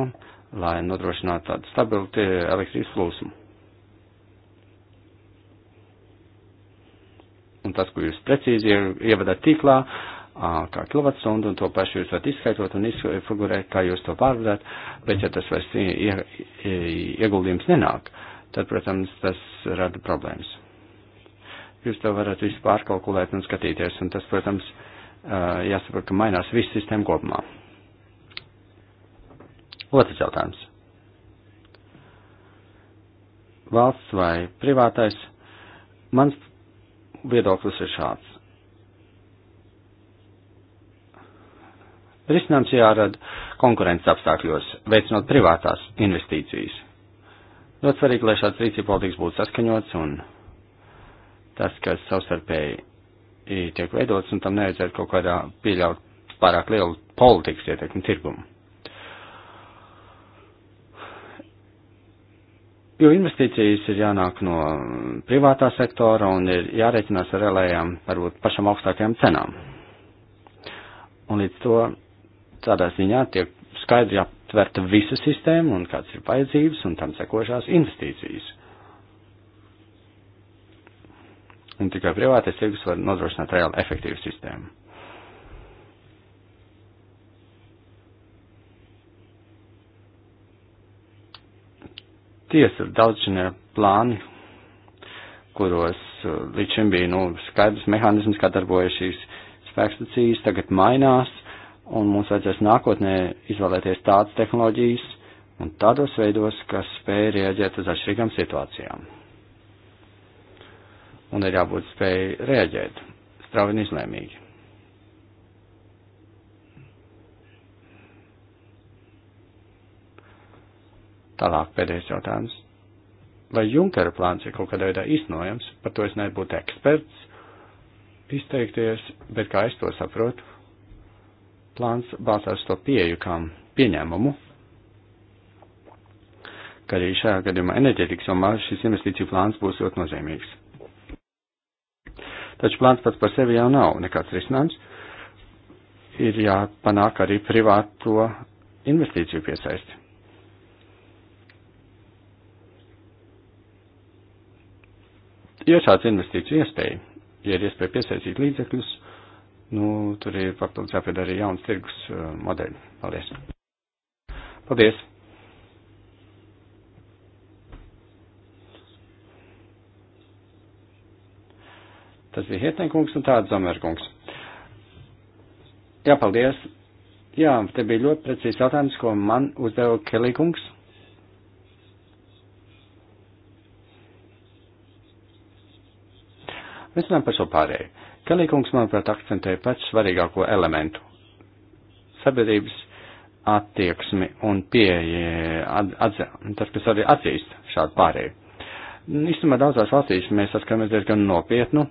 lai nodrošinātu tādu stabilu elektrības plūsmu. Un tas, ko jūs precīzi ievadat tīklā, kā kilovatstundu, un to pašu jūs varat izskaitot un izfigurēt, kā jūs to pārvadat, bet ja tas vairs ieguldījums nenāk, uh, tad, protams, tas rada problēmas. Jūs to varat visu pārkalkulēt un skatīties, un tas, protams, jāsaprot, ka mainās viss sistēma kopumā. Otrs jautājums. Valsts vai privātais? Mans viedoklis ir šāds. Risinājums jārada konkurences apstākļos, veicinot privātās investīcijas. Ļoti svarīgi, lai šāds rīcība politikas būtu saskaņots un tas, kas savstarpēji tiek veidots, un tam nevajadzētu kaut kādā pieļaut pārāk lielu politikas ietekmi tirgumu. Jo investīcijas ir jānāk no privātā sektora un ir jārēķinās ar relējām, varbūt pašam augstākajām cenām. Un līdz to tādā ziņā tiek skaidri aptverta visa sistēma un kādas ir vajadzības un tam sekošās investīcijas. Un tikai privātais tirgus var nodrošināt reāli efektīvu sistēmu. Tiesa, daudz šie plāni, kuros uh, līdz šim bija nu, skaidrs mehānisms, kā darbojas šīs spēkstacijas, tagad mainās un mums vajadzēs nākotnē izvēlēties tādas tehnoloģijas un tādos veidos, kas spēj rēģēt uz atšķirīgām situācijām. Un ir jābūt spēj rēģēt strauji un izlēmīgi. Tālāk pēdējais jautājums. Vai Junkera plāns ir kaut kādā veidā iznojams, par to es nebūtu eksperts izteikties, bet kā es to saprotu, plāns balstās to pieju kā pieņēmumu, ka arī šajā gadījumā enerģētikas jomā šis investīciju plāns būs ļoti nozīmīgs. Taču plāns pats par sevi jau nav nekāds risinājums. Ir jāpanāk arī privāto investīciju piesaisti. Ir šāds investīciju iespēja, ja ir iespēja piesaistīt līdzekļus Nu, tur ir papildus jāpiedara arī jauns tirgus uh, modeļi. Paldies! Paldies! Tas bija Hietnēkungs un tāds Zomerkungs. Jā, paldies! Jā, te bija ļoti precīzi jautājums, ko man uzdeva Kelīkungs. Mēs runājam par šo pārēju. Kalīkungs, manuprāt, akcentē pats svarīgāko elementu - sabiedrības attieksmi un pieeja, atz, tas, kas arī atzīst šādu pārēju. Nu, īstenībā daudzās valstīs mēs saskaramies diezgan nopietnu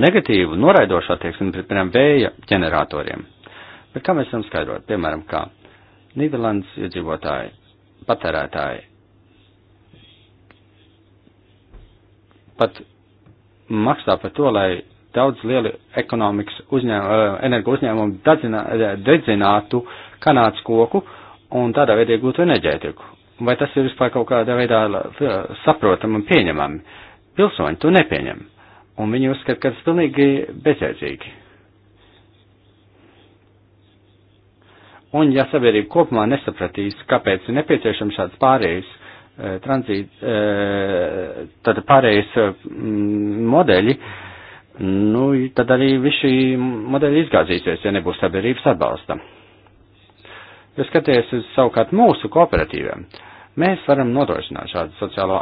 negatīvu, noraidošu attieksmi pret, piemēram, vēja ģeneratoriem. Bet kā mēs varam skaidrot, piemēram, kā Nīderlandes iedzīvotāji, patērētāji, pat maksā par to, lai daudz lieli ekonomikas uzņēm, eh, energo uzņēmumu dadzinā, eh, dedzinātu kanādas koku un tādā veidā iegūtu enerģētiku. Vai tas ir vispār kaut kādā veidā eh, saprotami un pieņemami? Pilsoņi to nepieņem, un viņi uzskata, ka tas pilnīgi bezjēdzīgi. Un ja sabiedrība kopumā nesapratīs, kāpēc ir nepieciešams šāds pārējais, tranzīt, e, tad pārējais e, modeļi, nu, tad arī visi šī modeļi izgāzīsies, ja nebūs sabiedrības atbalsta. Ja skaties uz savukārt mūsu kooperatīviem, mēs varam nodrošināt šādu sociālo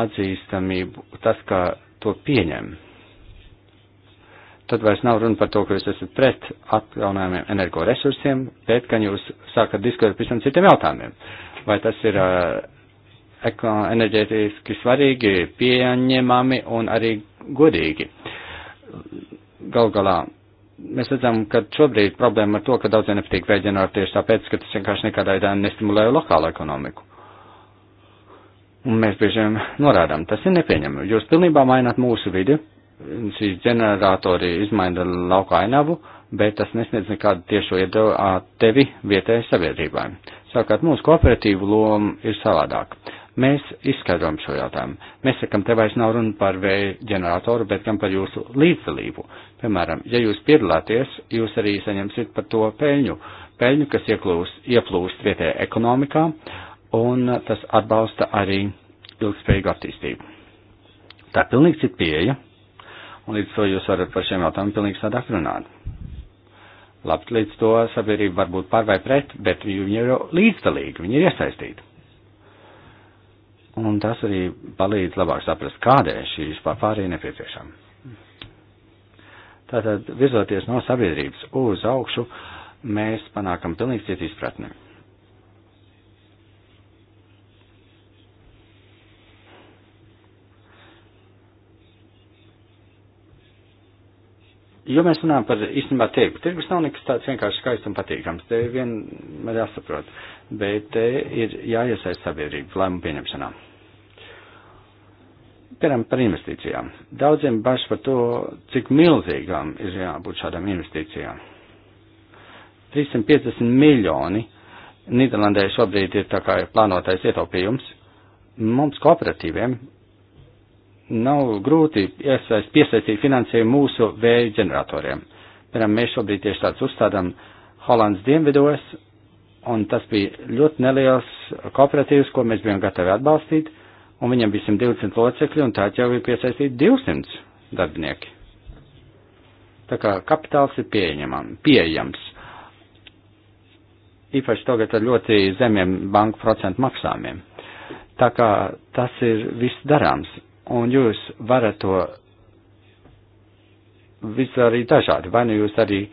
atzīstamību, tas, ka to pieņem. Tad vairs nav runa par to, ka jūs esat pret atjaunājumiem energoresursiem, bet, ka jūs sākat diskutēt par visam citiem jautājumiem. Vai tas ir uh, enerģētiski svarīgi, pieņemami un arī godīgi. Gal galā mēs redzam, ka šobrīd problēma ar to, ka daudziem nepatīk vēģināt tieši tāpēc, ka tas vienkārši nekādā veidā nestimulē lokālu ekonomiku. Un mēs bieži vien norādām, tas ir nepieņemami. Jūs pilnībā maināt mūsu vidi, šīs ģeneratori izmaina lauka ainavu, bet tas nesniedz nekādu tiešo iedevu tevi vietējai sabiedrībai. Savukārt mūsu kooperatīvu loma ir savādāka. Mēs izskaidrojam šo jautājumu. Mēs sakam, te vairs nav runa par vēja ģeneratoru, bet gan par jūsu līdzdalību. Piemēram, ja jūs piedalāties, jūs arī saņemsiet par to peļņu. Peļņu, kas ieplūst, ieplūst vietējā ekonomikā, un tas atbalsta arī ilgspējīgu attīstību. Tā ir pilnīgi cita pieeja, un līdz to jūs varat par šiem jautājumiem pilnīgi sadāk runāt. Labi, līdz to sabiedrība var būt par vai pret, bet viņi ir līdzdalīgi, viņi ir iesaistīti. Un tas arī palīdz labāk saprast, kādēļ šī vispār pārīja nepieciešama. Tātad, virzoties no sabiedrības uz augšu, mēs panākam pilnīgi citu izpratni. Jo mēs runājam par īstenībā tirgu. Tirgus nav nekas tāds vienkārši skaists un patīkams. Te vienmēr jāsaprot. Bet te ir jāiesaist sabiedrību lēmumu pieņemšanā. Piemēram, par investīcijām. Daudziem bažas par to, cik milzīgām ir jābūt šādām investīcijām. 350 miljoni Nīderlandē šobrīd ir tā kā plānotais ietaupījums. Mums kooperatīviem nav grūti iesaist, piesaistīt finansējumu mūsu vēja ģeneratoriem. Piemēram, mēs šobrīd tieši tāds uzstādām Holandas dienvidos, un tas bija ļoti neliels kooperatīvs, ko mēs bijām gatavi atbalstīt, un viņam bija 120 locekļi, un tā jau ir piesaistīti 200 darbinieki. Tā kā kapitāls ir pieejams. Īpaši tagad ar ļoti zemiem banku procentu maksājumiem. Tā kā tas ir viss darāms, un jūs varat to visu arī dažādi. Vai nu jūs arī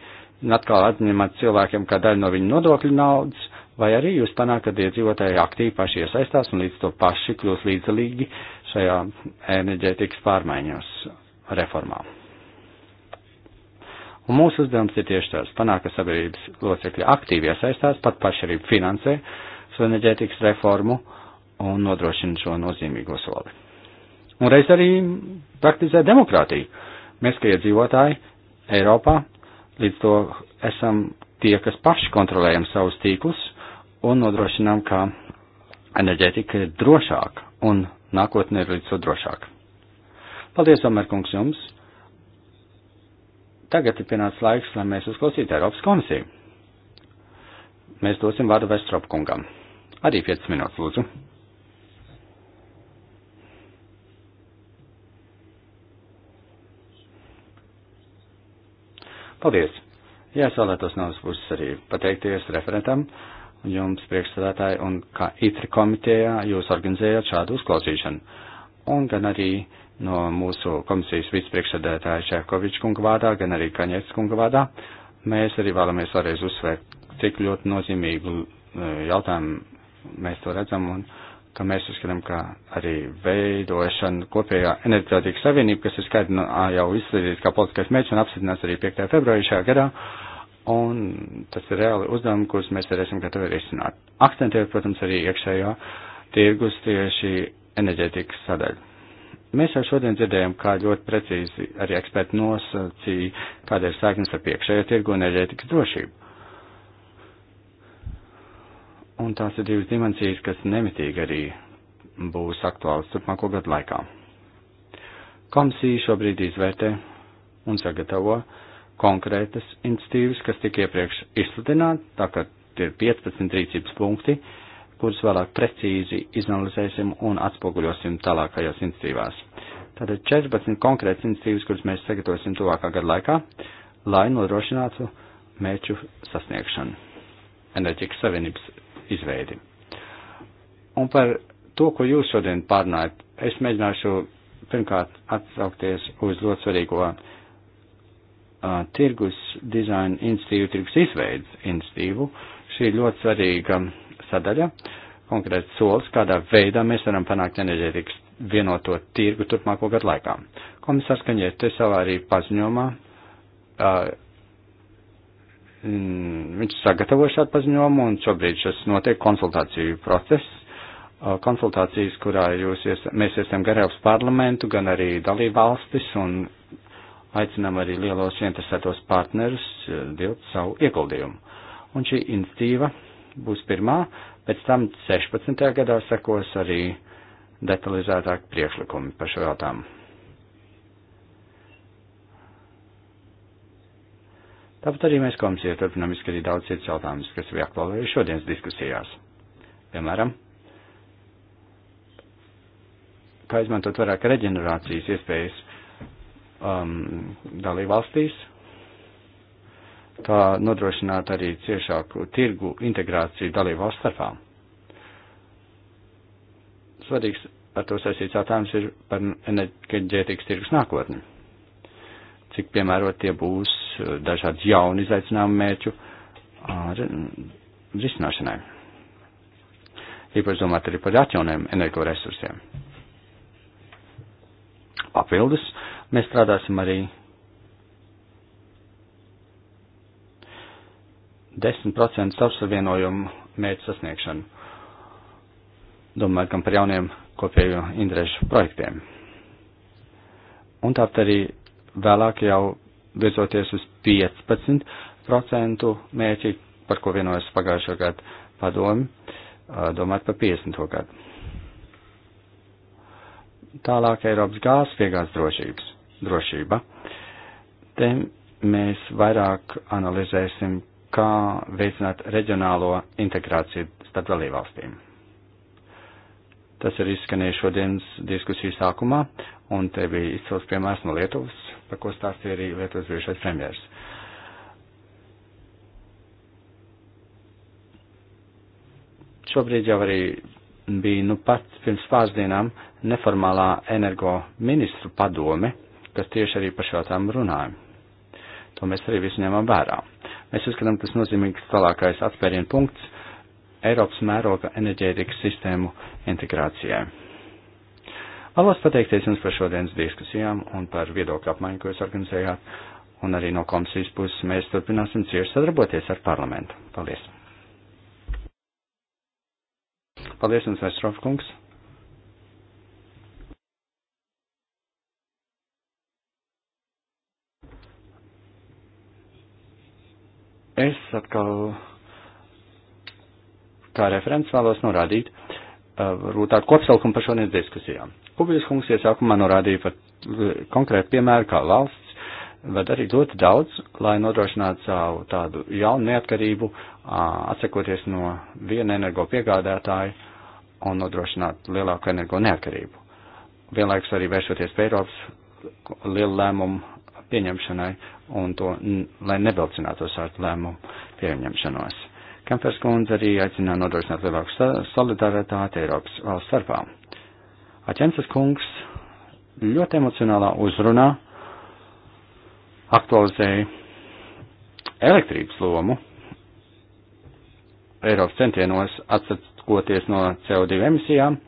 atkal atņemat cilvēkiem kā daļu no viņu nodokļu naudas, vai arī jūs panākat, ka iedzīvotāji aktīvi paši iesaistās un līdz to paši kļūs līdzdalīgi šajā enerģētikas pārmaiņos reformā. Un mūsu uzdevums ir tieši tāds - panākt, ka sabiedrības locekļi aktīvi iesaistās, pat paši arī finansē šo enerģētikas reformu un nodrošina šo nozīmīgo soli. Un reiz arī praktizē demokrātiju. Mēs, kā iedzīvotāji Eiropā, līdz to esam tie, kas paši kontrolējam savus tīklus, un nodrošinām, ka enerģētika ir drošāka un nākotnē ir līdz to drošāka. Paldies, Omerkungs, jums! Tagad ir pienācis laiks, lai mēs uzklausītu Eiropas komisiju. Mēs dosim vārdu Vestropkungam. Arī 5 minūtes, lūdzu. Paldies! Jā, es vēlētos no savas puses arī pateikties referentam jums priekšstādātāji un kā ITRI komitejā jūs organizējat šādu uzklausīšanu. Un gan arī no mūsu komisijas vicepriekšsēdētāja Čekoviča kunga vārdā, gan arī Kaņets kunga vārdā. Mēs arī vēlamies vēlreiz uzsvērt, cik ļoti nozīmīgu e, jautājumu mēs to redzam un ka mēs uzskatām, ka arī veidošana kopējā enerģētikas savienība, kas ir skaidri no, nu, jau izslēdzīts kā politiskais mērķis un apstiprinās arī 5. februārī šajā gadā, uh, un tas ir reāli uzdevumi, kurus mēs varēsim gatavi risināt. Akcentēt, protams, arī iekšējā tirgus tieši enerģētikas sadaļa. Mēs jau šodien dzirdējām, kā ļoti precīzi arī eksperti nosacīja, kāda ir saiknes ar iekšējo tirgu un enerģētikas drošību. Un tās ir divas dimensijas, kas nemitīgi arī būs aktuāls turpmāko gadu laikā. Komisija šobrīd izvērtē un sagatavo uh, konkrētas institīvas, kas tika iepriekš izsludināti, tā kā ir 15 rīcības punkti, kurus vēlāk precīzi izanalizēsim un atspoguļosim tālākajās institīvās. Tātad 14 konkrētas institīvas, kuras mēs sagatavosim tuvākā gada laikā, lai nodrošinātu mērķu sasniegšanu, enerģikas savienības izveidi. Un par to, ko jūs šodien pārnājat, es mēģināšu pirmkārt atsaukties uz ļoti svarīgo uh, tirgus dizaina institīvu, tirgus izveidas institīvu. Šī ir ļoti svarīga sadaļa, konkrēts solis, kādā veidā mēs varam panākt enerģētikas vienoto tirgu turpmāko gadu laikā. Komisārs Kaņiete savā arī paziņojumā, uh, viņš sagatavo šādu paziņojumu un šobrīd šis notiek konsultāciju process konsultācijas, kurā jūs, ies, mēs esam gan Eiropas parlamentu, gan arī dalībvalstis un Aicinām arī lielos interesētos partnerus dot eh, savu ieguldījumu. Un šī institīva būs pirmā, pēc tam 16. gadā sekos arī detalizētāk priekšlikumi par šo jautājumu. Tāpat arī mēs komisijā turpinām izskatīt daudz citas jautājumus, kas bija aktuāli arī šodienas diskusijās. Piemēram, kā izmantot vairāk reģenerācijas iespējas um, dalībvalstīs, kā nodrošināt arī ciešāku tirgu integrāciju dalībvalstu starpā. Svarīgs ar to saistīts jautājums ir par enerģētikas tirgus nākotni. Cik piemērot tie būs uh, dažādi jauni izaicinājumu mērķu mm, risināšanai. Īpaši domāt arī par atjauniem energoresursiem. Papildus, uh, Mēs strādāsim arī 10% savsavienojumu mērķu sasniegšanu. Domājam par jauniem kopēju interešu projektiem. Un tāpat arī vēlāk jau virzoties uz 15% mērķi, par ko vienojas pagājušā gada padomi, domāt par 50. gadu. Tālāk Eiropas gāzes piegādes drošības drošība. Te mēs vairāk analizēsim, kā veicināt reģionālo integrāciju starp dalībvalstīm. Tas arī izskanēja šodienas diskusiju sākumā, un te bija izcils piemērs no Lietuvas, par ko stāstīja arī Lietuvas bijušais premjers. Šobrīd jau arī bija nu pats pirms pāris dienām neformālā energo ministru padome kas tieši arī par šo tām runāja. To mēs arī visu ņemam vērā. Mēs uzskatām, ka tas nozīmīgs tālākais atspērienu punkts Eiropas mēroga enerģētikas sistēmu integrācijai. Vēlos pateikties jums par šodienas diskusijām un par viedokļu apmaiņu, ko jūs organizējāt, un arī no komisijas puses mēs turpināsim cieši sadarboties ar parlamentu. Paldies! Paldies jums, Vēstrovkungs! Es atkal, kā referents, vēlos norādīt uh, tādu kopsalkumu par šodienas diskusijām. Kubijas kungs iesākumā norādīja par uh, konkrētu piemēru, kā valsts var darīt ļoti daudz, lai nodrošinātu savu tādu jaunu neatkarību, uh, atsakoties no viena energo piegādātāja un nodrošināt lielāku energo neatkarību. Vienlaikus arī vēršoties pie Eiropas lielu lēmumu pieņemšanai un to, lai nevelcinātos ar lēmumu pieņemšanos. Kempers kundze arī aicināja nodrošināt lielāku solidaritāti Eiropas valsts starpā. Aķenses kungs ļoti emocionālā uzrunā aktualizēja elektrības lomu Eiropas centienos atsakoties no CO2 emisijām.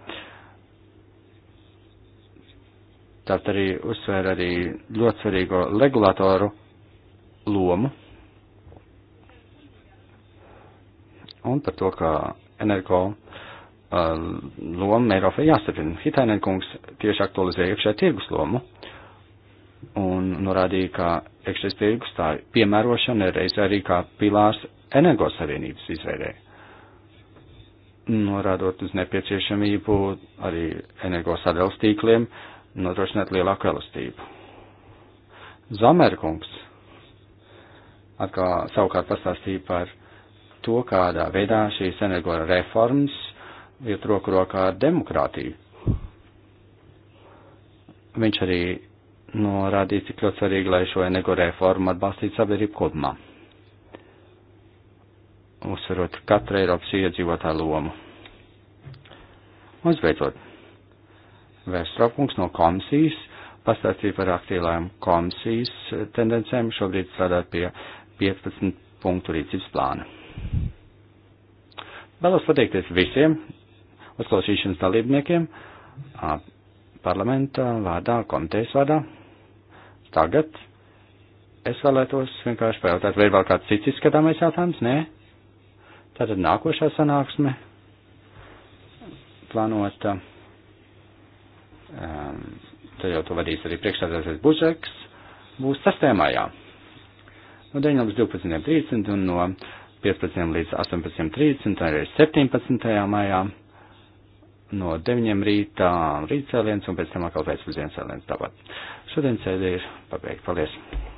Tāpat arī uzsvēra arī ļoti svarīgo regulātoru lomu un par to, ka energo uh, loma Eiropai jāstiprina. Hitainen kungs tieši aktualizēja iekšē tirgus lomu un norādīja, ka iekšējais tirgus tā piemērošana ir reizē arī kā pilārs energosavienības izveidē, norādot uz nepieciešamību arī energosadalstīkliem nodrošināt lielāku elastību. Zamerkungs atkal savukārt pastāstīja par to, kādā veidā šīs energo reformas iet roku rokā ar demokrātiju. Viņš arī norādīja, cik ļoti svarīgi, lai šo energo reformu atbalstītu sabiedrību kopumā, uzsverot katru Eiropas iedzīvotāju lomu. Uzbeidzot, Vēstrokungs no komisijas pastāstīja par aktīvām komisijas tendencēm šobrīd strādāt pie 15 punktu rīcības plāna. Vēlos pateikties visiem uzklausīšanas dalībniekiem parlamenta vārdā, komitejas vārdā. Tagad es vēlētos vienkārši pajautāt, vai ir vēl kāds cits izskatāmais jautājums? Nē. Tātad nākošā sanāksme plānota. Um, tad jau to vadīs arī priekšstādātais Bužeks. Būs 6. maijā no 9 līdz 12.30 un no 15 līdz 18.30 arī 17. maijā no 9 rītā rītcēliens un pēc tam atkal pēcpusdienas cēliens tāpat. Šodien sēdē ir pabeigta. Paldies!